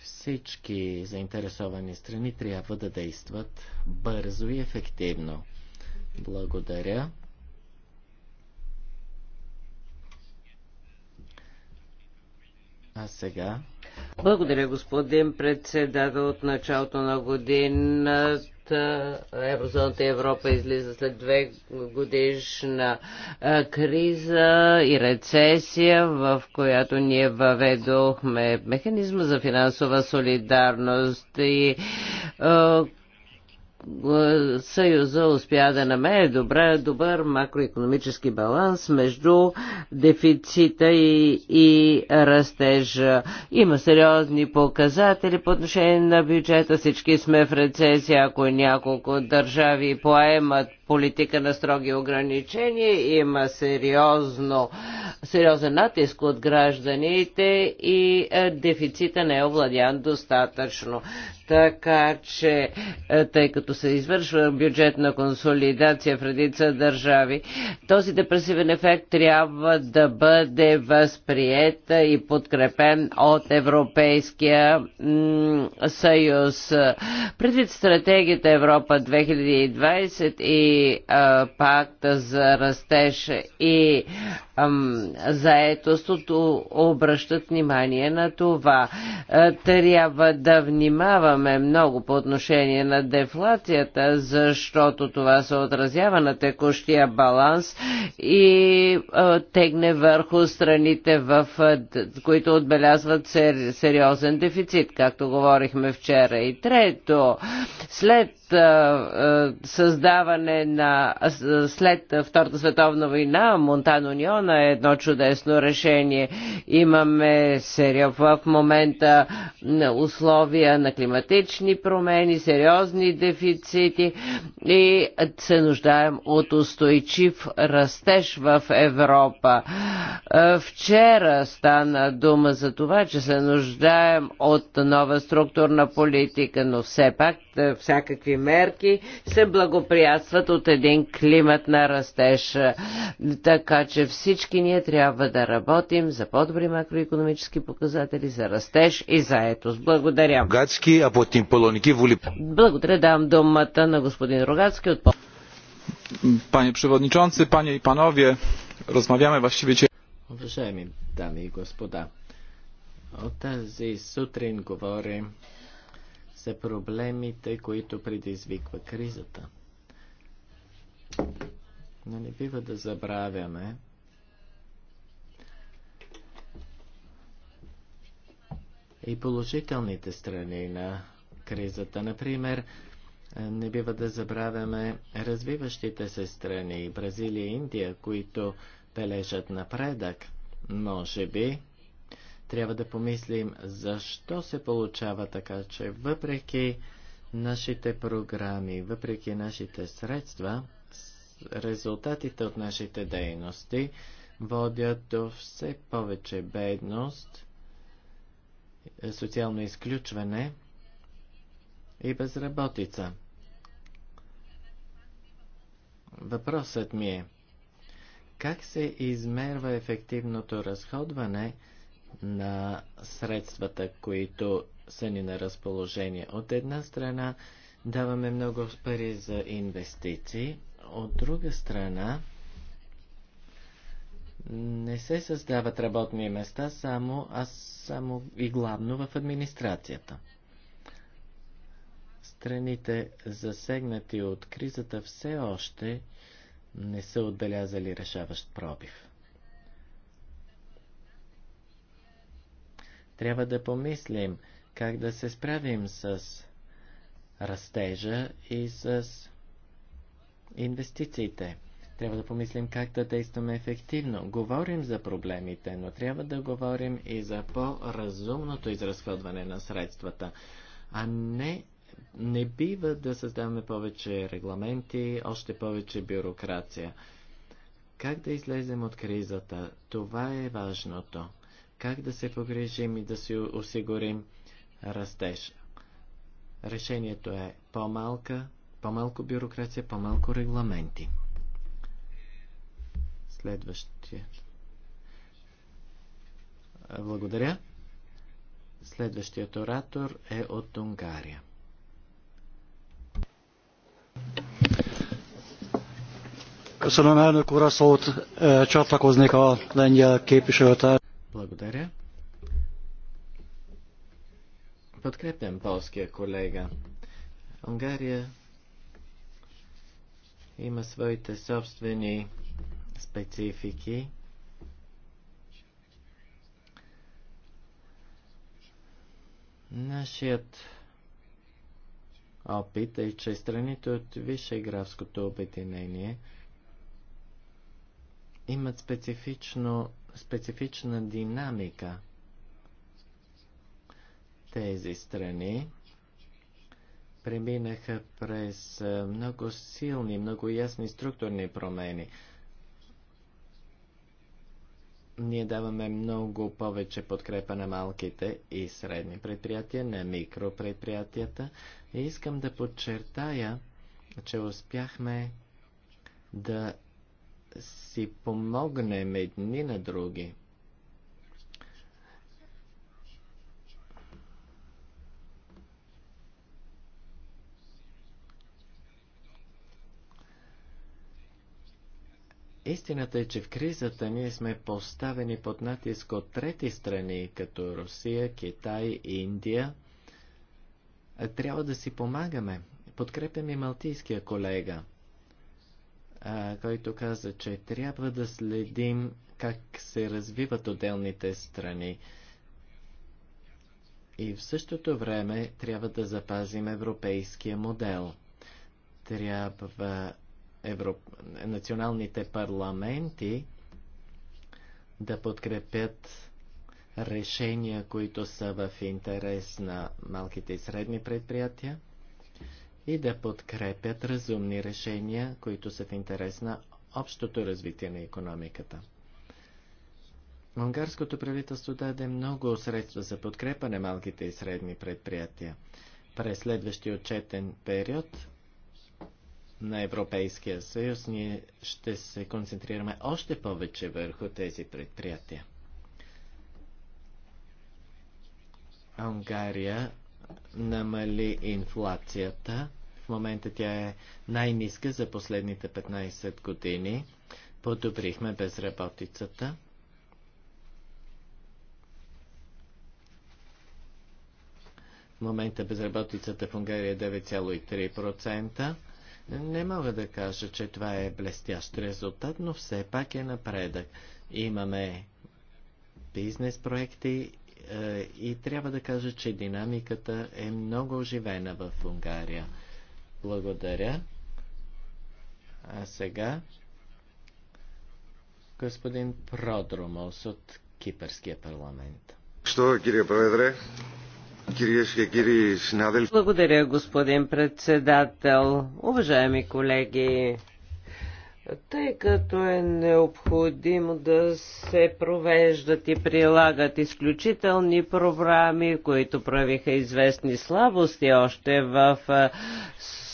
Всички заинтересовани страни трябва да действат бързо и ефективно. Благодаря. А сега благодаря, господин председател. От началото на годината еврозоната Европа излиза след две годишна криза и рецесия, в която ние въведохме механизма за финансова солидарност и Съюза успя да намери добра, добър макроекономически баланс между дефицита и, и растежа. Има сериозни показатели по отношение на бюджета. Всички сме в рецесия. Ако няколко държави поемат политика на строги ограничения, има сериозно, сериозен натиск от гражданите и е, дефицита не е овладян достатъчно. Така че, е, тъй като се извършва бюджетна консолидация в редица държави, този депресивен ефект трябва да бъде възприет и подкрепен от Европейския съюз. Предвид стратегията Европа 2020 и а, пакта за растеж и ам, заетостото обръщат внимание на това. А, трябва да внимаваме много по отношение на дефлацията, защото това се отразява на текущия баланс и а, тегне върху страните, в, а, които отбелязват сер, сериозен дефицит, както говорихме вчера. И трето, след създаване на след Втората световна война Монтан Униона е едно чудесно решение. Имаме сериал в момента на условия на климатични промени, сериозни дефицити и се нуждаем от устойчив растеж в Европа. Вчера стана дума за това, че се нуждаем от нова структурна политика, но все пак всякакви мерки се благоприятстват от един климат на растеж. Така че всички ние трябва да работим за по-добри макроекономически показатели, за растеж и заетост. Благодаря. Рогацки, а потим Полоники Вули. Благодаря, дам думата на господин Рогацки от Пане Преводничонце, пане и панове, размавяме ваше dzisiaj. Уважаеми дами и господа, от тази сутрин говорим са проблемите, които предизвиква кризата. Но не бива да забравяме, и положителните страни на кризата. Например, не бива да забравяме развиващите се страни Бразилия и Индия, които бележат напредък. Може би трябва да помислим защо се получава така, че въпреки нашите програми, въпреки нашите средства, резултатите от нашите дейности водят до все повече бедност, социално изключване и безработица. Въпросът ми е, как се измерва ефективното разходване на средствата, които са ни на разположение. От една страна даваме много пари за инвестиции, от друга страна не се създават работни места само, а само и главно в администрацията. Страните, засегнати от кризата, все още не са отбелязали решаващ пробив. Трябва да помислим как да се справим с растежа и с инвестициите. Трябва да помислим как да действаме ефективно. Говорим за проблемите, но трябва да говорим и за по-разумното изразходване на средствата, а не не бива да създаваме повече регламенти, още повече бюрокрация. Как да излезем от кризата? Това е важното. Как да се погрежим и да си осигурим растеж? Решението е по-малка, по-малко бюрокрация, по-малко регламенти. Следващия. Благодаря. Следващият оратор е от Унгария. Köszönöm elnök úr a szót, csatlakoznék a lengyel képviselőtár. Благодаря. Подкрепям полския колега. Унгария има своите собствени специфики. Нашият опит е, че страните от Вишеградското обединение имат специфично специфична динамика. Тези страни преминаха през много силни, много ясни структурни промени. Ние даваме много повече подкрепа на малките и средни предприятия, на микропредприятията. И искам да подчертая, че успяхме да си помогнем едни на други. Истината е, че в кризата ние сме поставени под натиск от трети страни, като Русия, Китай, Индия. Трябва да си помагаме. Подкрепям и малтийския колега който каза, че трябва да следим как се развиват отделните страни. И в същото време трябва да запазим европейския модел. Трябва евро... националните парламенти да подкрепят решения, които са в интерес на малките и средни предприятия и да подкрепят разумни решения, които са в интерес на общото развитие на економиката. Унгарското правителство даде много средства за подкрепа на малките и средни предприятия. През следващия отчетен период на Европейския съюз ние ще се концентрираме още повече върху тези предприятия. Унгария намали инфлацията в момента тя е най-ниска за последните 15 години. Подобрихме безработицата. В момента безработицата в Унгария е 9,3%. Не мога да кажа, че това е блестящ резултат, но все пак е напредък. Имаме бизнес проекти е, и трябва да кажа, че динамиката е много оживена в Унгария. Благодаря. А сега господин Продромос от Кипърския парламент. Що, кирия Проведре? Благодаря, господин председател. Уважаеми колеги, тъй като е необходимо да се провеждат и прилагат изключителни програми, които правиха известни слабости още в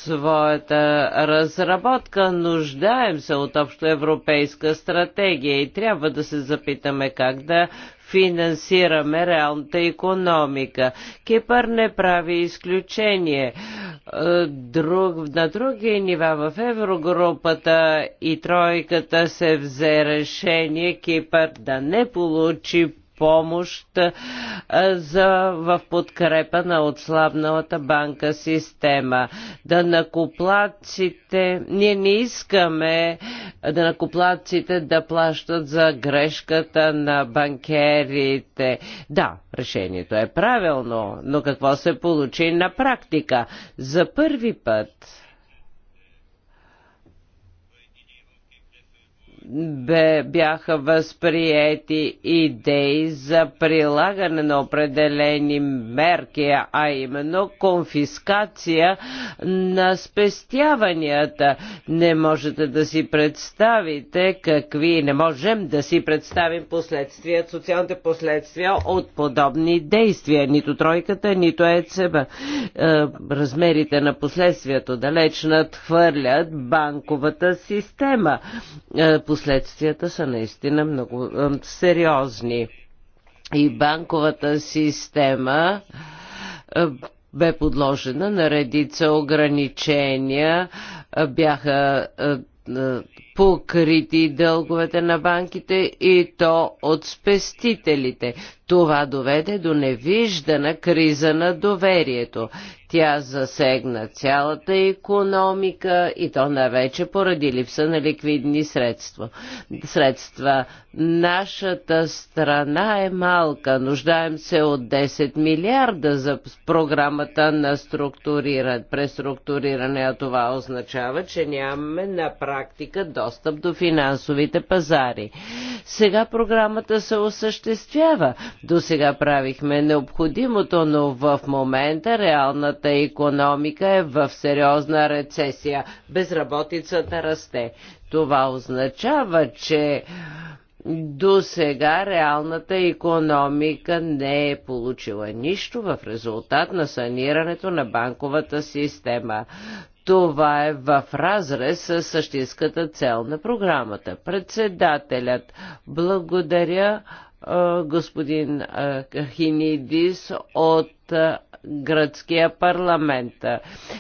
своята разработка. Нуждаем се от общо европейска стратегия и трябва да се запитаме как да финансираме реалната економика. Кипър не прави изключение. Е, друг, на други нива в Еврогрупата и тройката се взе решение Кипър да не получи помощ за, в подкрепа на отслабналата банка система. Да накоплаците, ние не искаме да накоплаците да плащат за грешката на банкерите. Да, решението е правилно, но какво се получи на практика? За първи път бяха възприети идеи за прилагане на определени мерки, а именно конфискация на спестяванията. Не можете да си представите какви, не можем да си представим последствия, социалните последствия от подобни действия. Нито тройката, нито ЕЦБ. Е, размерите на последствието далеч надхвърлят банковата система е, последствията са наистина много сериозни. И банковата система бе подложена на редица ограничения, бяха покрити дълговете на банките и то от спестителите. Това доведе до невиждана криза на доверието. Тя засегна цялата економика и то навече поради липса на ликвидни средства. средства. Нашата страна е малка. Нуждаем се от 10 милиарда за програмата на преструктуриране. А това означава, че нямаме на практика до достъп до финансовите пазари. Сега програмата се осъществява. До сега правихме необходимото, но в момента реалната економика е в сериозна рецесия. Безработицата расте. Това означава, че до сега реалната економика не е получила нищо в резултат на санирането на банковата система. Това е в разрез с същинската цел на програмата. Председателят, благодаря е, господин е, Хинидис от е, гръцкия парламент.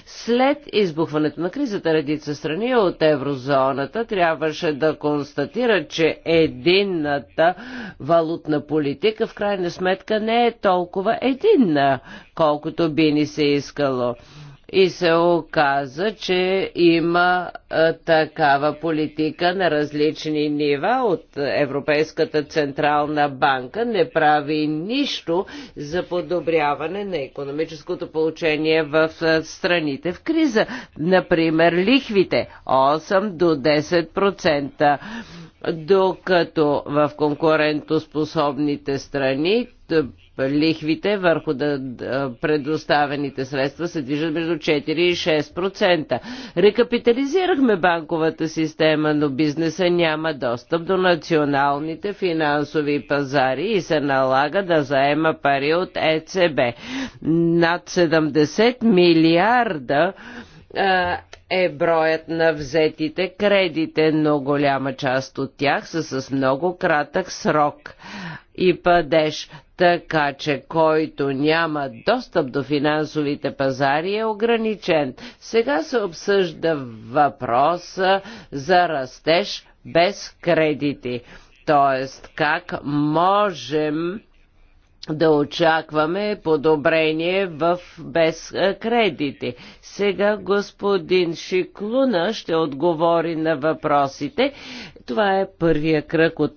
След избухването на кризата редица страни от еврозоната трябваше да констатира, че единната валутна политика в крайна сметка не е толкова единна, колкото би ни се искало и се оказа, че има такава политика на различни нива от Европейската централна банка. Не прави нищо за подобряване на економическото получение в страните в криза. Например, лихвите 8 до 10% докато в конкурентоспособните страни лихвите върху да, да, предоставените средства се движат между 4 и 6%. Рекапитализирахме банковата система, но бизнеса няма достъп до националните финансови пазари и се налага да заема пари от ЕЦБ. Над 70 милиарда е броят на взетите кредите, но голяма част от тях са с много кратък срок и падеж, така че който няма достъп до финансовите пазари е ограничен. Сега се обсъжда въпроса за растеж без кредити, т.е. как можем да очакваме подобрение в без кредити. Сега господин Шиклуна ще отговори на въпросите. Това е първия кръг от...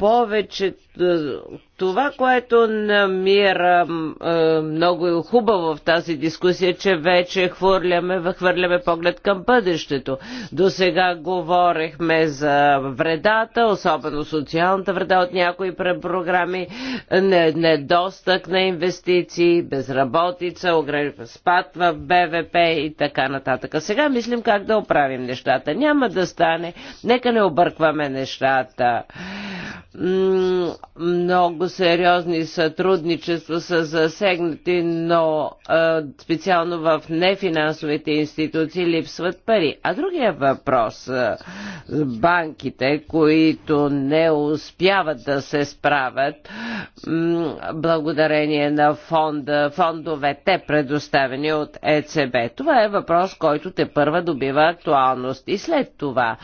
повечето това, което намирам е, много хубаво в тази дискусия, че вече хвърляме, хвърляме поглед към бъдещето. До сега говорехме за вредата, особено социалната вреда от някои програми, недостъг на инвестиции, безработица, спад в БВП и така нататък. А сега мислим как да оправим нещата. Няма да стане. Нека не объркваме нещата. Много много сериозни сътрудничества са засегнати, но а, специално в нефинансовите институции липсват пари. А другия въпрос а, банките, които не успяват да се справят благодарение на фонда, фондовете, предоставени от ЕЦБ. Това е въпрос, който те първа добива актуалност. И след това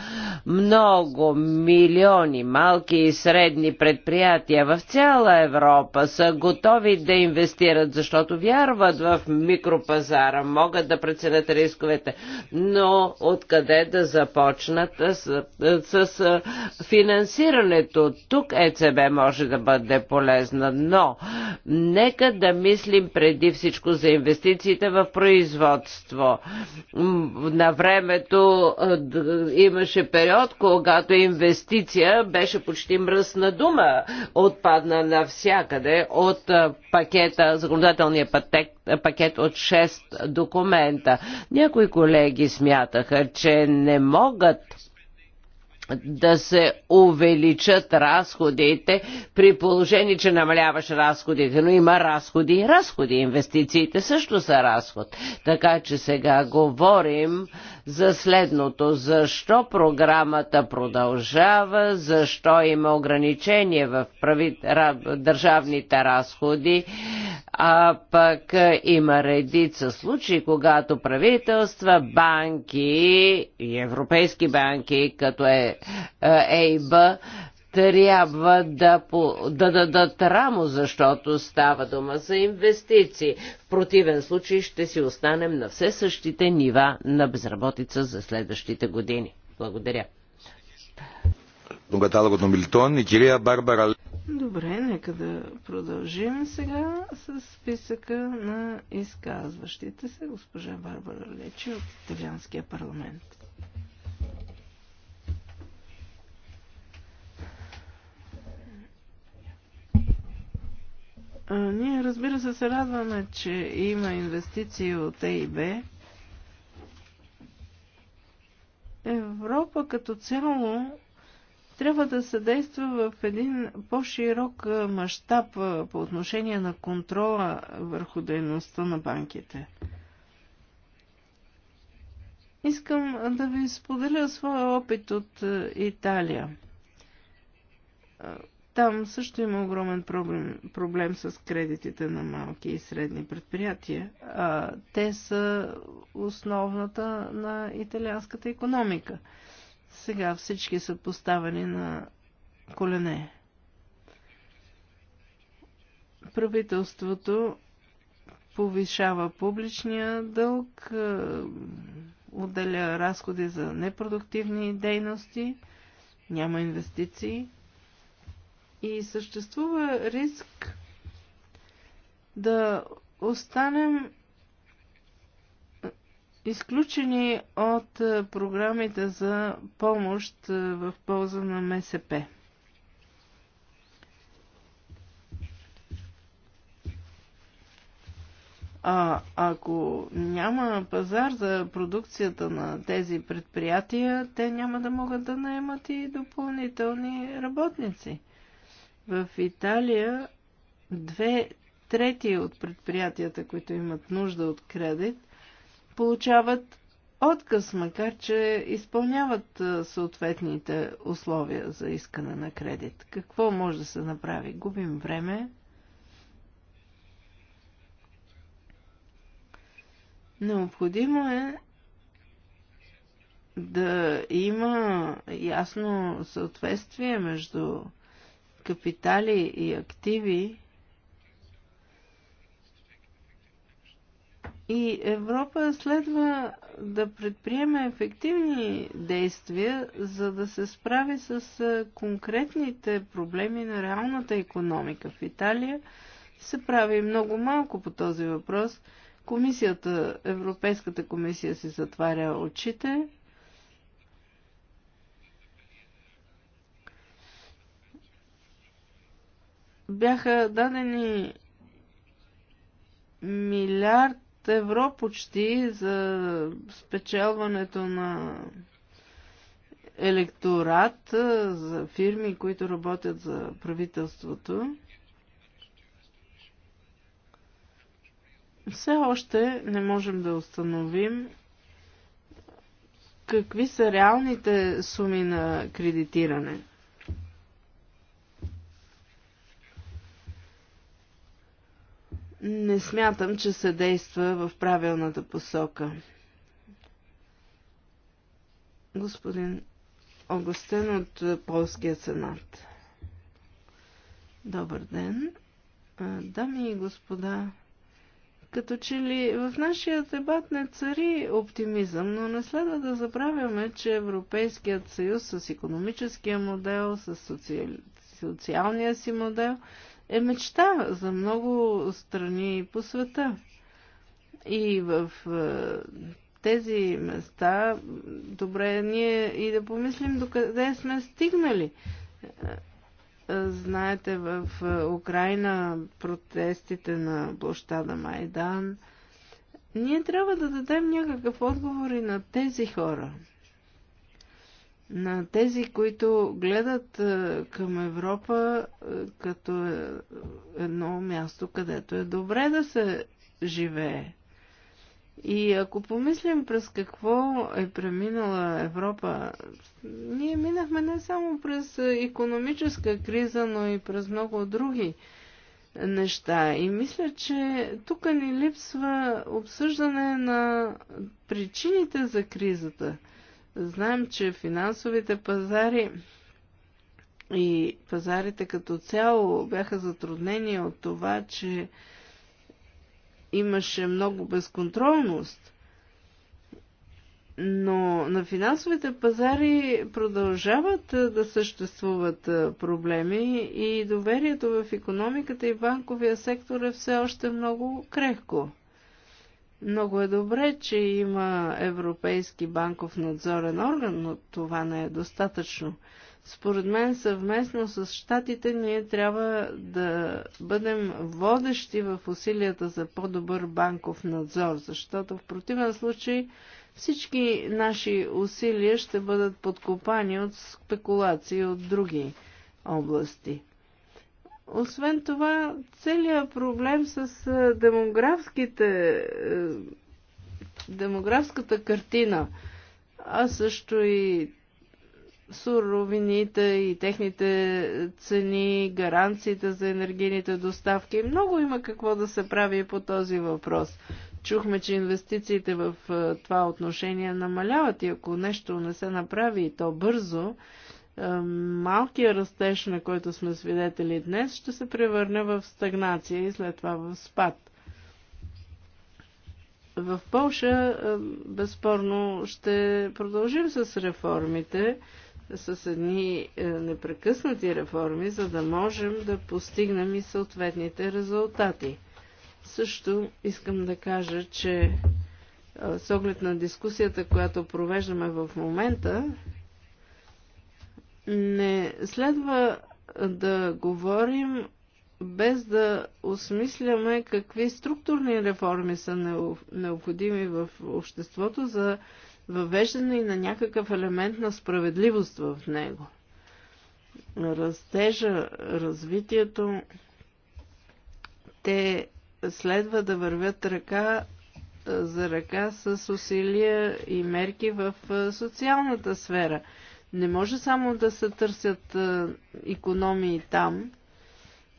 много милиони малки и средни предприятия в цял цяла Европа са готови да инвестират, защото вярват в микропазара, могат да преценят рисковете, но откъде да започнат с, с, финансирането? Тук ЕЦБ може да бъде полезна, но нека да мислим преди всичко за инвестициите в производство. На времето имаше период, когато инвестиция беше почти мръсна дума, отпадна навсякъде от пакета, законодателния пакет, пакет от 6 документа. Някои колеги смятаха, че не могат да се увеличат разходите при положение, че намаляваш разходите, но има разходи и разходи. Инвестициите също са разход. Така че сега говорим за следното. Защо програмата продължава, защо има ограничение в прави, държавните разходи, а пък има редица случаи, когато правителства, банки, европейски банки, като е, е ЕИБ, трябва да, по, да дадат рамо, защото става дума за инвестиции. В противен случай ще си останем на все същите нива на безработица за следващите години. Благодаря. Добре, нека да продължим сега с списъка на изказващите се госпожа Барбара Лечи от Италианския парламент. Ние разбира се се радваме, че има инвестиции от и Б. Европа като цяло трябва да се действа в един по-широк мащаб по отношение на контрола върху дейността на банките. Искам да ви споделя своя опит от Италия. Там също има огромен проблем, проблем с кредитите на малки и средни предприятия. А, те са основната на италианската економика. Сега всички са поставени на колене. Правителството повишава публичния дълг, отделя разходи за непродуктивни дейности, няма инвестиции – и съществува риск да останем изключени от програмите за помощ е, в полза на МСП. А ако няма пазар за продукцията на тези предприятия, те няма да могат да наемат и допълнителни работници. В Италия две трети от предприятията, които имат нужда от кредит, получават отказ, макар че изпълняват съответните условия за искане на кредит. Какво може да се направи? Губим време. Необходимо е да има ясно съответствие между капитали и активи. И Европа следва да предприеме ефективни действия, за да се справи с конкретните проблеми на реалната економика. В Италия се прави много малко по този въпрос. Комисията, Европейската комисия си затваря очите, бяха дадени милиард евро почти за спечелването на електорат за фирми, които работят за правителството. Все още не можем да установим какви са реалните суми на кредитиране. не смятам, че се действа в правилната посока. Господин Огостен от е, Полския сенат. Добър ден. Дами и господа, като че ли в нашия дебат не цари оптимизъм, но не следва да забравяме, че Европейският съюз с економическия модел, с социалния си модел – е мечта за много страни по света. И в е, тези места, добре ние и да помислим докъде сме стигнали. Е, е, знаете, в Украина протестите на площада Майдан. Ние трябва да дадем някакъв отговор и на тези хора на тези, които гледат е, към Европа е, като е, едно място, където е добре да се живее. И ако помислим през какво е преминала Европа, ние минахме не само през економическа криза, но и през много други неща. И мисля, че тук ни липсва обсъждане на причините за кризата – Знаем, че финансовите пазари и пазарите като цяло бяха затруднени от това, че имаше много безконтролност. Но на финансовите пазари продължават да съществуват проблеми и доверието в економиката и банковия сектор е все още много крехко. Много е добре, че има Европейски банков надзорен орган, но това не е достатъчно. Според мен съвместно с щатите ние трябва да бъдем водещи в усилията за по-добър банков надзор, защото в противен случай всички наши усилия ще бъдат подкопани от спекулации от други области. Освен това, целият проблем с демографските, демографската картина, а също и суровините и техните цени, гаранциите за енергийните доставки. Много има какво да се прави по този въпрос. Чухме, че инвестициите в това отношение намаляват и ако нещо не се направи и то бързо, е, малкия растеж, на който сме свидетели днес, ще се превърне в стагнация и след това в спад. В Польша е, безспорно ще продължим с реформите, с едни е, непрекъснати реформи, за да можем да постигнем и съответните резултати. Също искам да кажа, че с оглед на дискусията, която провеждаме в момента, не следва да говорим без да осмисляме какви структурни реформи са необходими в обществото за въвеждане на някакъв елемент на справедливост в него. Растежа, развитието, те следва да вървят ръка за ръка с усилия и мерки в социалната сфера – не може само да се търсят економии там.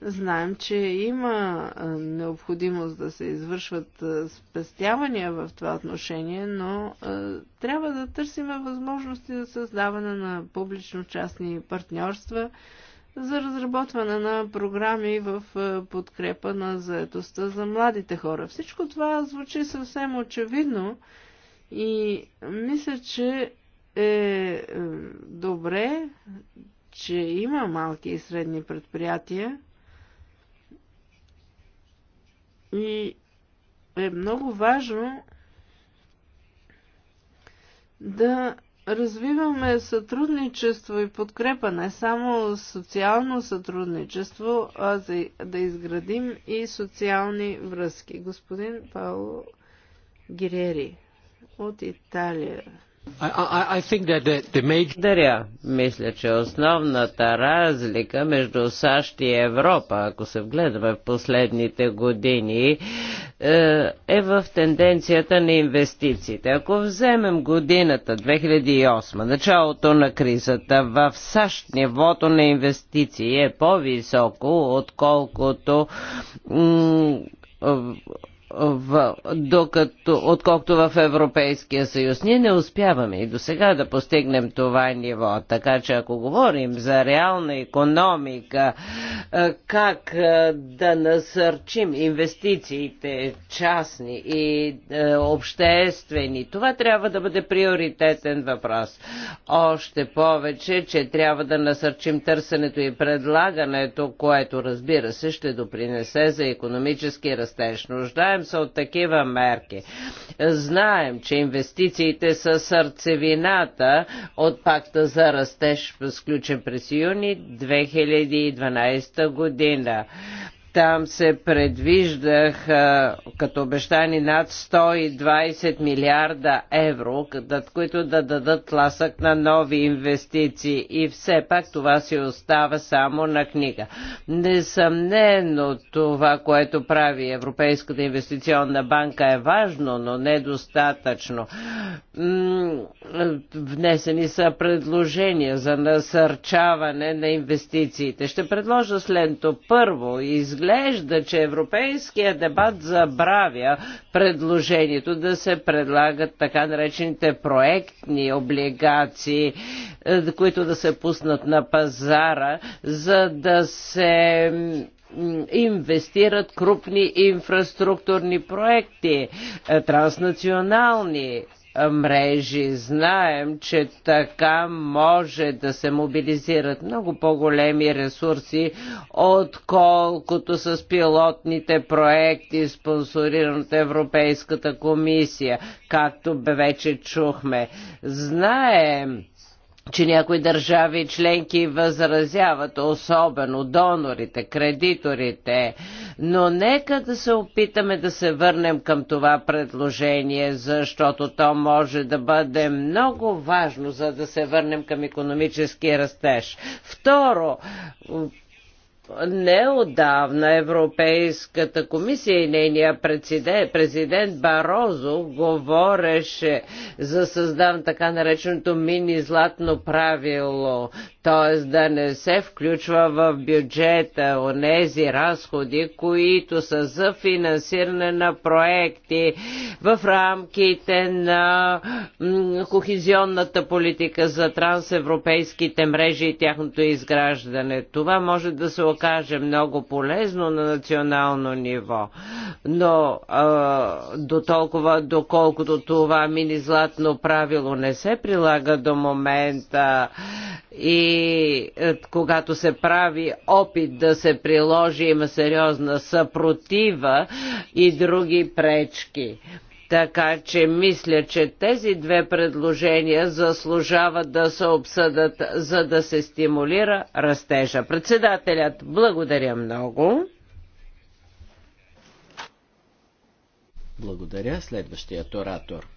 Знаем, че има необходимост да се извършват спестявания в това отношение, но трябва да търсим възможности за създаване на публично-частни партньорства, за разработване на програми в подкрепа на заедостта за младите хора. Всичко това звучи съвсем очевидно и мисля, че е, е добре, че има малки и средни предприятия и е много важно да развиваме сътрудничество и подкрепа, не само социално сътрудничество, а да изградим и социални връзки. Господин Пауло Гирери от Италия. Благодаря. Мисля, че основната разлика между САЩ и Европа, ако се вгледаме в последните години, е, е в тенденцията на инвестициите. Ако вземем годината 2008, началото на кризата, в САЩ нивото на инвестиции е по-високо, отколкото в, докато, отколкото в Европейския съюз. Ние не успяваме и до сега да постигнем това ниво. Така че ако говорим за реална економика, е, как е, да насърчим инвестициите частни и е, обществени, това трябва да бъде приоритетен въпрос. Още повече, че трябва да насърчим търсенето и предлагането, което разбира се ще допринесе за економически растеж. Нуждаем са от такива мерки. Знаем, че инвестициите са сърцевината от пакта за растеж, сключен през юни 2012 година. Там се предвиждах като обещани над 120 милиарда евро, които да дадат ласък на нови инвестиции. И все пак това си остава само на книга. Несъмнено това, което прави Европейската инвестиционна банка е важно, но недостатъчно. Внесени са предложения за насърчаване на инвестициите. Ще предложа следното. Първо, изглежда изглежда, че европейския дебат забравя предложението да се предлагат така наречените проектни облигации, е, които да се пуснат на пазара, за да се инвестират крупни инфраструктурни проекти, е, транснационални мрежи. Знаем, че така може да се мобилизират много по-големи ресурси, отколкото с пилотните проекти, спонсорирани от Европейската комисия, както вече чухме. Знаем, че някои държави членки възразяват, особено донорите, кредиторите. Но нека да се опитаме да се върнем към това предложение, защото то може да бъде много важно, за да се върнем към економически растеж. Второ, Неодавна Европейската комисия и нейния президент Барозо говореше за създаване така нареченото мини златно правило т.е. да не се включва в бюджета онези разходи, които са за финансиране на проекти в рамките на кохезионната политика за трансевропейските мрежи и тяхното изграждане. Това може да се окаже много полезно на национално ниво, но а, до толкова, доколкото това мини златно правило не се прилага до момента и и е, когато се прави опит да се приложи, има сериозна съпротива и други пречки. Така че мисля, че тези две предложения заслужават да се обсъдат, за да се стимулира растежа. Председателят, благодаря много. Благодаря. Следващият оратор.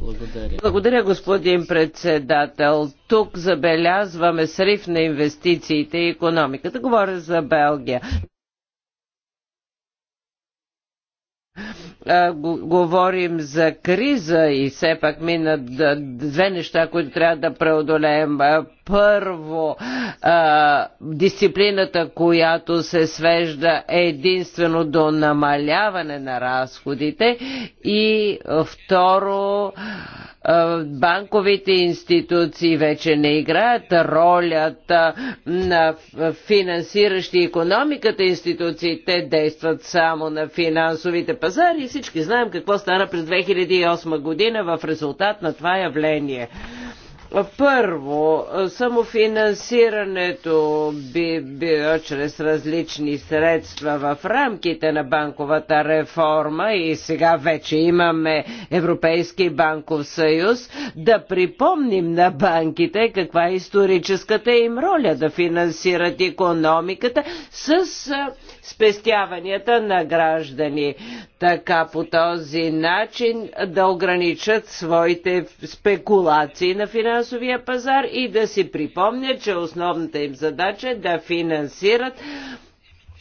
Благодаря. Благодаря, господин председател. Тук забелязваме срив на инвестициите и економиката. Говоря за Белгия. говорим за криза и все пак минат две неща, които трябва да преодолеем. Първо, дисциплината, която се свежда единствено до намаляване на разходите и второ, банковите институции вече не играят ролята на финансиращи економиката институции. Те действат само на финансовите пазари и всички знаем какво стана през 2008 година в резултат на това явление. Първо, самофинансирането би било чрез различни средства в рамките на банковата реформа и сега вече имаме Европейски банков съюз, да припомним на банките каква е историческата им роля да финансират економиката с спестяванията на граждани. Така по този начин да ограничат своите спекулации на финансовия пазар и да си припомнят, че основната им задача е да финансират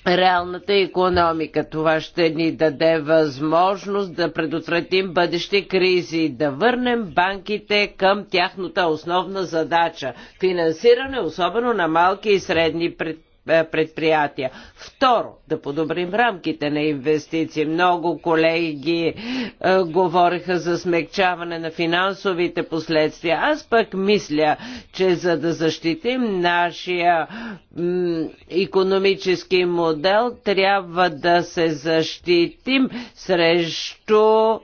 реалната економика. Това ще ни даде възможност да предотвратим бъдещи кризи, да върнем банките към тяхната основна задача – финансиране, особено на малки и средни предприятия е, предприятия. Второ, да подобрим рамките на инвестиции. Много колеги е, говориха за смягчаване на финансовите последствия. Аз пък мисля, че за да защитим нашия м, економически модел, трябва да се защитим срещу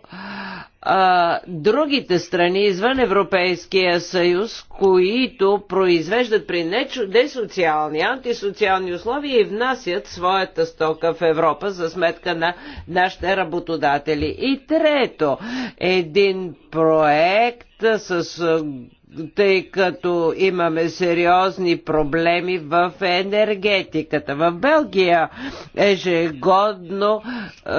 а, другите страни извън Европейския съюз, които произвеждат при несоциални, антисоциални условия и внасят своята стока в Европа за сметка на нашите работодатели. И трето, един проект с тъй като имаме сериозни проблеми в енергетиката. В Белгия ежегодно е,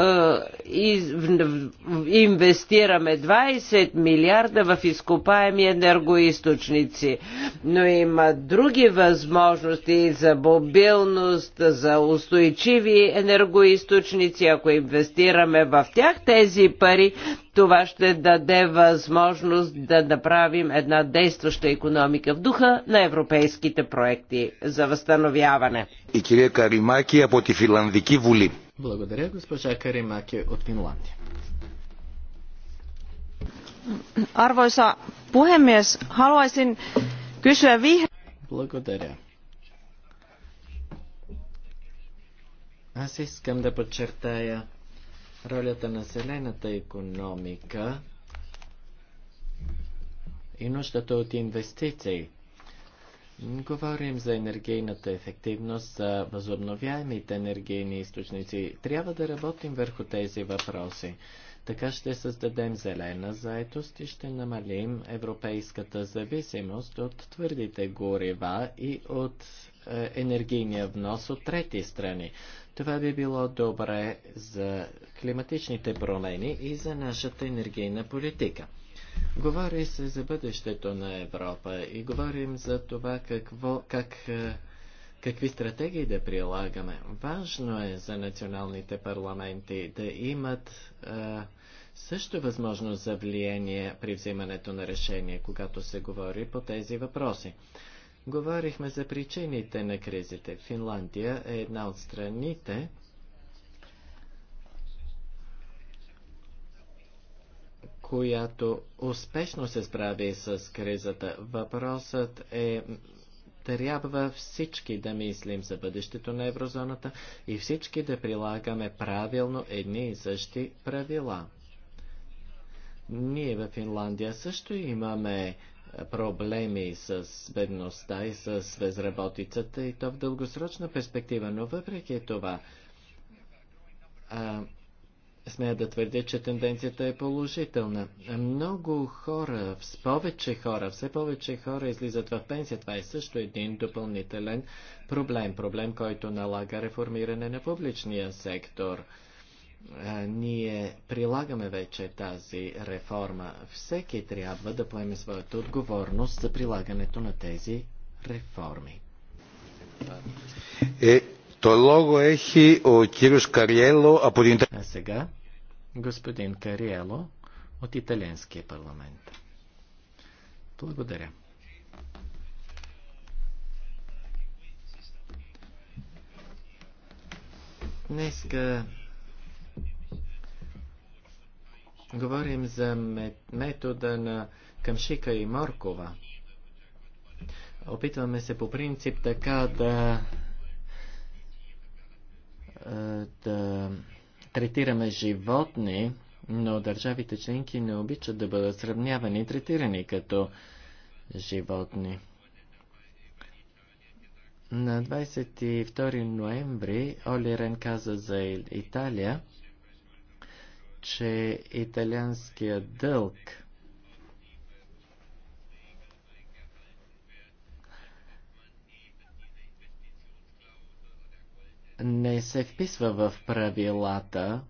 из, в, инвестираме 20 милиарда в изкопаеми енергоисточници, но има други възможности за мобилност, за устойчиви енергоисточници. Ако инвестираме в тях тези пари, това ще даде възможност да направим една действаща економика в духа на европейските проекти за възстановяване. И кирия Каримаки от Финландики Вули. Благодаря, госпожа Каримаки от Финландия. Arvoisa puhemies, haluaisin kysyä Благодаря. Аз искам да подчертая ролята на зелената економика и нуждата от инвестиции. Говорим за енергийната ефективност, за възобновяемите енергийни източници. Трябва да работим върху тези въпроси. Така ще създадем зелена заетост и ще намалим европейската зависимост от твърдите горива и от е, енергийния внос от трети страни. Това би било добре за климатичните промени и за нашата енергийна политика. Говори се за бъдещето на Европа и говорим за това какво, как, е, какви стратегии да прилагаме. Важно е за националните парламенти да имат а, е, също възможност за влияние при взимането на решение, когато се говори по тези въпроси. Говорихме за причините на кризите. Финландия е една от страните, която успешно се справи с кризата. Въпросът е трябва всички да мислим за бъдещето на еврозоната и всички да прилагаме правилно едни и същи правила. Ние в Финландия също имаме проблеми с бедността и с безработицата и то в дългосрочна перспектива, но въпреки това а, смея да твърдя, че тенденцията е положителна. Много хора, повече хора, все повече хора излизат в пенсия. Това е също един допълнителен проблем. Проблем, който налага реформиране на публичния сектор ние прилагаме вече тази реформа. Всеки трябва да поеме своята отговорност за прилагането на тези реформи. Е, то лого ехи о кирус Кариело, а подин... А сега господин Кариело от Италианския парламент. Благодаря. Днеска Говорим за метода на Камшика и Моркова. Опитваме се по принцип така да, да третираме животни, но държавите членки не обичат да бъдат сравнявани и третирани като животни. На 22 ноември Оли Рен каза за Италия, че италианският дълг не се вписва в правилата,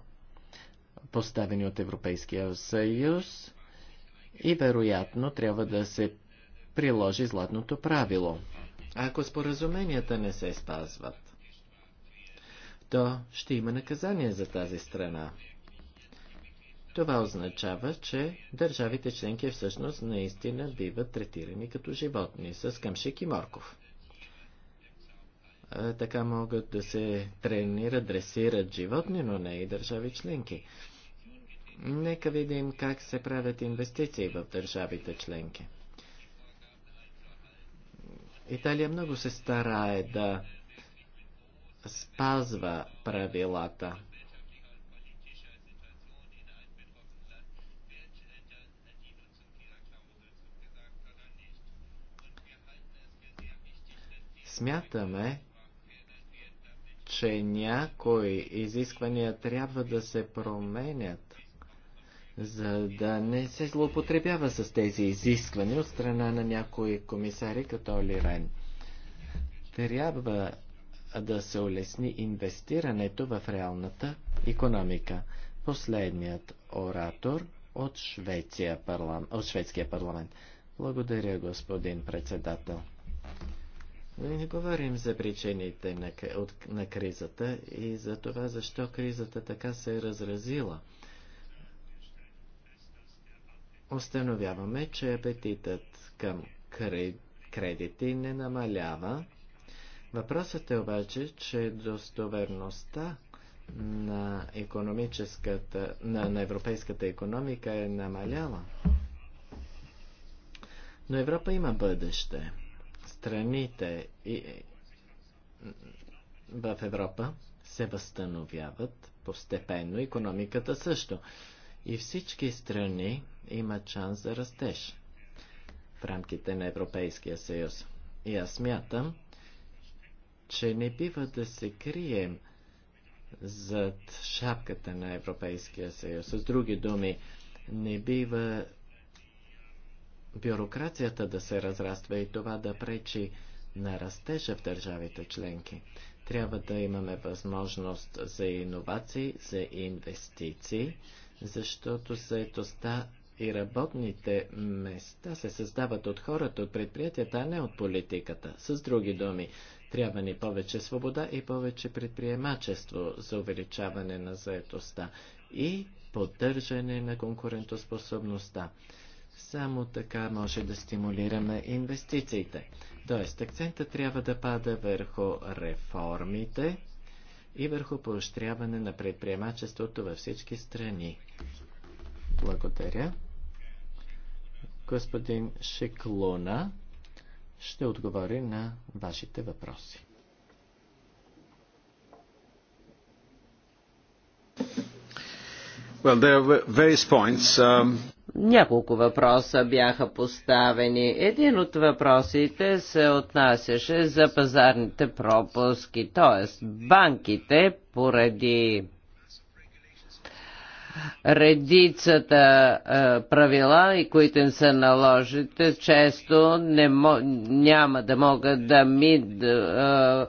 поставени от Европейския съюз и вероятно трябва да се приложи златното правило. Ако споразуменията не се спазват, то ще има наказание за тази страна. Това означава, че държавите членки всъщност наистина биват третирани като животни с къмшик и морков. Така могат да се тренират, дресират животни, но не и държави членки. Нека видим как се правят инвестиции в държавите членки. Италия много се старае да спазва правилата. Смятаме, че някои изисквания трябва да се променят, за да не се злоупотребява с тези изисквания от страна на някои комисари, като Оли Рен. Трябва да се улесни инвестирането в реалната економика. Последният оратор от, Швеция парлам... от шведския парламент. Благодаря, господин председател. Но не говорим за причините на, от, на кризата и за това защо кризата така се е разразила. Установяваме, че апетитът към кредити не намалява. Въпросът е обаче, че достоверността на, економическата, на, на европейската економика е намаляла. Но Европа има бъдеще страните в Европа се възстановяват постепенно, економиката също. И всички страни имат шанс за растеж в рамките на Европейския съюз. И аз смятам, че не бива да се крием зад шапката на Европейския съюз. С други думи, не бива бюрокрацията да се разраства и това да пречи на растежа в държавите членки. Трябва да имаме възможност за иновации, за инвестиции, защото заетостта и работните места се създават от хората, от предприятията, а не от политиката. С други думи, трябва ни повече свобода и повече предприемачество за увеличаване на заетостта и поддържане на конкурентоспособността. Само така може да стимулираме инвестициите. Тоест, акцента трябва да пада върху реформите и върху поощряване на предприемачеството във всички страни. Благодаря. Господин Шиклуна, ще отговори на вашите въпроси. Well, there are various points. Um... Няколко въпроса бяха поставени. Един от въпросите се отнасяше за пазарните пропуски, т.е. банките поради редицата е, правила, и които им се наложите, често не мо, няма да могат да ми да, а,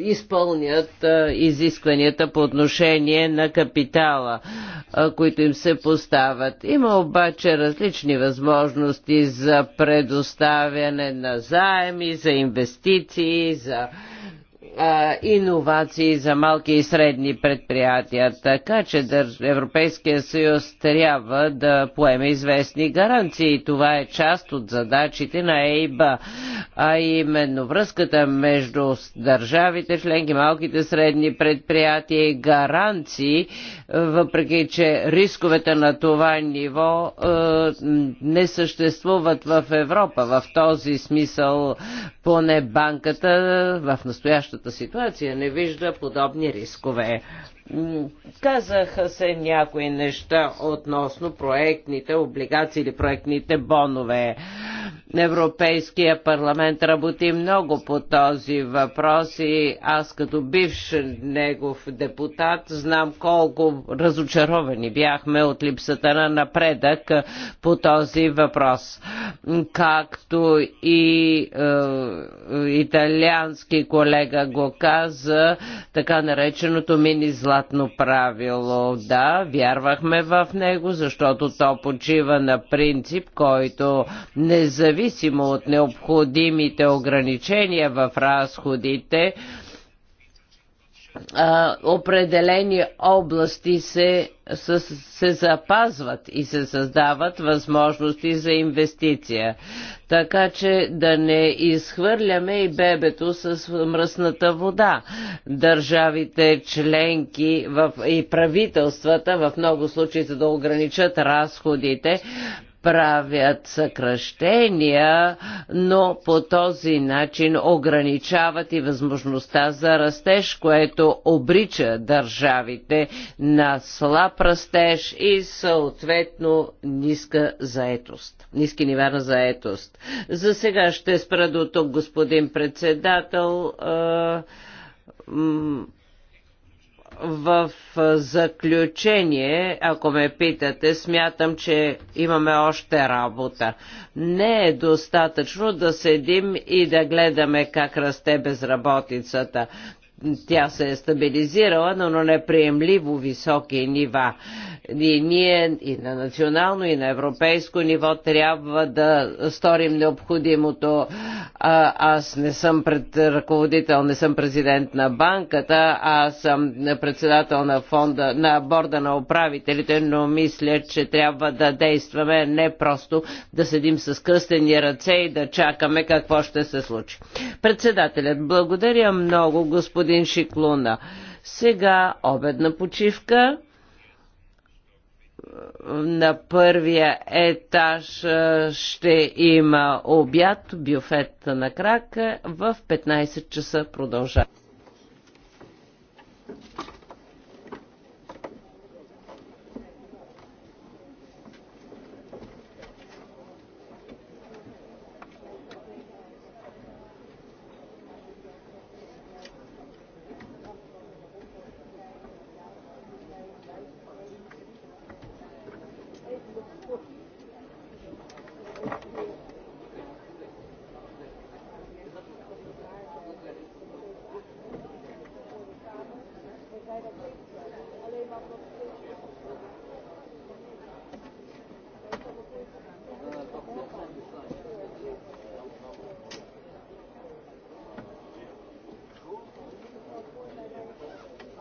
е, изпълнят а, е, изискванията по отношение на капитала, а, които им се поставят. Има обаче различни възможности за предоставяне на заеми, за инвестиции, за иновации за малки и средни предприятия. Така че Европейския съюз трябва да поеме известни гаранции. Това е част от задачите на ЕИБА, а именно връзката между държавите, членки, малките и средни предприятия и гаранции, въпреки че рисковете на това ниво е, не съществуват в Европа. В този смисъл поне банката в настоящата настоящата ситуация не вижда подобни рискове. Казаха се някои неща относно проектните облигации или проектните бонове. Европейския парламент работи много по този въпрос и аз като бивш негов депутат знам колко разочаровани бяхме от липсата на напредък по този въпрос. Както и е, италиански колега го каза, така нареченото мини златно правило. Да, вярвахме в него, защото то почива на принцип, който не независимо от необходимите ограничения в разходите, определени области се, се, запазват и се създават възможности за инвестиция. Така че да не изхвърляме и бебето с мръсната вода. Държавите, членки в, и правителствата в много случаи за да ограничат разходите, правят съкръщения, но по този начин ограничават и възможността за растеж, което обрича държавите на слаб растеж и съответно ниска заетост, ниски нива на заетост. За сега ще спра до тук, господин председател. Е, в заключение, ако ме питате, смятам, че имаме още работа. Не е достатъчно да седим и да гледаме как расте безработицата тя се е стабилизирала, но на неприемливо високи нива. И ние и на национално, и на европейско ниво трябва да сторим необходимото. Аз не съм пред ръководител, не съм президент на банката, аз съм председател на фонда, на борда на управителите, но мисля, че трябва да действаме не просто да седим с кръстени ръце и да чакаме какво ще се случи. Председателят, благодаря много, господин господин Шиклуна. Сега обедна почивка на първия етаж ще има обяд, бюфет на крака в 15 часа продължава.